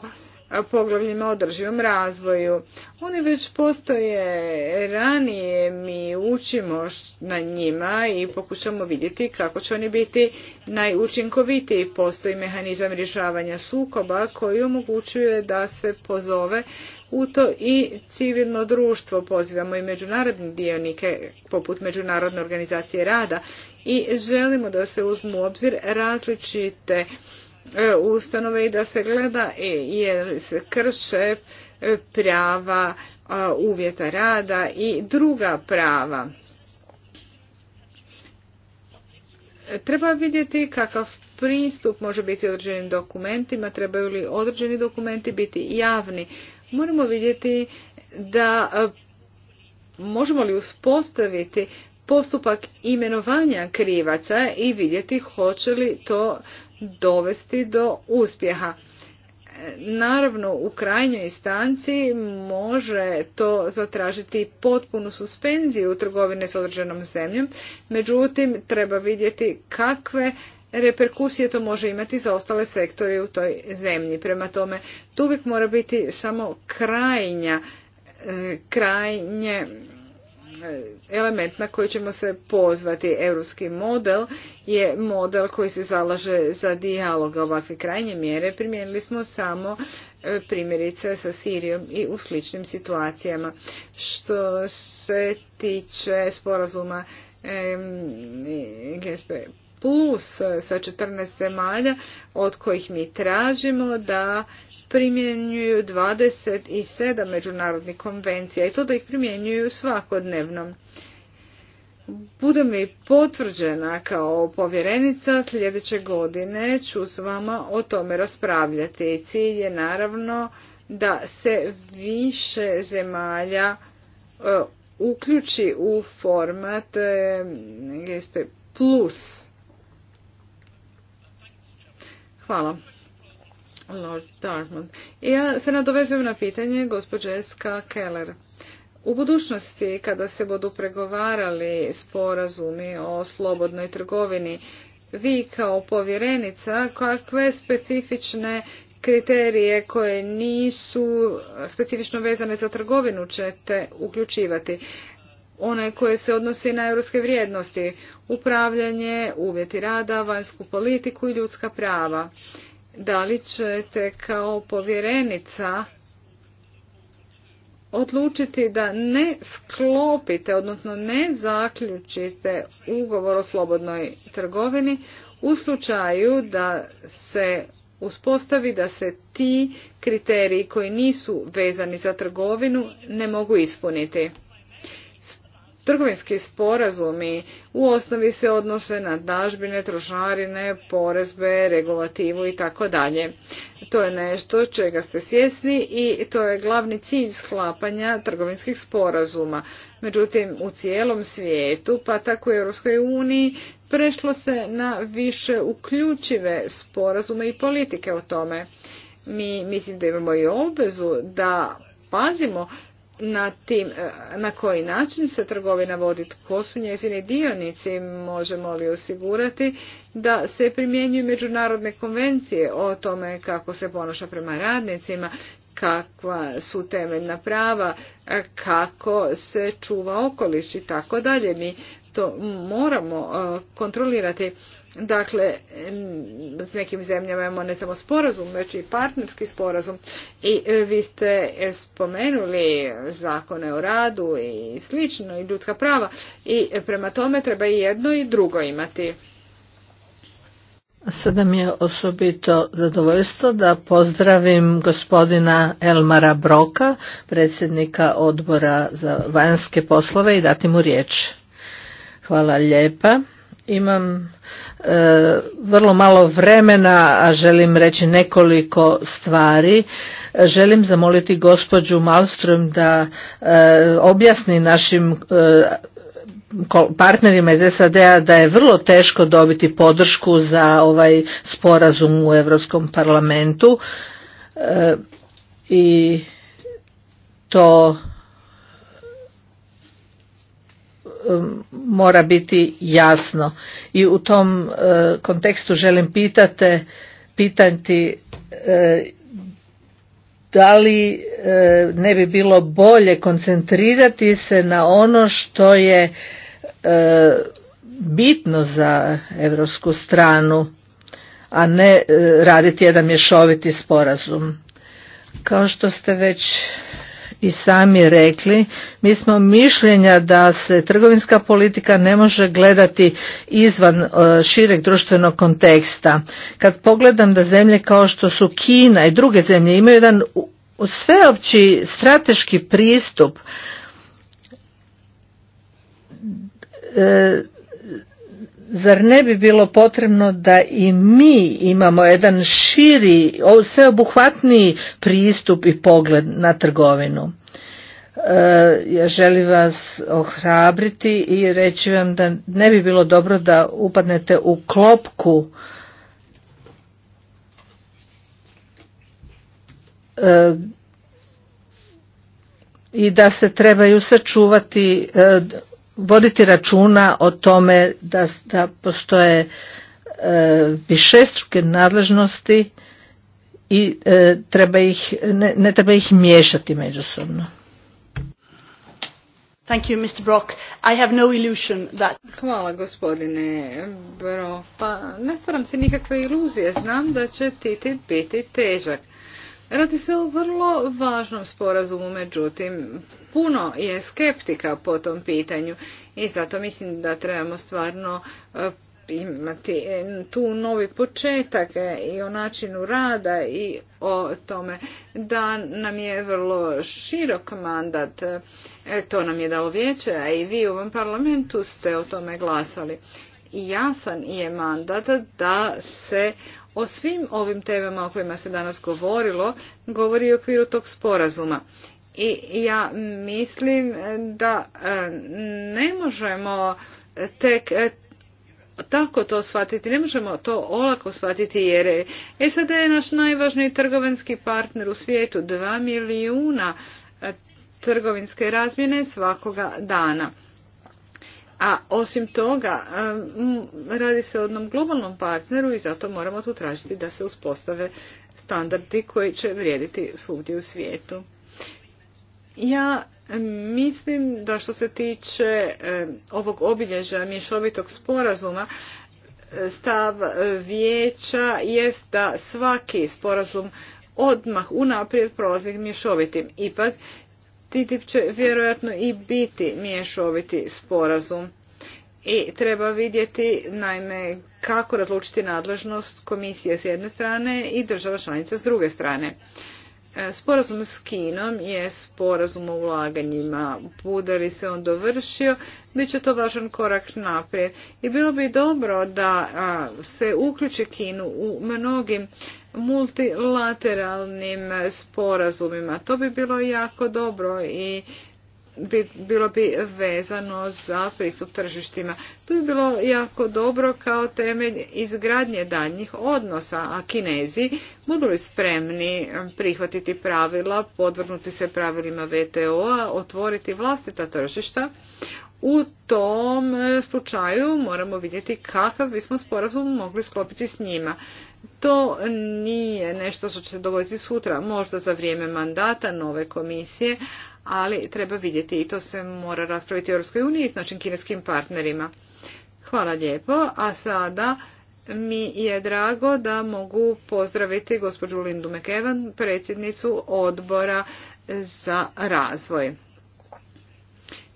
A: poglavljima održivom razvoju. Oni već postoje ranije, mi učimo na njima i pokušamo vidjeti kako će oni biti najučinkovitiji. Postoji mehanizam rješavanja sukoba koji omogućuje da se pozove u to i civilno društvo. Pozivamo i međunarodne dionike poput Međunarodne organizacije rada i želimo da se uzmu u obzir različite e, ustanove i da se gleda e, je se krše e, prava uvjeta rada i druga prava. Treba vidjeti kakav pristup može biti određenim dokumentima, trebaju li određeni dokumenti biti javni Moramo vidjeti da e, možemo li uspostaviti postupak imenovanja krivaca i vidjeti hoće li to dovesti do uspjeha. E, naravno, u krajnjoj instanci može to zatražiti potpunu suspenziju trgovine s određenom zemljom, međutim treba vidjeti kakve reperkusije to može imati za ostale sektore u toj zemlji. Prema tome, tu uvijek mora biti samo krajnja, e, krajnje e, element na koji ćemo se pozvati. Europski model je model koji se zalaže za dijalog ovakve krajnje mjere. Primijenili smo samo e, primjerice sa Sirijom i u sličnim situacijama. Što se tiče sporazuma plus sa 14 zemalja od kojih mi tražimo da primjenjuju 27 međunarodnih konvencija i to da ih primjenjuju svakodnevno. Bude mi potvrđena kao povjerenica sljedeće godine ću s vama o tome raspravljati. Cilj je naravno da se više zemalja e, uključi u format e, GSP plus Hvala. Lord Dartmouth. Ja se nadovezujem na pitanje gospođe Ska Keller. U budućnosti, kada se budu pregovarali sporazumi o slobodnoj trgovini, vi kao povjerenica, kakve specifične kriterije koje nisu specifično vezane za trgovinu ćete uključivati one koje se odnosi na europske vrijednosti, upravljanje, uvjeti rada, vanjsku politiku i ljudska prava. Da li ćete kao povjerenica odlučiti da ne sklopite, odnosno ne zaključite ugovor o slobodnoj trgovini u slučaju da se uspostavi da se ti kriteriji koji nisu vezani za trgovinu ne mogu ispuniti. Trgovinski sporazumi u osnovi se odnose na dažbine, trošarine, porezbe, regulativu i tako dalje. To je nešto čega ste svjesni i to je glavni cilj sklapanja trgovinskih sporazuma. Međutim, u cijelom svijetu, pa tako i Europskoj uniji, prešlo se na više uključive sporazume i politike o tome. Mi mislim da imamo i obvezu da pazimo na tim e, na koji način se trgovina vodi, tko su njezini dionici, možemo li osigurati da se primjenjuju međunarodne konvencije o tome kako se ponaša prema radnicima, kakva su temeljna prava, kako se čuva okoliš i tako dalje. Mi to moramo e, kontrolirati. Dakle, s nekim zemljama imamo ne samo sporazum, već i partnerski sporazum. I e, vi ste spomenuli zakone o radu i slično, i ljudska prava. I e, prema tome treba i jedno i drugo imati.
B: Sada mi je osobito zadovoljstvo da pozdravim gospodina Elmara Broka, predsjednika odbora za vanjske poslove i dati mu riječ. Hvala lijepa imam e, vrlo malo vremena a želim reći nekoliko stvari želim zamoliti gospođu Malstrom da e, objasni našim e, partnerima iz SAD-a da je vrlo teško dobiti podršku za ovaj sporazum u Europskom parlamentu i to Um, mora biti jasno. I u tom uh, kontekstu želim pitate, pitati uh, da li uh, ne bi bilo bolje koncentrirati se na ono što je bitno za europsku stranu, a ne raditi jedan mješoviti sporazum. Kao što ste već i sami rekli, mi smo mišljenja da se trgovinska politika ne može gledati izvan e, šireg društvenog konteksta. Kad pogledam da zemlje kao što su Kina i druge zemlje imaju jedan sveopći strateški pristup e, Zar ne bi bilo potrebno da i mi imamo jedan širi, sveobuhvatniji pristup i pogled na trgovinu? E, ja želim vas ohrabriti i reći vam da ne bi bilo dobro da upadnete u klopku e, i da se trebaju sačuvati e, voditi računa o tome da, da postoje e, višestruke nadležnosti i e, treba ih, ne, ne treba ih miješati međusobno.
C: Thank you, Mr.
A: Brock. I have no illusion that... Hvala gospodine Brock. Pa ne stvaram se nikakve iluzije. Znam da će TTIP biti težak. Radi se o vrlo važnom sporazumu, međutim, puno je skeptika po tom pitanju i zato mislim da trebamo stvarno eh, imati eh, tu novi početak eh, i o načinu rada i o tome da nam je vrlo širok mandat. to nam je dao vijeće, a i vi u ovom parlamentu ste o tome glasali jasan je mandat da se o svim ovim temama o kojima se danas govorilo govori u okviru tog sporazuma. I ja mislim da e, ne možemo tek e, tako to shvatiti, ne možemo to olako shvatiti jer SAD je naš najvažniji trgovinski partner u svijetu, dva milijuna e, trgovinske razmjene svakoga dana. A osim toga, radi se o jednom globalnom partneru i zato moramo tu tražiti da se uspostave standardi koji će vrijediti svugdje u svijetu. Ja mislim da što se tiče ovog obilježja mješovitog sporazuma, stav vijeća jest da svaki sporazum odmah unaprijed prolazi mješovitim. Ipak TTIP će vjerojatno i biti mješoviti sporazum. I treba vidjeti naime kako razlučiti nadležnost komisije s jedne strane i država članica s druge strane. Sporazum s Kinom je sporazum o ulaganjima. Bude li se on dovršio, bit će to važan korak naprijed. I bilo bi dobro da se uključi Kinu u mnogim multilateralnim sporazumima. To bi bilo jako dobro i bilo bi vezano za pristup tržištima. To bi bilo jako dobro kao temelj izgradnje daljnjih odnosa, a Kinezi budu li spremni prihvatiti pravila, podvrnuti se pravilima VTO-a, otvoriti vlastita tržišta, u tom slučaju moramo vidjeti kakav bismo sporazum mogli sklopiti s njima. To nije nešto što će se dogoditi sutra, možda za vrijeme mandata nove komisije, ali treba vidjeti i to se mora raspraviti u Europskoj uniji s našim kineskim partnerima. Hvala lijepo, a sada mi je drago da mogu pozdraviti gospođu Lindu McEvan, predsjednicu odbora za razvoj.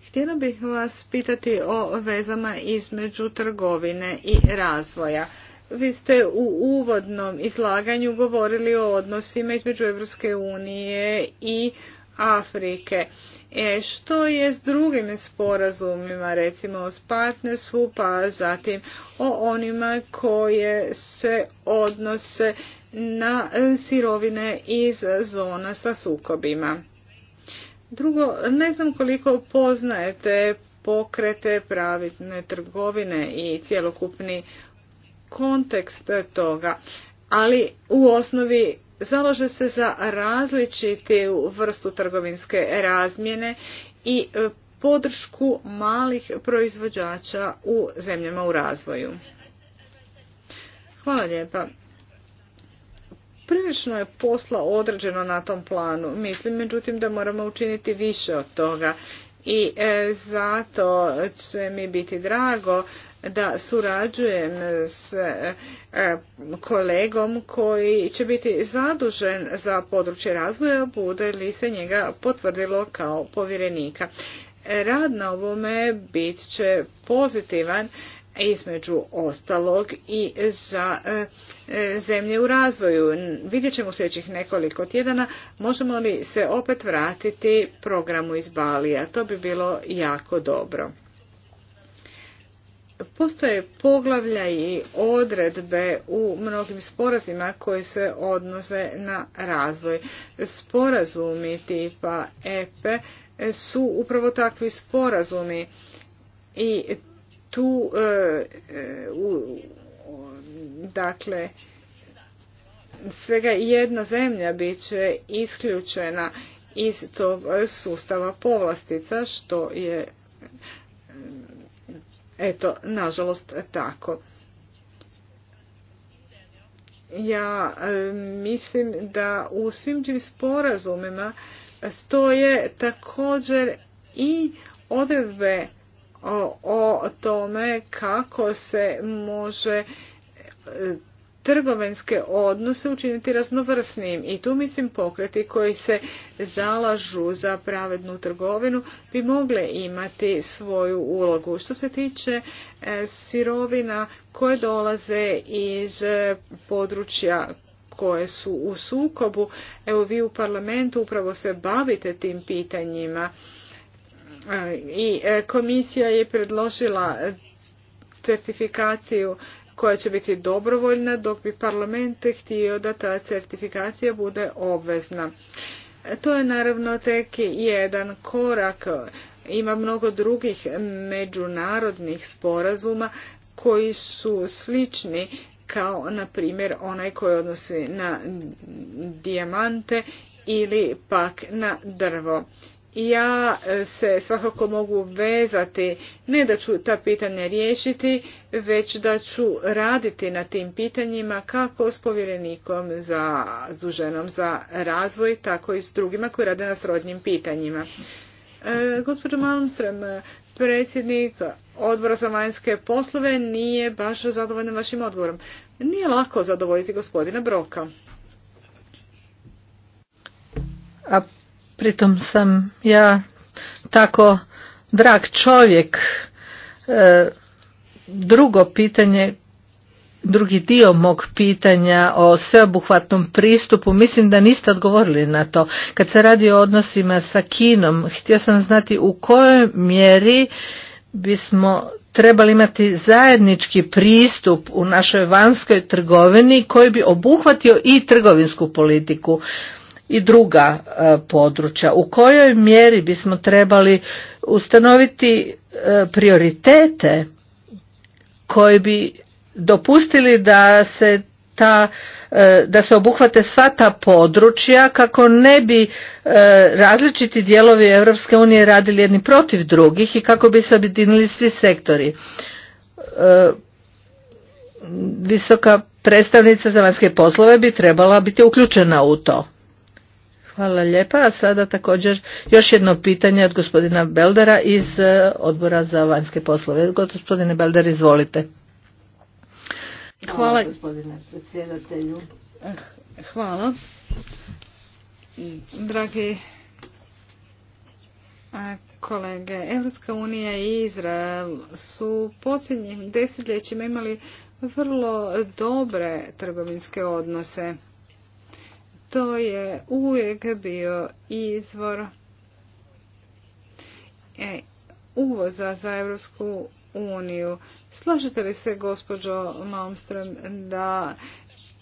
A: Htjela bih vas pitati o vezama između trgovine i razvoja. Vi ste u uvodnom izlaganju govorili o odnosima između Europske unije i Afrike. E, što je s drugim sporazumima, recimo s partnerstvu, pa zatim o onima koje se odnose na sirovine iz zona sa sukobima. Drugo, ne znam koliko poznajete pokrete pravidne trgovine i cjelokupni kontekst toga, ali u osnovi zalaže se za različitu vrstu trgovinske razmjene i e, podršku malih proizvođača u zemljama u razvoju. Hvala lijepa. Prilično je posla određeno na tom planu. Mislim, međutim, da moramo učiniti više od toga. I e, zato će mi biti drago da surađujem s e, kolegom koji će biti zadužen za područje razvoja, bude li se njega potvrdilo kao povjerenika. Rad na ovome bit će pozitivan između ostalog i za e, e, zemlje u razvoju. Vidjet ćemo u sljedećih nekoliko tjedana možemo li se opet vratiti programu iz Balija. To bi bilo jako dobro. Postoje poglavlja i odredbe u mnogim sporazima koji se odnose na razvoj. Sporazumi tipa EPE su upravo takvi sporazumi i tu e, e, dakle svega jedna zemlja bit će isključena iz tog sustava povlastica što je Eto, nažalost tako. Ja e, mislim da u svim tim sporazumima stoje također i odredbe o, o tome kako se može e, trgovinske odnose učiniti raznovrsnim i tu mislim pokreti koji se zalažu za pravednu trgovinu bi mogle imati svoju ulogu. Što se tiče e, sirovina koje dolaze iz područja koje su u sukobu, evo vi u parlamentu upravo se bavite tim pitanjima e, i e, komisija je predložila certifikaciju koja će biti dobrovoljna dok bi parlament htio da ta certifikacija bude obvezna. To je naravno tek jedan korak. Ima mnogo drugih međunarodnih sporazuma koji su slični kao na primjer onaj koji odnosi na dijamante ili pak na drvo ja e, se svakako mogu vezati, ne da ću ta pitanja riješiti, već da ću raditi na tim pitanjima kako s povjerenikom za zuženom za razvoj, tako i s drugima koji rade na srodnim pitanjima. E, gospođo Malmström, predsjednik odbora za vanjske poslove nije baš zadovoljan vašim odgovorom. Nije lako zadovoljiti gospodina Broka.
B: A Pritom sam ja tako drag čovjek. E, drugo pitanje, drugi dio mog pitanja o sveobuhvatnom pristupu, mislim da niste odgovorili na to. Kad se radi o odnosima sa Kinom, htio sam znati u kojoj mjeri bismo trebali imati zajednički pristup u našoj vanjskoj trgovini koji bi obuhvatio i trgovinsku politiku i druga e, područja. U kojoj mjeri bismo trebali ustanoviti e, prioritete koji bi dopustili da se ta e, da se obuhvate sva ta područja kako ne bi različiti dijelovi Europske unije radili jedni protiv drugih i kako bi se objedinili svi sektori. Visoka predstavnica za vanjske poslove bi trebala biti uključena u to. Hvala lijepa. A sada također još jedno pitanje od gospodina Beldera iz e, odbora za vanjske poslove. Gospodine Belder, izvolite. Hvala,
A: gospodine predsjedatelju. Eh, hvala. Dragi kolege, Evropska unija i Izrael su posljednjim desetljećima imali vrlo dobre trgovinske odnose. To je uvijek bio izvor e, uvoza za Europsku uniju. Slažete li se, gospođo Malmström, da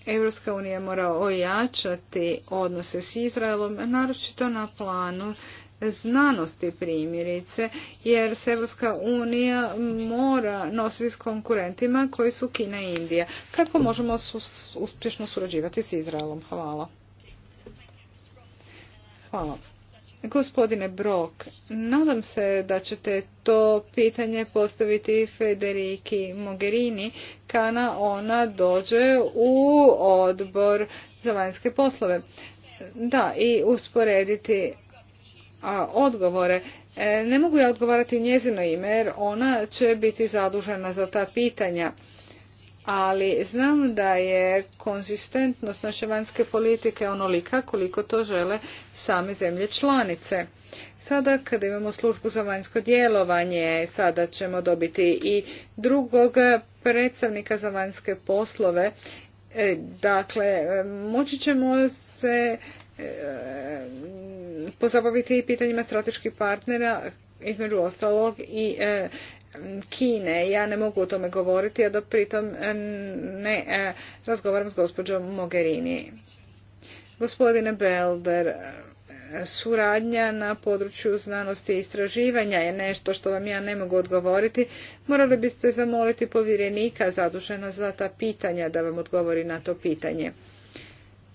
A: Europska unija mora ojačati odnose s Izraelom, naročito na planu znanosti primjerice, jer se Evropska unija mora nositi s konkurentima koji su Kina i Indija. Kako možemo uspješno surađivati s Izraelom? Hvala. Hvala. Gospodine Brok, nadam se da ćete to pitanje postaviti Federiki Mogherini kada ona dođe u odbor za vanjske poslove. Da, i usporediti a, odgovore. E, ne mogu ja odgovarati u njezino ime jer ona će biti zadužena za ta pitanja ali znam da je konzistentnost naše vanjske politike onolika koliko to žele same zemlje članice. Sada kada imamo službu za vanjsko djelovanje, sada ćemo dobiti i drugog predstavnika za vanjske poslove. E, dakle, moći ćemo se e, pozabaviti i pitanjima strateških partnera između ostalog i e, Kine. Ja ne mogu o tome govoriti, a da pritom e, ne e, razgovaram s gospođom Mogherini. Gospodine Belder, e, suradnja na području znanosti i istraživanja je nešto što vam ja ne mogu odgovoriti. Morali biste zamoliti povjerenika zadušena za ta pitanja da vam odgovori na to pitanje.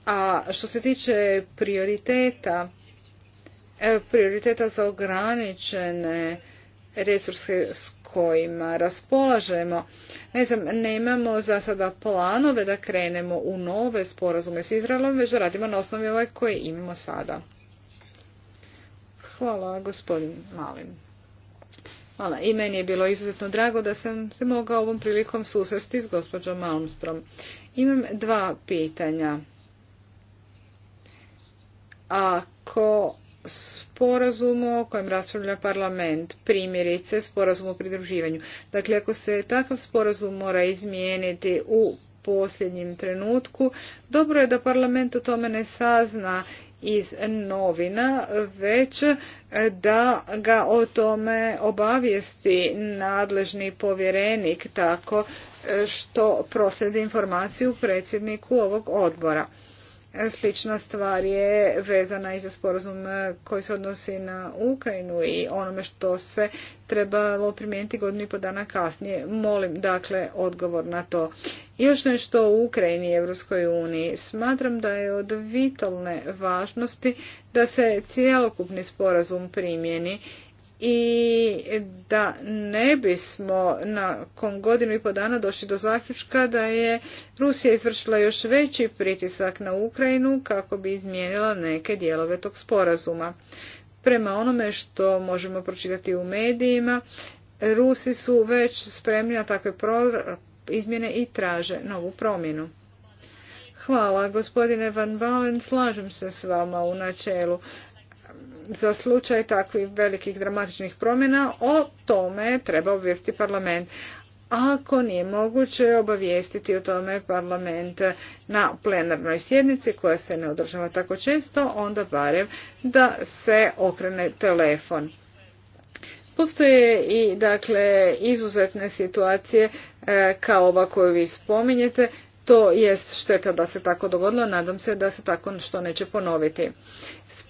A: A što se tiče prioriteta, prioriteta za ograničene resurske kojima raspolažemo. Ne znam, nemamo za sada planove da krenemo u nove sporazume s Izraelom, već radimo na osnovi ove koje imamo sada. Hvala gospodin Malin. Hvala. I meni je bilo izuzetno drago da sam se mogao ovom prilikom susresti s gospođom Malmstrom. Imam dva pitanja. Ako sporazumu o kojem raspravlja parlament, primjerice sporazum o pridruživanju. Dakle, ako se takav sporazum mora izmijeniti u posljednjem trenutku, dobro je da parlament o tome ne sazna iz novina, već da ga o tome obavijesti nadležni povjerenik tako što prosledi informaciju predsjedniku ovog odbora. Slična stvar je vezana i za sporazum e, koji se odnosi na Ukrajinu i onome što se trebalo primijeniti godinu i po dana kasnije. Molim dakle odgovor na to. još nešto o Ukrajini i Europskoj uniji. Smatram da je od vitalne važnosti da se cijelokupni sporazum primjeni i da ne bismo nakon godinu i po dana došli do zaključka da je Rusija izvršila još veći pritisak na Ukrajinu kako bi izmijenila neke dijelove tog sporazuma. Prema onome što možemo pročitati u medijima, Rusi su već spremni na takve izmjene i traže novu promjenu. Hvala, gospodine Van Balen, slažem se s vama u načelu za slučaj takvih velikih dramatičnih promjena o tome treba obvijesti parlament. Ako nije moguće obavijestiti o tome parlament na plenarnoj sjednici koja se ne održava tako često, onda barem da se okrene telefon. Postoje i dakle izuzetne situacije e, kao ova koju vi spominjete. To jest šteta da se tako dogodilo, nadam se da se tako što neće ponoviti.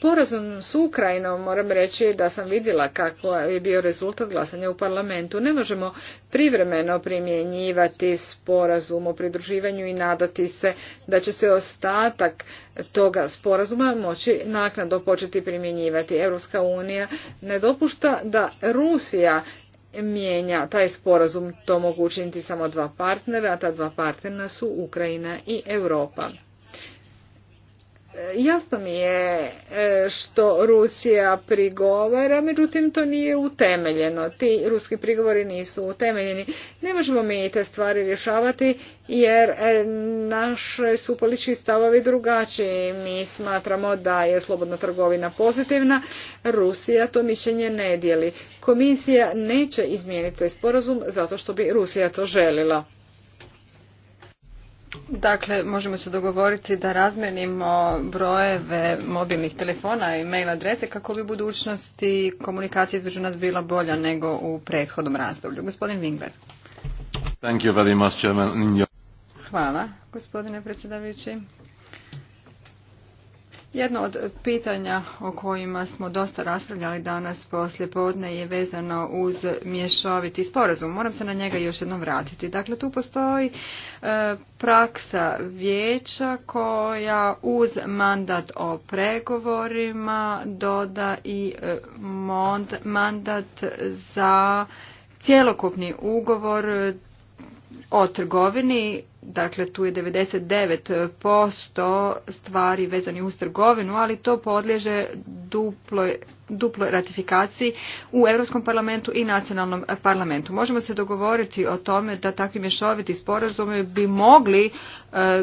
A: Sporazum s Ukrajinom moram reći da sam vidjela kako je bio rezultat glasanja u parlamentu. Ne možemo privremeno primjenjivati sporazum o pridruživanju i nadati se da će se ostatak toga sporazuma moći naknadno početi primjenjivati. Europska unija ne dopušta da Rusija mijenja taj sporazum. To mogu učiniti samo dva partnera, a ta dva partnera su Ukrajina i Europa. E, jasno mi je e, što Rusija prigovara, međutim to nije utemeljeno. Ti ruski prigovori nisu utemeljeni. Ne možemo mi te stvari rješavati jer e, naše su politički stavovi drugačiji. Mi smatramo da je slobodna trgovina pozitivna, Rusija to mišljenje ne dijeli. Komisija neće izmijeniti sporazum zato što bi Rusija to željela.
C: Dakle, možemo se dogovoriti da razmenimo brojeve mobilnih telefona i mail adrese kako bi u budućnosti komunikacija između nas bila bolja nego u prethodnom razdoblju. Gospodin Wingler. Hvala, gospodine predsjedavajući. Jedno od pitanja o kojima smo dosta raspravljali danas poslije podne je vezano uz mješoviti sporazum. Moram se na njega još jednom vratiti. Dakle, tu postoji e, praksa vijeća koja uz mandat o pregovorima doda i e, mandat za cjelokupni ugovor o trgovini, dakle tu je 99% stvari vezani uz trgovinu, ali to podliježe duploj, duploj ratifikaciji u Europskom parlamentu i nacionalnom parlamentu. Možemo se dogovoriti o tome da takvi mješoviti sporazumi bi mogli e,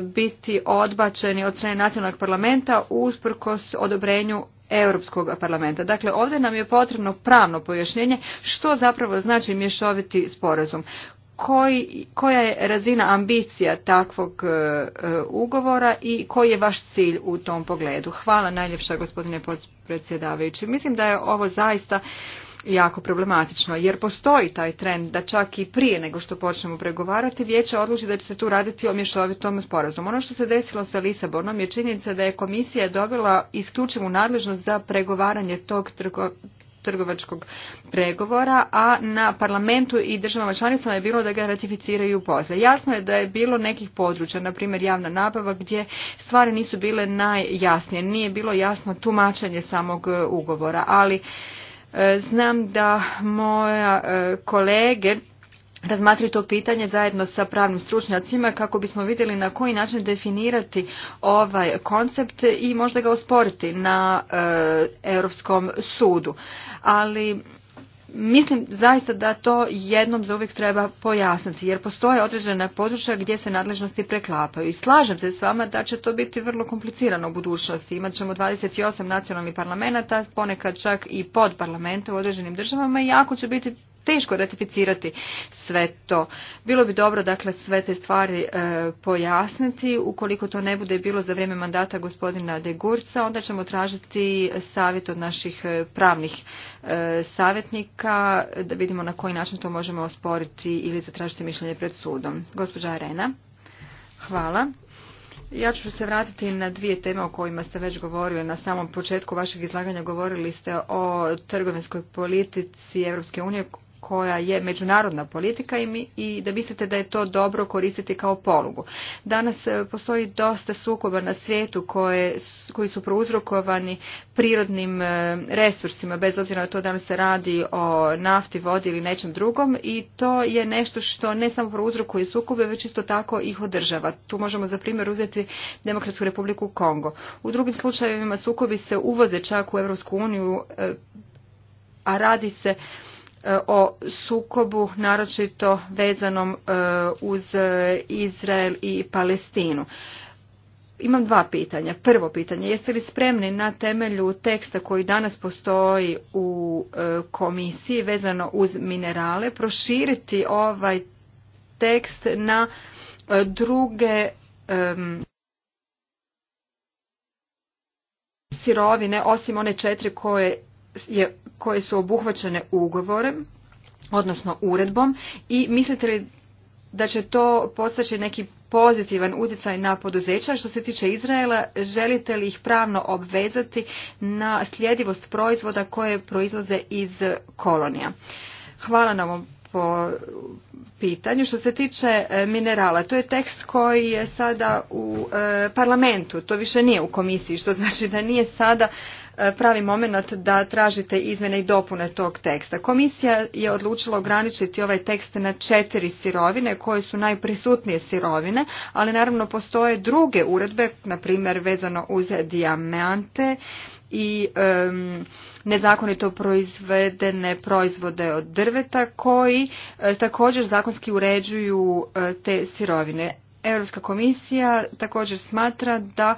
C: biti odbačeni od strane nacionalnog parlamenta usprkos odobrenju Europskog parlamenta. Dakle, ovdje nam je potrebno pravno pojašnjenje što zapravo znači mješoviti sporazum koji, koja je razina ambicija takvog e, e, ugovora i koji je vaš cilj u tom pogledu? Hvala najljepša gospodine predsjedavajući. Mislim da je ovo zaista jako problematično jer postoji taj trend da čak i prije nego što počnemo pregovarati vijeće odluči da će se tu raditi o mješovitom sporazumu. Ono što se desilo sa Lisabonom je činjenica da je komisija dobila isključivu nadležnost za pregovaranje tog trgo, trgovačkog pregovora, a na parlamentu i državama članicama je bilo da ga ratificiraju poslije. Jasno je da je bilo nekih područja, na primjer javna nabava, gdje stvari nisu bile najjasnije, nije bilo jasno tumačenje samog e, ugovora, ali e, znam da moja e, kolege razmatri to pitanje zajedno sa pravnim stručnjacima kako bismo vidjeli na koji način definirati ovaj koncept i možda ga osporiti na Europskom sudu ali mislim zaista da to jednom za uvijek treba pojasniti jer postoje određena područja gdje se nadležnosti preklapaju i slažem se s vama da će to biti vrlo komplicirano u budućnosti imat ćemo 28 nacionalnih parlamenta ponekad čak i pod u određenim državama i jako će biti teško ratificirati sve to. Bilo bi dobro dakle sve te stvari e, pojasniti. Ukoliko to ne bude bilo za vrijeme mandata gospodina De Gursa, onda ćemo tražiti savjet od naših e, pravnih e, savjetnika da vidimo na koji način to možemo osporiti ili zatražiti mišljenje pred sudom. Gospođa Arena. Hvala. Ja ću se vratiti na dvije teme o kojima ste već govorili. Na samom početku vašeg izlaganja govorili ste o trgovinskoj politici Europske unije koja je međunarodna politika i da mislite da je to dobro koristiti kao polugu. Danas e, postoji dosta sukoba na svijetu koji su prouzrokovani prirodnim e, resursima, bez obzira na to da li se radi o nafti, vodi ili nečem drugom i to je nešto što ne samo prouzrokuje sukobe, već isto tako ih održava. Tu možemo za primjer uzeti Demokratsku republiku Kongo. U drugim slučajevima sukobi se uvoze čak u Europsku uniju, e, a radi se E, o sukobu naročito vezanom e, uz Izrael i Palestinu. Imam dva pitanja. Prvo pitanje, jeste li spremni na temelju teksta koji danas postoji u e, komisiji vezano uz minerale proširiti ovaj tekst na druge sirovine osim one četiri koje koje su obuhvaćene ugovorem, odnosno uredbom i mislite li da će to postaći neki pozitivan utjecaj na poduzeća. Što se tiče Izraela, želite li ih pravno obvezati na sljedivost proizvoda koje proizlaze iz kolonija? Hvala na ovom po pitanju. Što se tiče e, minerala, to je tekst koji je sada u e, parlamentu, to više nije u komisiji, što znači da nije sada pravi moment da tražite izmjene i dopune tog teksta. Komisija je odlučila ograničiti ovaj tekst na četiri sirovine koje su najprisutnije sirovine, ali naravno postoje druge uredbe, na primjer vezano uz dijamante i nezakonito proizvedene proizvode od drveta koji e, također zakonski uređuju e, te sirovine. Europska komisija također smatra da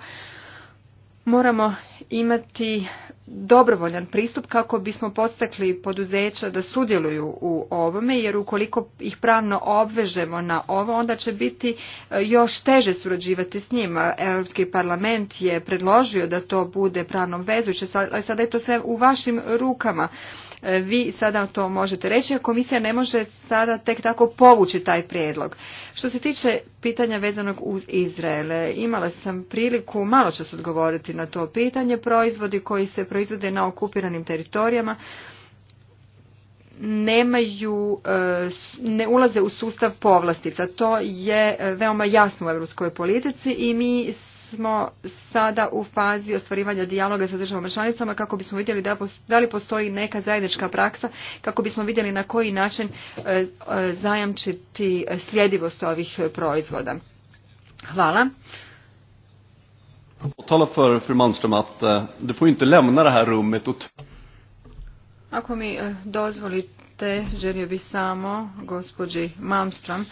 C: moramo imati dobrovoljan pristup kako bismo postakli poduzeća da sudjeluju u ovome jer ukoliko ih pravno obvežemo na ovo onda će biti e, još teže surađivati s njima. Europski parlament je predložio da to bude pravno vezujuće, ali sada je to sve u vašim rukama. E, vi sada to možete reći, a komisija ne može sada tek tako povući taj prijedlog. Što se tiče pitanja vezanog uz Izraele, imala sam priliku malo čas odgovoriti na to pitanje. Proizvodi koji se proizvode na okupiranim teritorijama nemaju, e, ne ulaze u sustav povlastica. To je e, veoma jasno u europskoj politici i mi smo sada u fazi ostvarivanja dijaloga sa državama članicama kako bismo vidjeli da, li postoji neka zajednička praksa, kako bismo vidjeli na koji način e, e, zajamčiti sljedivost ovih e, proizvoda. Hvala. Ako mi dozvolite, želio bi samo gospođi Malmström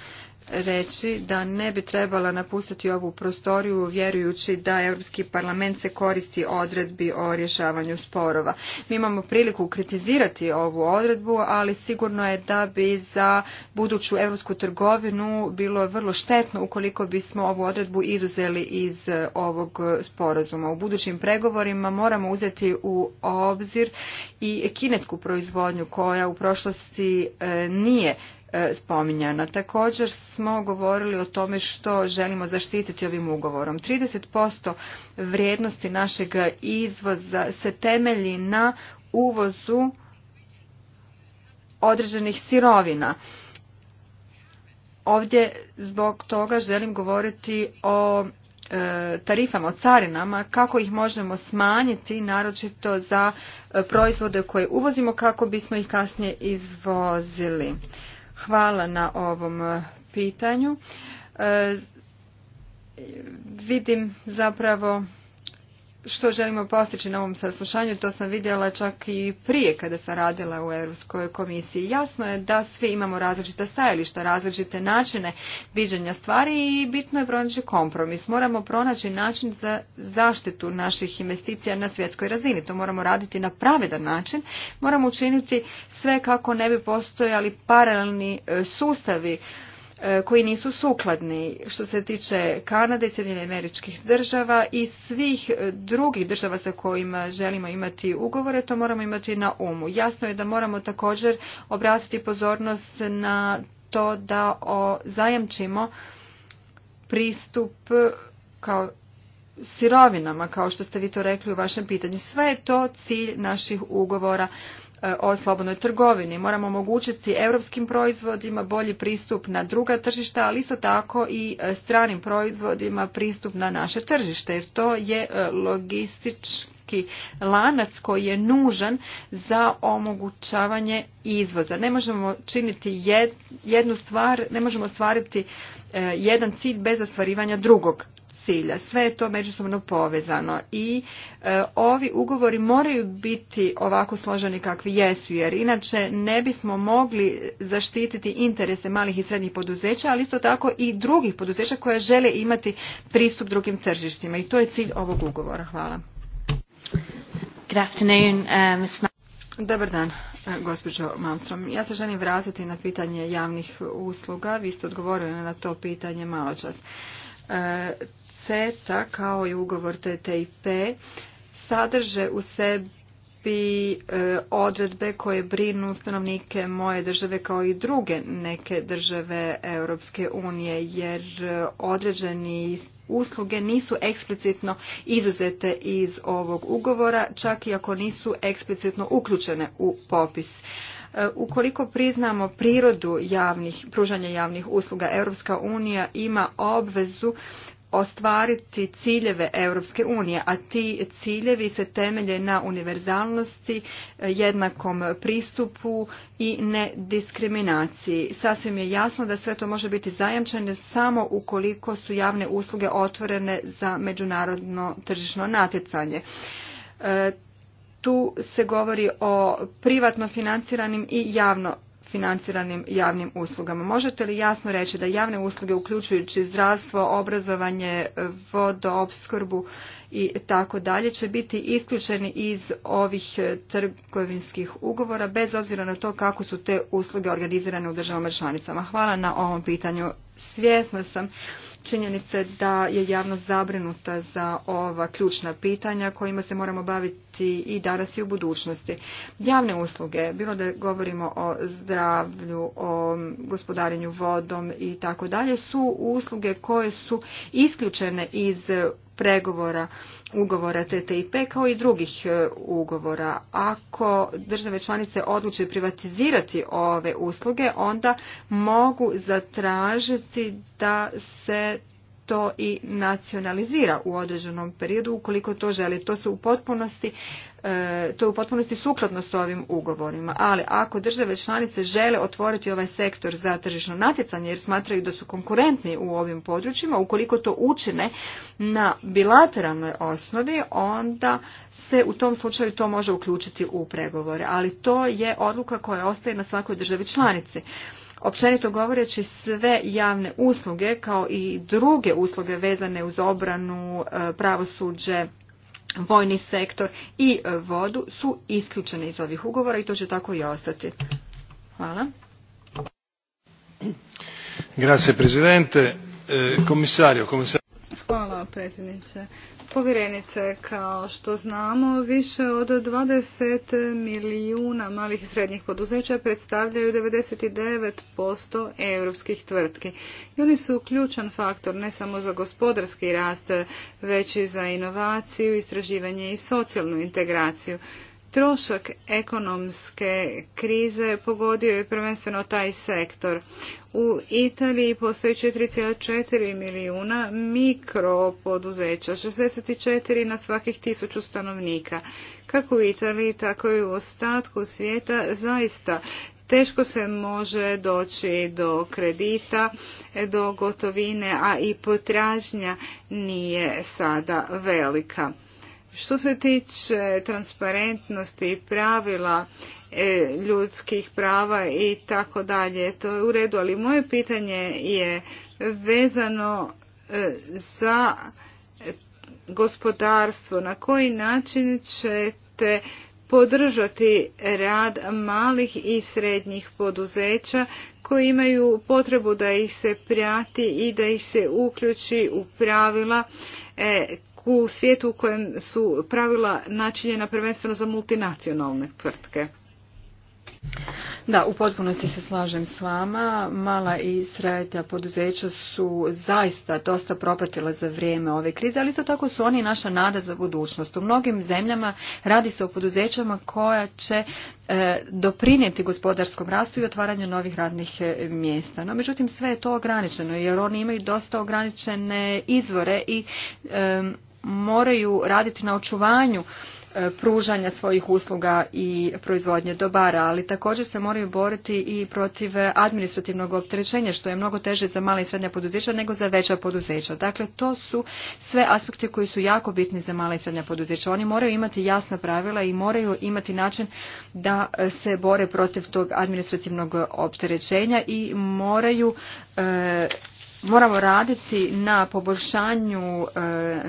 C: reći da ne bi trebala napustiti ovu prostoriju vjerujući da Europski parlament se koristi odredbi o rješavanju sporova. Mi imamo priliku kritizirati ovu odredbu, ali sigurno je da bi za buduću europsku trgovinu bilo vrlo štetno ukoliko bismo ovu odredbu izuzeli iz e, ovog sporazuma. U budućim pregovorima moramo uzeti u obzir i kinesku proizvodnju koja u prošlosti e, nije E, spominjana. Također smo govorili o tome što želimo zaštititi ovim ugovorom. 30% vrijednosti našeg izvoza se temelji na uvozu određenih sirovina. Ovdje zbog toga želim govoriti o e, tarifama, o carinama, kako ih možemo smanjiti, naročito za e, proizvode koje uvozimo, kako bismo ih kasnije izvozili. Hvala na ovom e, pitanju. E, vidim zapravo što želimo postići na ovom saslušanju, to sam vidjela čak i prije kada sam radila u Europskoj komisiji. Jasno je da svi imamo različita stajališta, različite načine viđenja stvari i bitno je pronaći kompromis. Moramo pronaći način za zaštitu naših investicija na svjetskoj razini. To moramo raditi na pravedan način. Moramo učiniti sve kako ne bi postojali paralelni e, sustavi E, koji nisu sukladni što se tiče Kanade i Sjedinjenih američkih država i svih e, drugih država sa kojima želimo imati ugovore, to moramo imati na umu. Jasno je da moramo također obratiti pozornost na to da zajamčimo pristup e, kao sirovinama, kao što ste vi to rekli u vašem pitanju. Sve je to cilj naših ugovora E, o slobodnoj trgovini. Moramo omogućiti europskim proizvodima bolji pristup na druga tržišta, ali isto tako i e, stranim proizvodima pristup na naše tržište, jer to je e, logistički lanac koji je nužan za omogućavanje izvoza. Ne možemo činiti jednu stvar, ne možemo ostvariti jedan cilj bez ostvarivanja drugog cilja. Sve je to međusobno povezano i e, ovi ugovori moraju biti ovako složeni kakvi jesu, jer inače ne bismo mogli zaštititi interese malih i srednjih poduzeća, ali isto tako i drugih poduzeća koja žele imati pristup drugim tržištima i to je cilj ovog ugovora. Hvala. Uh, Dobar dan, e, gospođo Malmstrom. Ja se želim vratiti na pitanje javnih usluga. Vi ste odgovorili na to pitanje malo čas. E, CETA kao i ugovor TTIP sadrže u sebi e, odredbe koje brinu stanovnike moje države kao i druge neke države Europske unije jer e, određeni usluge nisu eksplicitno izuzete iz ovog ugovora čak i ako nisu eksplicitno uključene u popis. E, ukoliko priznamo prirodu javnih, pružanja javnih usluga, Europska unija ima obvezu ostvariti ciljeve Europske unije, a ti ciljevi se temelje na univerzalnosti, jednakom pristupu i nediskriminaciji. Sasvim je jasno da sve to može biti zajamčeno samo ukoliko su javne usluge otvorene za međunarodno tržišno natjecanje. E, tu se govori o privatno financiranim i javno financiranim javnim uslugama. Možete li jasno reći da javne usluge uključujući zdravstvo, obrazovanje, vodoopskrbu i tako dalje će biti isključeni iz ovih e, trgovinskih ugovora bez obzira na to kako su te usluge organizirane u državama članicama. Hvala na ovom pitanju. Svjesna sam činjenice da je javnost zabrinuta za ova ključna pitanja kojima se moramo baviti i danas i u budućnosti. Javne usluge, bilo da govorimo o zdravlju, o gospodarenju vodom i tako dalje, su usluge koje su isključene iz pregovora ugovora TTIP kao i drugih e, ugovora. Ako države članice odluče privatizirati ove usluge, onda mogu zatražiti da se to i nacionalizira u određenom periodu ukoliko to želi. To se u potpunosti E, to je u potpunosti sukladno s ovim ugovorima, ali ako države članice žele otvoriti ovaj sektor za tržišno natjecanje jer smatraju da su konkurentni u ovim područjima, ukoliko to učine na bilateralnoj osnovi, onda se u tom slučaju to može uključiti u pregovore, ali to je odluka koja ostaje na svakoj državi članici. Općenito govoreći sve javne usluge kao i druge usluge vezane uz obranu, e, pravosuđe, vojni sektor i e, vodu su isključene iz ovih ugovora i to će tako i ostati. Hvala.
A: Grazie, presidente. Komisario, e, komisario. Hvala predsjedniče. Povjerenice, kao što znamo, više od 20 milijuna malih i srednjih poduzeća predstavljaju 99% europskih tvrtki. I oni su ključan faktor ne samo za gospodarski rast, već i za inovaciju, istraživanje i socijalnu integraciju. Trošak ekonomske krize pogodio je prvenstveno taj sektor. U Italiji postoji 4,4 milijuna mikropoduzeća, 64 na svakih tisuću stanovnika. Kako u Italiji, tako i u ostatku svijeta zaista teško se može doći do kredita, do gotovine, a i potražnja nije sada velika. Što se tiče transparentnosti i pravila e, ljudskih prava i tako dalje, to je u redu, ali moje pitanje je vezano e, za gospodarstvo. Na koji način ćete podržati rad malih i srednjih poduzeća koji imaju potrebu da ih se prijati i da ih se uključi u pravila e, u svijetu u kojem su pravila načinjena prvenstveno za multinacionalne tvrtke.
C: Da, u potpunosti se slažem s vama. Mala i srednja poduzeća su zaista dosta propatila za vrijeme ove krize, ali isto tako su oni naša nada za budućnost. U mnogim zemljama radi se o poduzećama koja će e, doprinijeti gospodarskom rastu i otvaranju novih radnih e, mjesta. No, međutim, sve je to ograničeno jer oni imaju dosta ograničene izvore i e, moraju raditi na očuvanju e, pružanja svojih usluga i proizvodnje dobara, ali također se moraju boriti i protiv administrativnog opterećenja, što je mnogo teže za mala i srednja poduzeća nego za veća poduzeća. Dakle, to su sve aspekti koji su jako bitni za mala i srednja poduzeća. Oni moraju imati jasna pravila i moraju imati način da e, se bore protiv tog administrativnog opterećenja i moraju e, moramo raditi na poboljšanju e,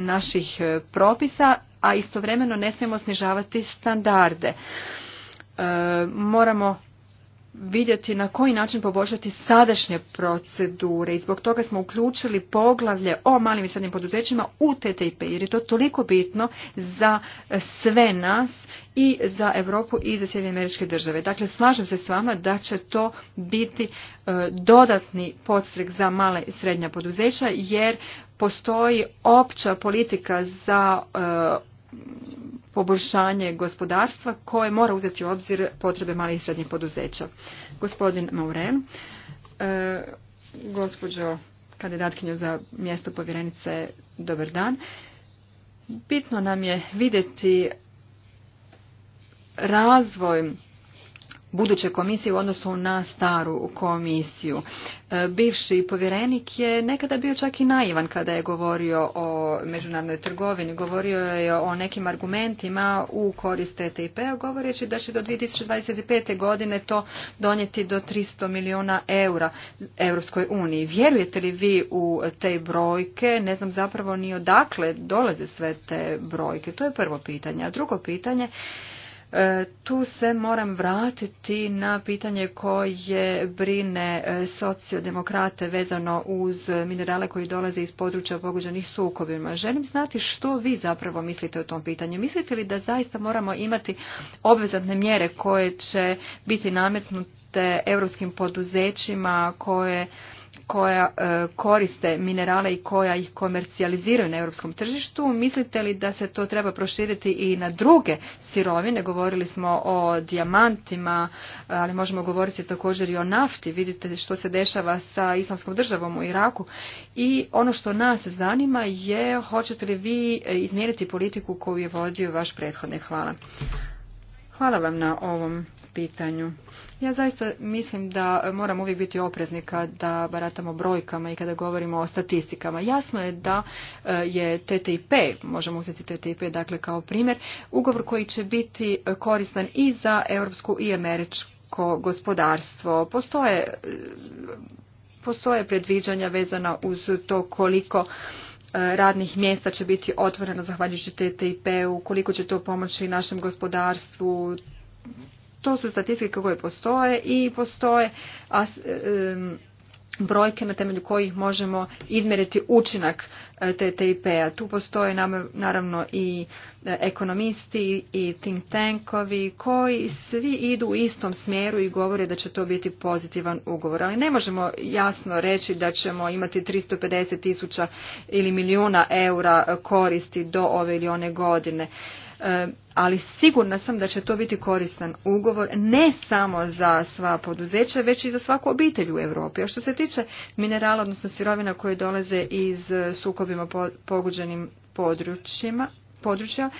C: naših e, propisa, a istovremeno ne smijemo snižavati standarde. E, moramo vidjeti na koji način poboljšati sadašnje procedure i zbog toga smo uključili poglavlje o malim i srednjim poduzećima u TTIP jer je to toliko bitno za sve nas i za Europu i za Sjedinje američke države. Dakle, slažem se s vama da će to biti e, dodatni podstrek za male i srednja poduzeća jer postoji opća politika za e, poboljšanje gospodarstva koje mora uzeti u obzir potrebe malih i srednjih poduzeća. Gospodin Maurem, e, gospođo kandidatkinju za mjesto povjerenice, dobar dan. Bitno nam je vidjeti razvoj buduće komisije u odnosu na staru komisiju. E, bivši povjerenik je nekada bio čak i naivan kada je govorio o međunarodnoj trgovini. Govorio je o nekim argumentima u korist TTIP-a, govoreći da će do 2025. godine to donijeti do 300 milijuna eura Europskoj uniji. Vjerujete li vi u te brojke? Ne znam zapravo ni odakle dolaze sve te brojke. To je prvo pitanje. A drugo pitanje E, tu se moram vratiti na pitanje koje brine e, sociodemokrate vezano uz minerale koji dolaze iz područja pogođenih sukobima. Želim znati što vi zapravo mislite o tom pitanju. Mislite li da zaista moramo imati obvezatne mjere koje će biti nametnute europskim poduzećima koje koja e, koriste minerale i koja ih komercijaliziraju na europskom tržištu. Mislite li da se to treba proširiti i na druge sirovine? Govorili smo o dijamantima, ali možemo govoriti također i o nafti. Vidite što se dešava sa islamskom državom u Iraku. I ono što nas zanima je hoćete li vi izmijeniti politiku koju je vodio vaš prethodnik. Hvala. Hvala vam na ovom pitanju. Ja zaista mislim da moramo uvijek biti oprezni kada baratamo brojkama i kada govorimo o statistikama. Jasno je da e, je TTIP, možemo uzeti TTIP dakle kao primjer, ugovor koji će biti koristan i za europsku i američko gospodarstvo. Postoje, e, postoje predviđanja vezana uz to koliko e, radnih mjesta će biti otvoreno zahvaljujući TTIP-u, koliko će to pomoći našem gospodarstvu, to su statistike koje postoje i postoje a, brojke na temelju kojih možemo izmjeriti učinak e, TTIP-a. Tu postoje naravno i e, ekonomisti i think tankovi koji svi idu u istom smjeru i govore da će to biti pozitivan ugovor. Ali ne možemo jasno reći da ćemo imati 350 tisuća ili milijuna eura koristi do ove ili one godine. Eh, ali sigurna sam da će to biti koristan ugovor ne samo za sva poduzeća, već i za svaku obitelj u Europi. A što se tiče minerala, odnosno sirovina koje dolaze iz eh, sukobima poguđenim područjima, područja,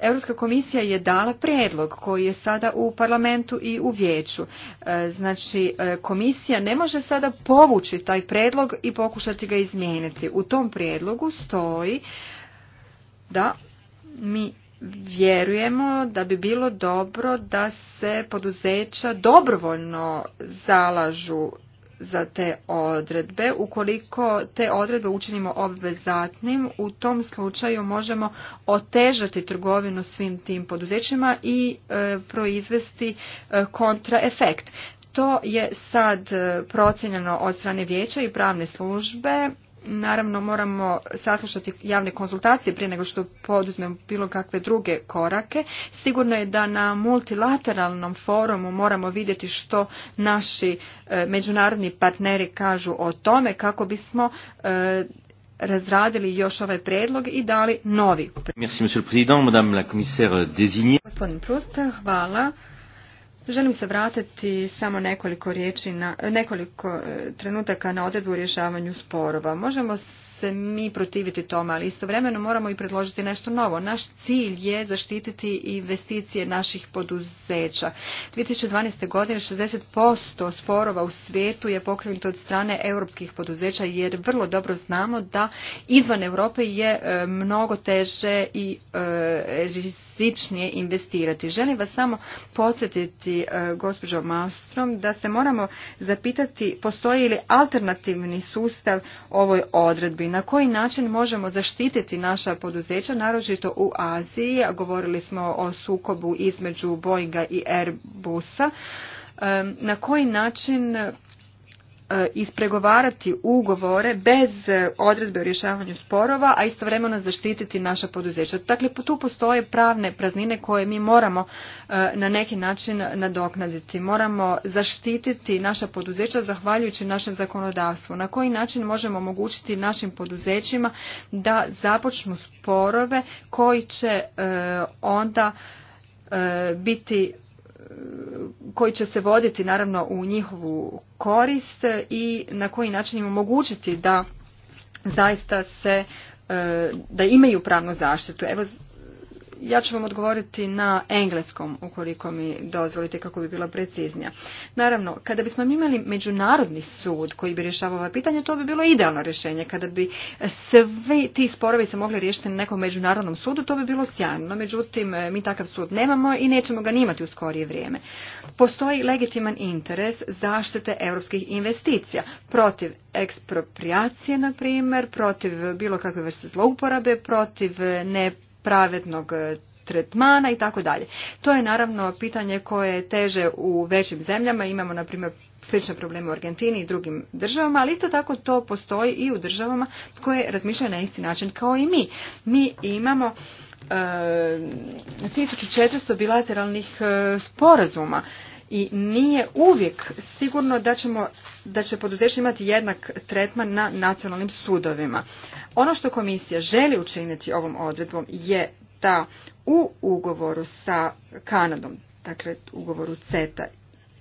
C: Europska komisija je dala prijedlog koji je sada u parlamentu i u vijeću. Eh, znači, komisija ne može sada povući taj prijedlog i pokušati ga izmijeniti. U tom prijedlogu stoji da mi vjerujemo da bi bilo dobro da se poduzeća dobrovoljno zalažu za te odredbe. Ukoliko te odredbe učinimo obvezatnim, u tom slučaju možemo otežati trgovinu svim tim poduzećima i e, proizvesti e, kontraefekt. To je sad e, procijenjeno od strane vijeća i pravne službe Naravno moramo saslušati javne konzultacije prije nego što poduzmemo bilo kakve druge korake. Sigurno je da na multilateralnom forumu moramo vidjeti što naši e, međunarodni partneri kažu o tome kako bismo e, razradili još ovaj predlog i dali novi. Merci, Gospodin hvala. Želim se vratiti samo nekoliko riječi na, nekoliko e, trenutaka na odredbu u rješavanju sporova. Možemo se mi protiviti tome, ali istovremeno moramo i predložiti nešto novo. Naš cilj je zaštititi investicije naših poduzeća. 2012. godine 60% sporova u svijetu je pokrenuto od strane europskih poduzeća jer vrlo dobro znamo da izvan Europe je e, mnogo teže i e, rizičnije investirati. Želim vas samo podsjetiti, e, gospođo Malstrom, da se moramo zapitati postoji li alternativni sustav ovoj odredbi na koji način možemo zaštititi naša poduzeća, naročito u Aziji, a govorili smo o sukobu između Boeinga i Airbusa, na koji način E, ispregovarati ugovore bez odredbe o rješavanju sporova, a istovremeno zaštititi naša poduzeća. Dakle, tu postoje pravne praznine koje mi moramo e, na neki način nadoknaditi. Moramo zaštititi naša poduzeća zahvaljujući našem zakonodavstvu. Na koji način možemo omogućiti našim poduzećima da započnu sporove koji će e, onda biti koji će se voditi naravno u njihovu korist i na koji način im omogućiti da zaista se e, da imaju pravnu zaštitu. Evo ja ću vam odgovoriti na engleskom, ukoliko mi dozvolite kako bi bila preciznija. Naravno, kada bismo imali međunarodni sud koji bi rješavao ova pitanja, to bi bilo idealno rješenje. Kada bi svi ti sporovi se mogli riješiti na nekom međunarodnom sudu, to bi bilo sjajno. Međutim, mi takav sud nemamo i nećemo ga nimati imati u skorije vrijeme. Postoji legitiman interes zaštite europskih investicija protiv ekspropriacije, na primjer, protiv bilo kakve vrste zlouporabe, protiv ne pravednog e, tretmana i tako dalje. To je naravno pitanje koje teže u većim zemljama. Imamo, na primjer, slične probleme u Argentini i drugim državama, ali isto tako to postoji i u državama koje razmišljaju na isti način kao i mi. Mi imamo e, 1400 bilateralnih e, sporazuma i nije uvijek sigurno da, ćemo, da će poduzeće imati jednak tretman na nacionalnim sudovima. Ono što komisija želi učiniti ovom odredbom je da u ugovoru sa Kanadom, dakle ugovoru CETA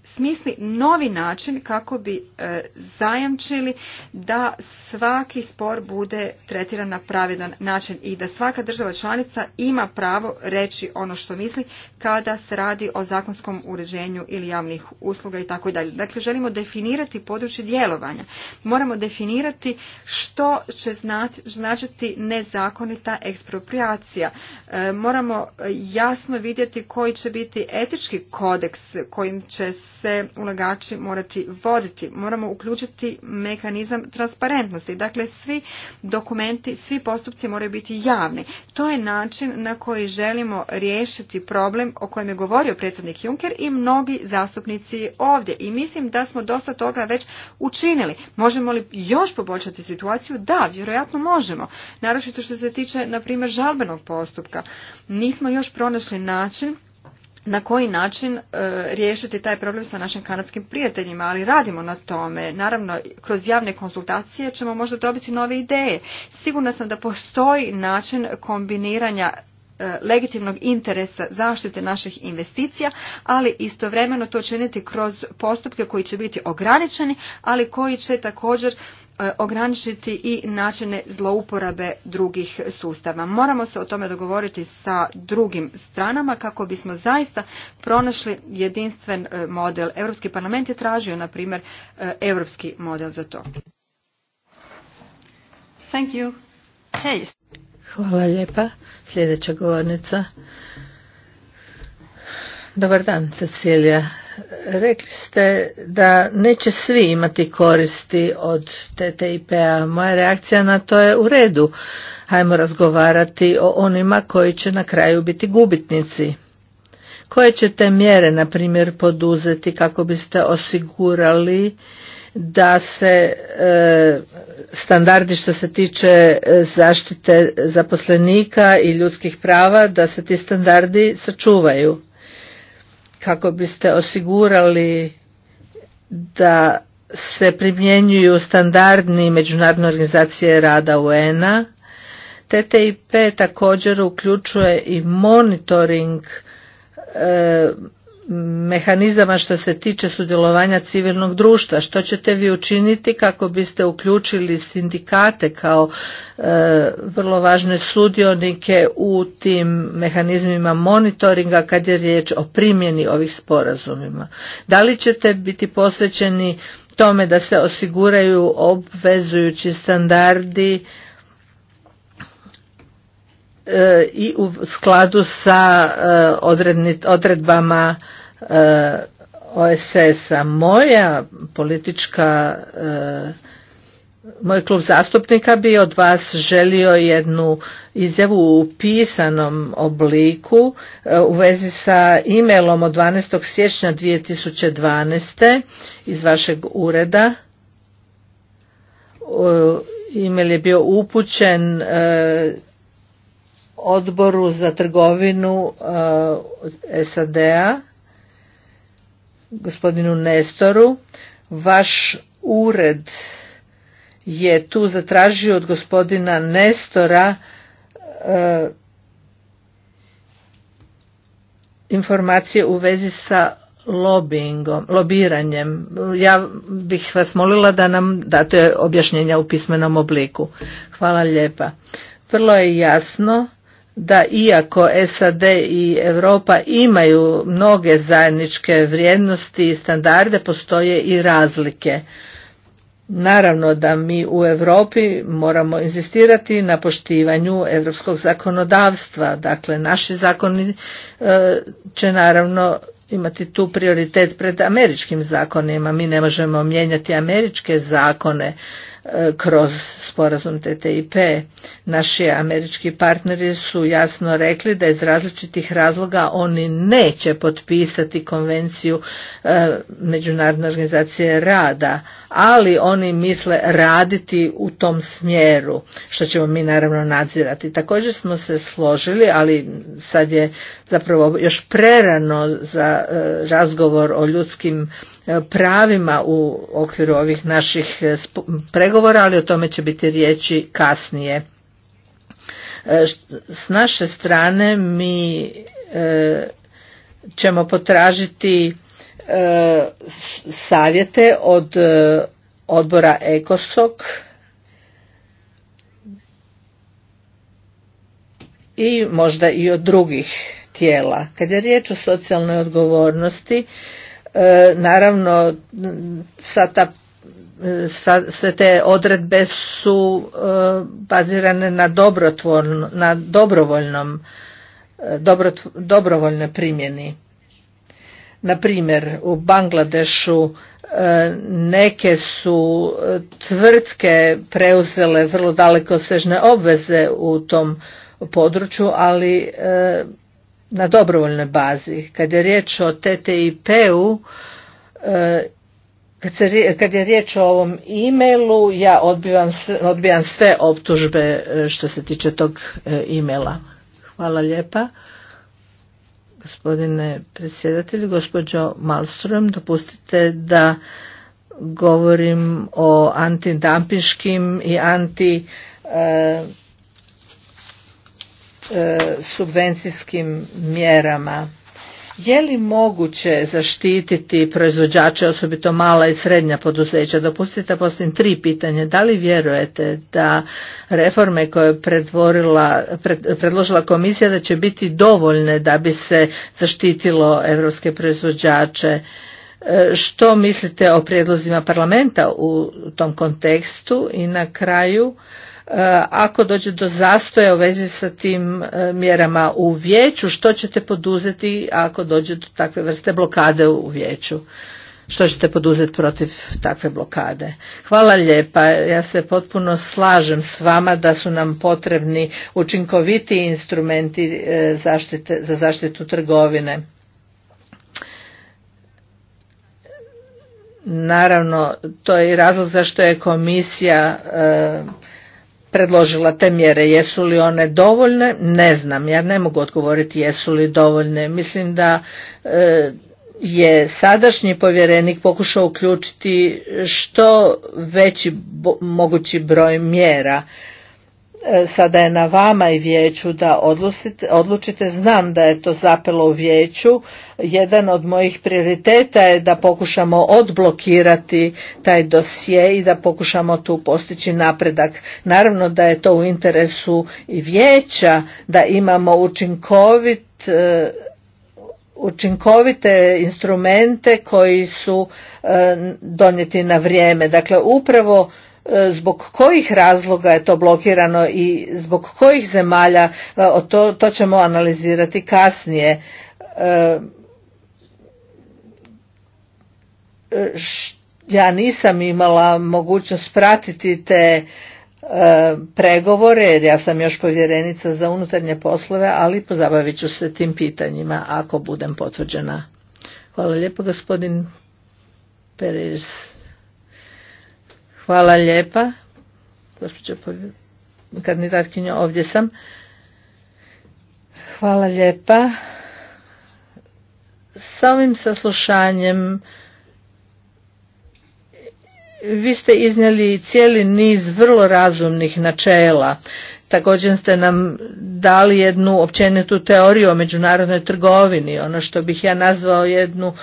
C: smisli novi način kako bi e, zajamčili da svaki spor bude tretiran na pravedan način i da svaka država članica ima pravo reći ono što misli kada se radi o zakonskom uređenju ili javnih usluga i tako dalje. Dakle, želimo definirati područje djelovanja. Moramo definirati što će značiti nezakonita ekspropriacija. E, moramo jasno vidjeti koji će biti etički kodeks kojim će se ulagači morati voditi. Moramo uključiti mehanizam transparentnosti. Dakle, svi dokumenti, svi postupci moraju biti javni. To je način na koji želimo riješiti problem o kojem je govorio predsjednik Juncker i mnogi zastupnici ovdje. I mislim da smo dosta toga već učinili. Možemo li još poboljšati situaciju? Da, vjerojatno možemo. Naročito što se tiče, na primjer, žalbenog postupka. Nismo još pronašli način na koji način e, riješiti taj problem sa našim kanadskim prijateljima, ali radimo na tome. Naravno, kroz javne konsultacije ćemo možda dobiti nove ideje. Sigurna sam da postoji način kombiniranja e, legitimnog interesa zaštite naših investicija, ali istovremeno to činiti kroz postupke koji će biti ograničeni, ali koji će također E, ograničiti i načine zlouporabe drugih sustava. Moramo se o tome dogovoriti sa drugim stranama kako bismo zaista pronašli jedinstven e, model. Europski parlament je tražio, na primjer, e, europski model za to. Thank you. Hey.
B: Hvala lijepa. Sljedeća govornica. Dobar dan, Cecilija rekli ste da neće svi imati koristi od TTIP-a. Moja reakcija na to je u redu. Hajmo razgovarati o onima koji će na kraju biti gubitnici. Koje ćete mjere, na primjer, poduzeti kako biste osigurali da se e, standardi što se tiče e, zaštite zaposlenika i ljudskih prava, da se ti standardi sačuvaju? kako biste osigurali da se primjenjuju standardni međunarodne organizacije rada UN-a. TTIP također uključuje i monitoring e, mehanizama što se tiče sudjelovanja civilnog društva što ćete vi učiniti kako biste uključili sindikate kao e, vrlo važne sudionike u tim mehanizmima monitoringa kad je riječ o primjeni ovih sporazumima da li ćete biti posvećeni tome da se osiguraju obvezujući standardi e, i u skladu sa e, odredbama OSS-a. Moja politička, e, moj klub zastupnika bi od vas želio jednu izjavu u pisanom obliku e, u vezi sa e od 12. siječnja 2012. iz vašeg ureda. e je bio upućen e, odboru za trgovinu SAD-a gospodinu Nestoru. Vaš ured je tu zatražio od gospodina Nestora e, informacije u vezi sa lobbyingom, lobiranjem. Ja bih vas molila da nam date objašnjenja u pismenom obliku. Hvala lijepa. Vrlo je jasno da iako SAD i Europa imaju mnoge zajedničke vrijednosti i standarde, postoje i razlike. Naravno da mi u Europi moramo inzistirati na poštivanju europskog zakonodavstva, dakle naši zakoni e, će naravno imati tu prioritet pred američkim zakonima. Mi ne možemo mijenjati američke zakone, kroz sporazum TTIP. Naši američki partneri su jasno rekli da iz različitih razloga oni neće potpisati konvenciju e, Međunarodne organizacije rada, ali oni misle raditi u tom smjeru, što ćemo mi naravno nadzirati. Također smo se složili, ali sad je zapravo još prerano za e, razgovor o ljudskim E, pravima u okviru ovih naših e, pregovora, ali o tome će biti riječi kasnije. E, s naše strane mi ćemo potražiti savjete od odbora Ecosoc i možda i od drugih tijela. Kad je riječ o socijalnoj odgovornosti, E, naravno sa ta e, sve te odredbe su e, bazirane na, na dobrovoljnom dobro, dobrovoljnoj primjeni na primjer u Bangladešu neke su tvrtke preuzele vrlo dalekosežne obveze u tom području ali na dobrovoljnoj bazi. Kad je riječ o TTIP-u, e, kad, je riječ o ovom e-mailu, ja odbijam, sve optužbe e, što se tiče tog e, e-maila. Hvala lijepa. Gospodine predsjedatelju, gospođo Malstrom, dopustite da govorim o antidampiškim i anti E, subvencijskim mjerama. Je li moguće zaštititi proizvođače, osobito mala i srednja poduzeća? Dopustite poslijem tri pitanje. Da li vjerujete da reforme koje je predložila komisija da će biti dovoljne da bi se zaštitilo evropske proizvođače? E, što mislite o prijedlozima parlamenta u tom kontekstu? I na kraju, Eh, ako dođe do zastoja u vezi sa tim eh, mjerama u vijeću, što ćete poduzeti ako dođe do takve vrste blokade u vijeću? Što ćete poduzeti protiv takve blokade? Hvala lijepa. Ja se potpuno slažem s vama da su nam potrebni učinkoviti instrumenti eh, za zaštitu trgovine. Naravno, to je i razlog zašto je komisija predložila te mjere. Jesu li one dovoljne? Ne znam, ja ne mogu odgovoriti jesu li dovoljne. Mislim da e, je sadašnji povjerenik pokušao uključiti što veći mogući broj mjera E, sada je na vama i vijeću da odlučite, Znam da je to zapelo u vijeću. Jedan od mojih prioriteta je da pokušamo odblokirati taj dosje i da pokušamo tu postići napredak. Naravno da je to u interesu i vijeća da imamo učinkovit e, učinkovite instrumente koji su e, donijeti na vrijeme. Dakle, upravo E, zbog kojih razloga je to blokirano i zbog kojih zemalja, e, to, to ćemo analizirati kasnije. E, ja nisam imala mogućnost pratiti te pregovore jer ja sam još povjerenica za unutarnje poslove, ali pozabavit ću se tim pitanjima ako budem potvrđena. Hvala lijepo gospodin Perez. Hvala lijepa. Gospođo ovdje sam. Hvala lijepa. Sa ovim saslušanjem vi ste iznijeli cijeli niz vrlo razumnih načela. Također ste nam dali jednu općenitu teoriju o međunarodnoj trgovini, ono što bih ja nazvao jednu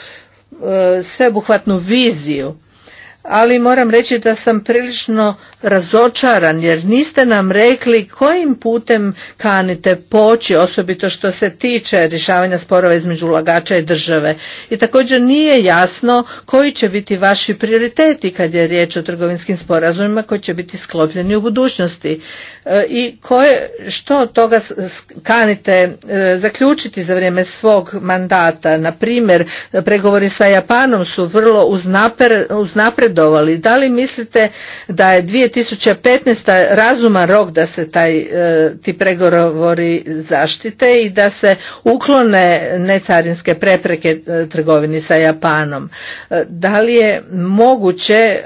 B: e, sveobuhvatnu viziju ali moram reći da sam prilično razočaran jer niste nam rekli kojim putem kanite poći osobito što se tiče rješavanja sporova između ulagača i države i također nije jasno koji će biti vaši prioriteti kad je riječ o trgovinskim sporazumima koji će biti sklopljeni u budućnosti e, i koje, što toga kanite e, zaključiti za vrijeme svog mandata na primjer pregovori sa Japanom su vrlo uznaper, napredovali. Da li mislite da je 2015. razuman rok da se taj, e, ti pregovori zaštite i da se uklone necarinske prepreke e, trgovini sa Japanom? E, da li je moguće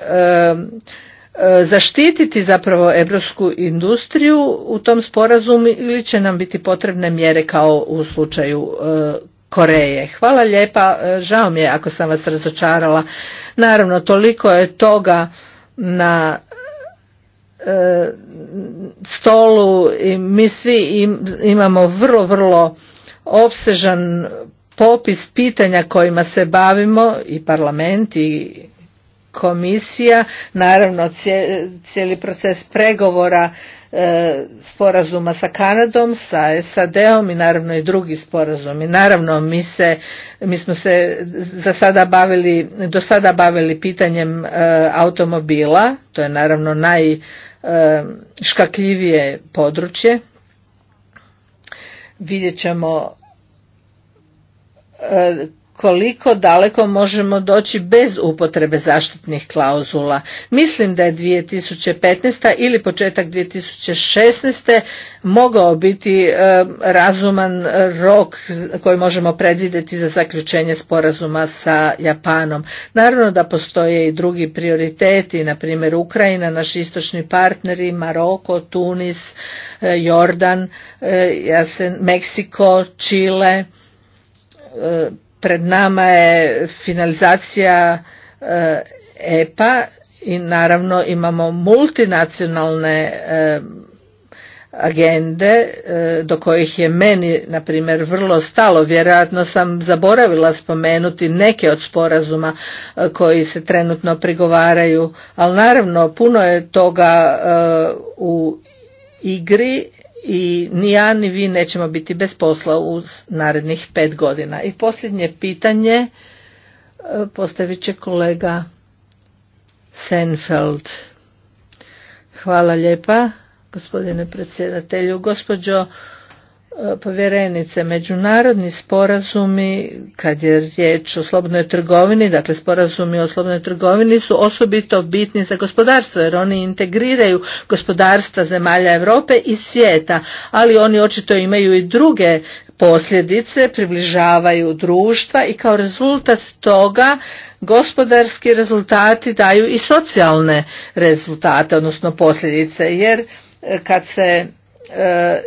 B: zaštititi zapravo europsku industriju u tom sporazumu ili će nam biti potrebne mjere kao u slučaju Koreje. Hvala lijepa, žao mi je ako sam vas razočarala. Naravno, toliko je toga na e, stolu i mi svi imamo vrlo, vrlo opsežan popis pitanja kojima se bavimo i parlament i komisija. Naravno, cijeli proces pregovora E, sporazuma sa Kanadom, sa SAD-om i naravno i drugi sporazumi. Naravno mi, se, mi smo se za sada bavili, do sada bavili pitanjem e, automobila, to je naravno najškakljivije e, područje. Vidjet ćemo koliko daleko možemo doći bez upotrebe zaštitnih klauzula. Mislim da je 2015. ili početak 2016. mogao biti e, razuman rok koji možemo predvidjeti za zaključenje sporazuma sa Japanom. Naravno da postoje i drugi prioriteti, na primjer Ukrajina, naši istočni partneri, Maroko, Tunis, e, Jordan, e, Meksiko, Čile, pred nama je finalizacija EPA eh, e i naravno imamo multinacionalne eh, agende eh, do kojih je meni na primjer vrlo stalo vjerojatno sam zaboravila spomenuti neke od sporazuma koji se trenutno prigovaraju ali naravno puno je toga u igri i ni ja ni vi nećemo biti bez posla u narednih pet godina. I posljednje pitanje e, postavit će kolega Senfeld. Hvala lijepa gospodine predsjedatelju. Gospođo povjerenice, međunarodni sporazumi, kad je riječ o slobodnoj trgovini, dakle sporazumi o slobodnoj trgovini su osobito bitni za gospodarstvo jer oni integriraju gospodarstva zemalja Europe i svijeta, ali oni očito imaju i druge posljedice, približavaju društva i kao rezultat toga gospodarski rezultati daju i socijalne rezultate, odnosno posljedice, jer eh, kad se E,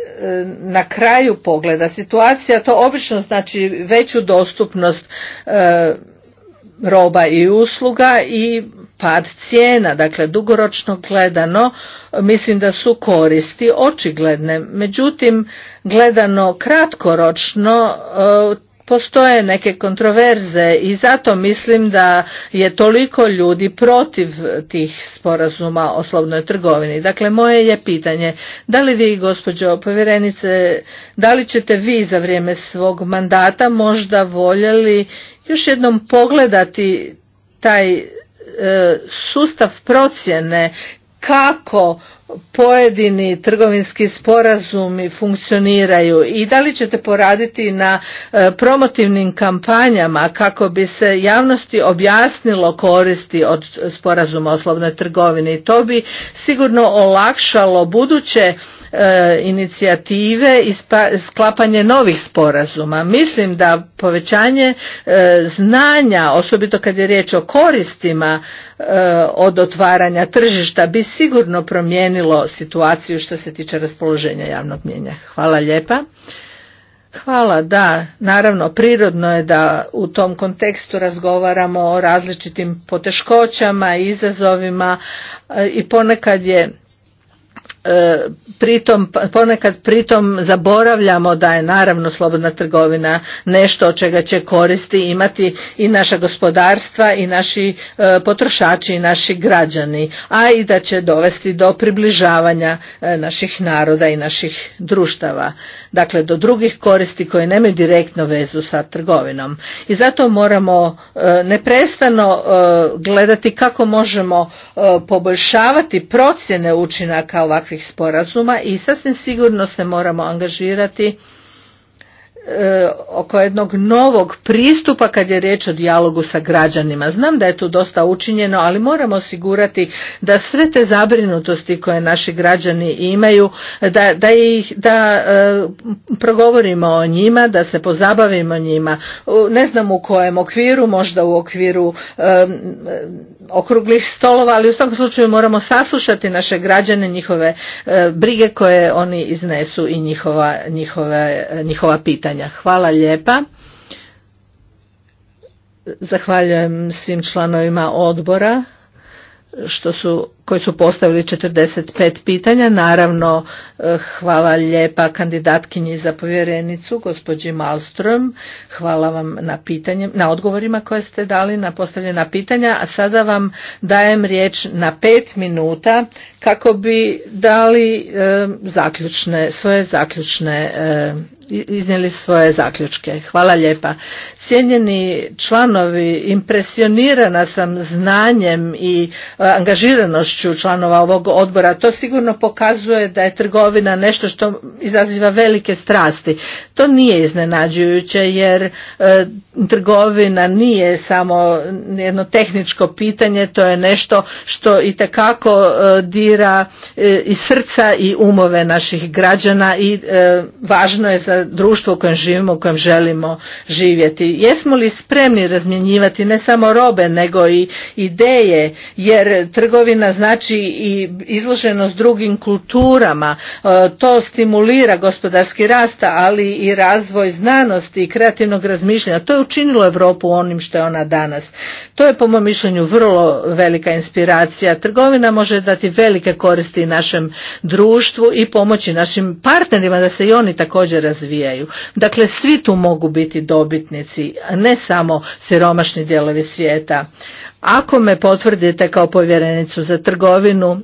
B: na kraju pogleda situacija to obično znači veću dostupnost e, roba i usluga i pad cijena dakle dugoročno gledano mislim da su koristi očigledne međutim gledano kratkoročno e, postoje neke kontroverze i zato mislim da je toliko ljudi protiv tih sporazuma o slobodnoj trgovini. Dakle, moje je pitanje, da li vi, gospođo povjerenice, da li ćete vi za vrijeme svog mandata možda voljeli još jednom pogledati taj e, sustav procjene kako pojedini trgovinski sporazumi funkcioniraju i da li ćete poraditi na e, promotivnim kampanjama kako bi se javnosti objasnilo koristi od sporazuma o trgovine trgovini to bi sigurno olakšalo buduće e, inicijative i sklapanje novih sporazuma mislim da povećanje e, znanja osobito kad je riječ o koristima E, od otvaranja tržišta bi sigurno promijenilo situaciju što se tiče raspoloženja javnog mjenja. Hvala lijepa. Hvala, da. Naravno, prirodno je da u tom kontekstu razgovaramo o različitim poteškoćama i izazovima e, i ponekad je E, pritom, pa, ponekad pritom zaboravljamo da je naravno slobodna trgovina nešto od čega će koristi imati i naša gospodarstva i naši e, potrošači i naši građani, a i da će dovesti do približavanja e, naših naroda i naših društava, dakle do drugih koristi koje nemaju direktno vezu sa trgovinom. I zato moramo neprestano gledati kako možemo poboljšavati procjene učinaka ovakvih sporazuma i sasvim sigurno se moramo angažirati e, oko jednog novog pristupa kad je riječ o dijalogu sa građanima. Znam da je tu dosta učinjeno, ali moramo osigurati da sve te zabrinutosti koje naši građani imaju, da, da, ih, da e, progovorimo o njima, da se pozabavimo njima. Ne znam u kojem okviru, možda u okviru e, okruglih stolova, ali u svakom slučaju moramo saslušati naše građane, njihove e, brige koje oni iznesu i njihova, njihova pitanja. Hvala lijepa. Zahvaljujem svim članovima odbora što su, koji su postavili 45 pitanja. Naravno, eh, hvala lijepa kandidatkinji za povjerenicu, gospođi Malström. Hvala vam na, pitanjem, na odgovorima koje ste dali na postavljena pitanja. A sada vam dajem riječ na pet minuta kako bi dali eh, zaključne, svoje zaključne eh, iznijeli svoje zaključke. Hvala lijepa. Cijenjeni članovi, impresionirana sam znanjem i e, angažiranošću članova ovog odbora. To sigurno pokazuje da je trgovina nešto što izaziva velike strasti. To nije iznenađujuće jer e, trgovina nije samo jedno tehničko pitanje, to je nešto što i takako e, dira i srca i umove naših građana i važno je za društvo u kojem živimo, u kojem želimo živjeti. Jesmo li spremni razmjenjivati ne samo robe, nego i ideje, jer trgovina znači i izloženost drugim kulturama, e, to stimulira gospodarski rast, ali i razvoj znanosti i kreativnog razmišljanja. To je učinilo Europu onim što je ona danas. To je po mom mišljenju vrlo velika inspiracija. Trgovina može dati velike koristi našem društvu i pomoći našim partnerima da se i oni također razvijaju razvijaju. Dakle, svi tu mogu biti dobitnici, ne samo siromašni dijelovi svijeta. Ako me potvrdite kao povjerenicu za trgovinu,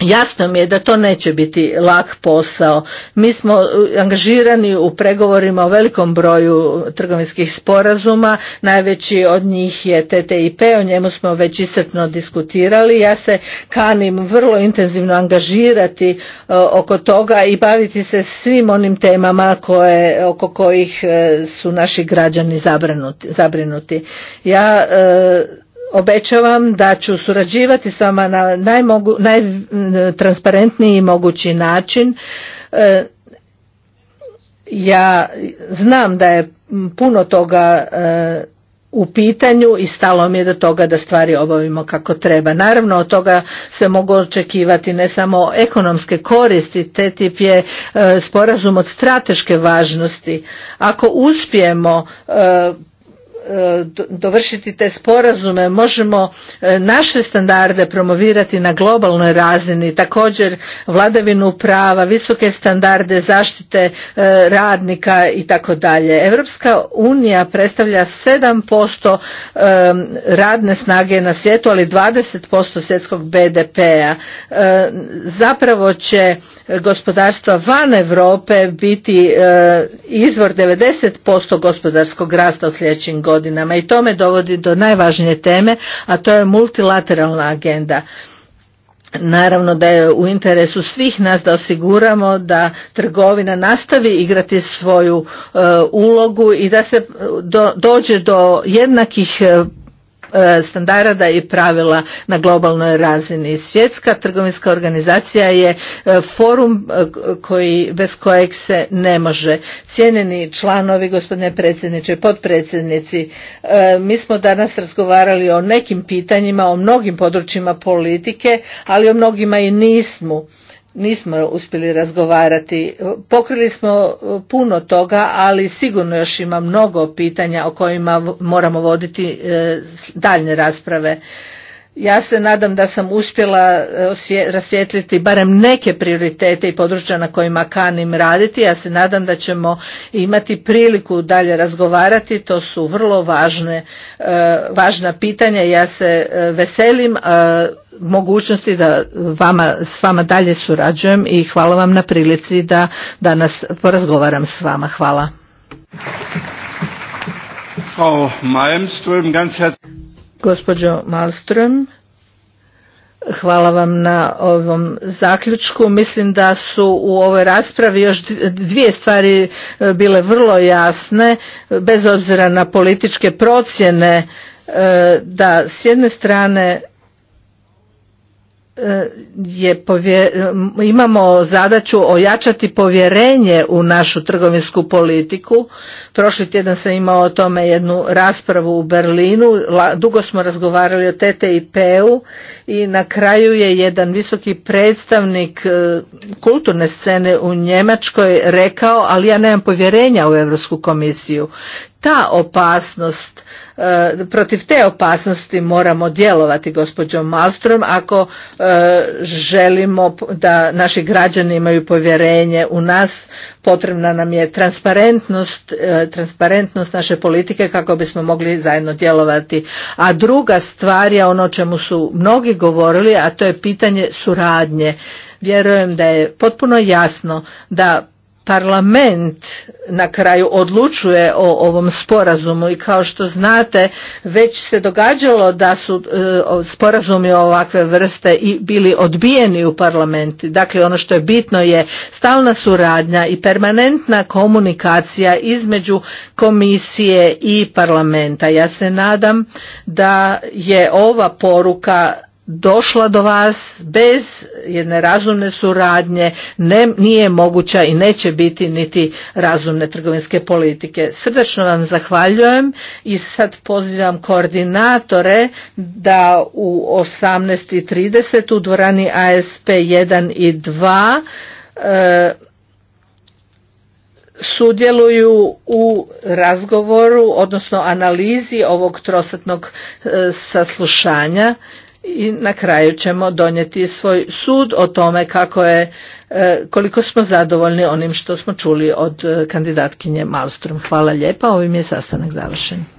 B: Jasno mi je da to neće biti lak posao. Mi smo uh, angažirani u pregovorima o velikom broju trgovinskih sporazuma. Najveći od njih je TTIP, o njemu smo već iscrpno diskutirali. Ja se kanim vrlo intenzivno angažirati uh, oko toga i baviti se svim onim temama koje, oko kojih uh, su naši građani zabrinuti. Ja obećavam da ću surađivati s vama na najmogu, najtransparentniji mogući način. E, ja znam da je puno toga e, u pitanju i stalo mi je do toga da stvari obavimo kako treba. Naravno od toga se mogu očekivati ne samo ekonomske koristi, te tip je e, sporazum od strateške važnosti. Ako uspijemo dovršiti te sporazume, možemo e, naše standarde promovirati na globalnoj razini, također vladavinu prava, visoke standarde zaštite e, radnika i tako dalje. Europska unija predstavlja 7% e, radne snage na svijetu, ali 20% svjetskog BDP-a. Zapravo će gospodarstva van Europe biti izvor 90% gospodarskog rasta u sljedećim godinama godinama i to me dovodi do najvažnije teme, a to je multilateralna agenda. Naravno da je u interesu svih nas da osiguramo da trgovina nastavi igrati svoju e, ulogu i da se dođe do jednakih e, E, standarda i pravila na globalnoj razini. Svjetska trgovinska organizacija je e, forum e, koji, bez kojeg se ne može. Cijenjeni članovi, gospodine predsjedniče, potpredsjednici, mi smo danas razgovarali o nekim pitanjima, o mnogim područjima politike, ali o mnogima i nismo nismo uspjeli razgovarati. Pokrili smo e, puno toga, ali sigurno još ima mnogo pitanja o kojima moramo voditi e, daljne rasprave. Ja se nadam da sam uspjela e, rasvijetliti barem neke prioritete i područja na kojima kanim raditi. Ja se nadam da ćemo imati priliku dalje razgovarati. To su vrlo važne, važna pitanja. Ja se veselim mogućnosti da vama, s vama dalje surađujem i hvala vam na prilici da danas porazgovaram s vama. Hvala. Frau Malmström, ganz Gospođo Malmström, Hvala vam na ovom zaključku. Mislim da su u ovoj raspravi još dvije stvari e, bile vrlo jasne, bez obzira na političke procjene, e, da s jedne strane E, je e, imamo zadaću ojačati povjerenje u našu trgovinsku politiku. Prošli tjedan sam imao o tome jednu raspravu u Berlinu, dugo smo razgovarali o TTIP-u i na kraju je jedan visoki predstavnik e, kulturne scene u Njemačkoj rekao, ali ja nemam povjerenja u Europsku komisiju. Ta opasnost E, protiv te opasnosti moramo djelovati gospođom Malstrom ako e, želimo da naši građani imaju povjerenje u nas potrebna nam je transparentnost e, transparentnost naše politike kako bismo mogli zajedno djelovati a druga stvar je ono o čemu su mnogi govorili a to je pitanje suradnje vjerujem da je potpuno jasno da parlament na kraju odlučuje o ovom sporazumu i kao što znate već se događalo da su e, sporazumi ovakve vrste i bili odbijeni u parlamenti. Dakle ono što je bitno je stalna suradnja i permanentna komunikacija između komisije i parlamenta. Ja se nadam da je ova poruka došla do vas bez jedne razumne suradnje ne, nije moguća i neće biti niti razumne trgovinske politike. Srdačno vam zahvaljujem i sad pozivam koordinatore da u 18.30 u dvorani ASP 1 i 2 e, sudjeluju u razgovoru, odnosno analizi ovog trosatnog e, saslušanja i na kraju ćemo donijeti svoj sud o tome kako je, e, koliko smo zadovoljni onim što smo čuli od e, kandidatkinje Malstrom. Hvala lijepa, ovim je sastanak završen.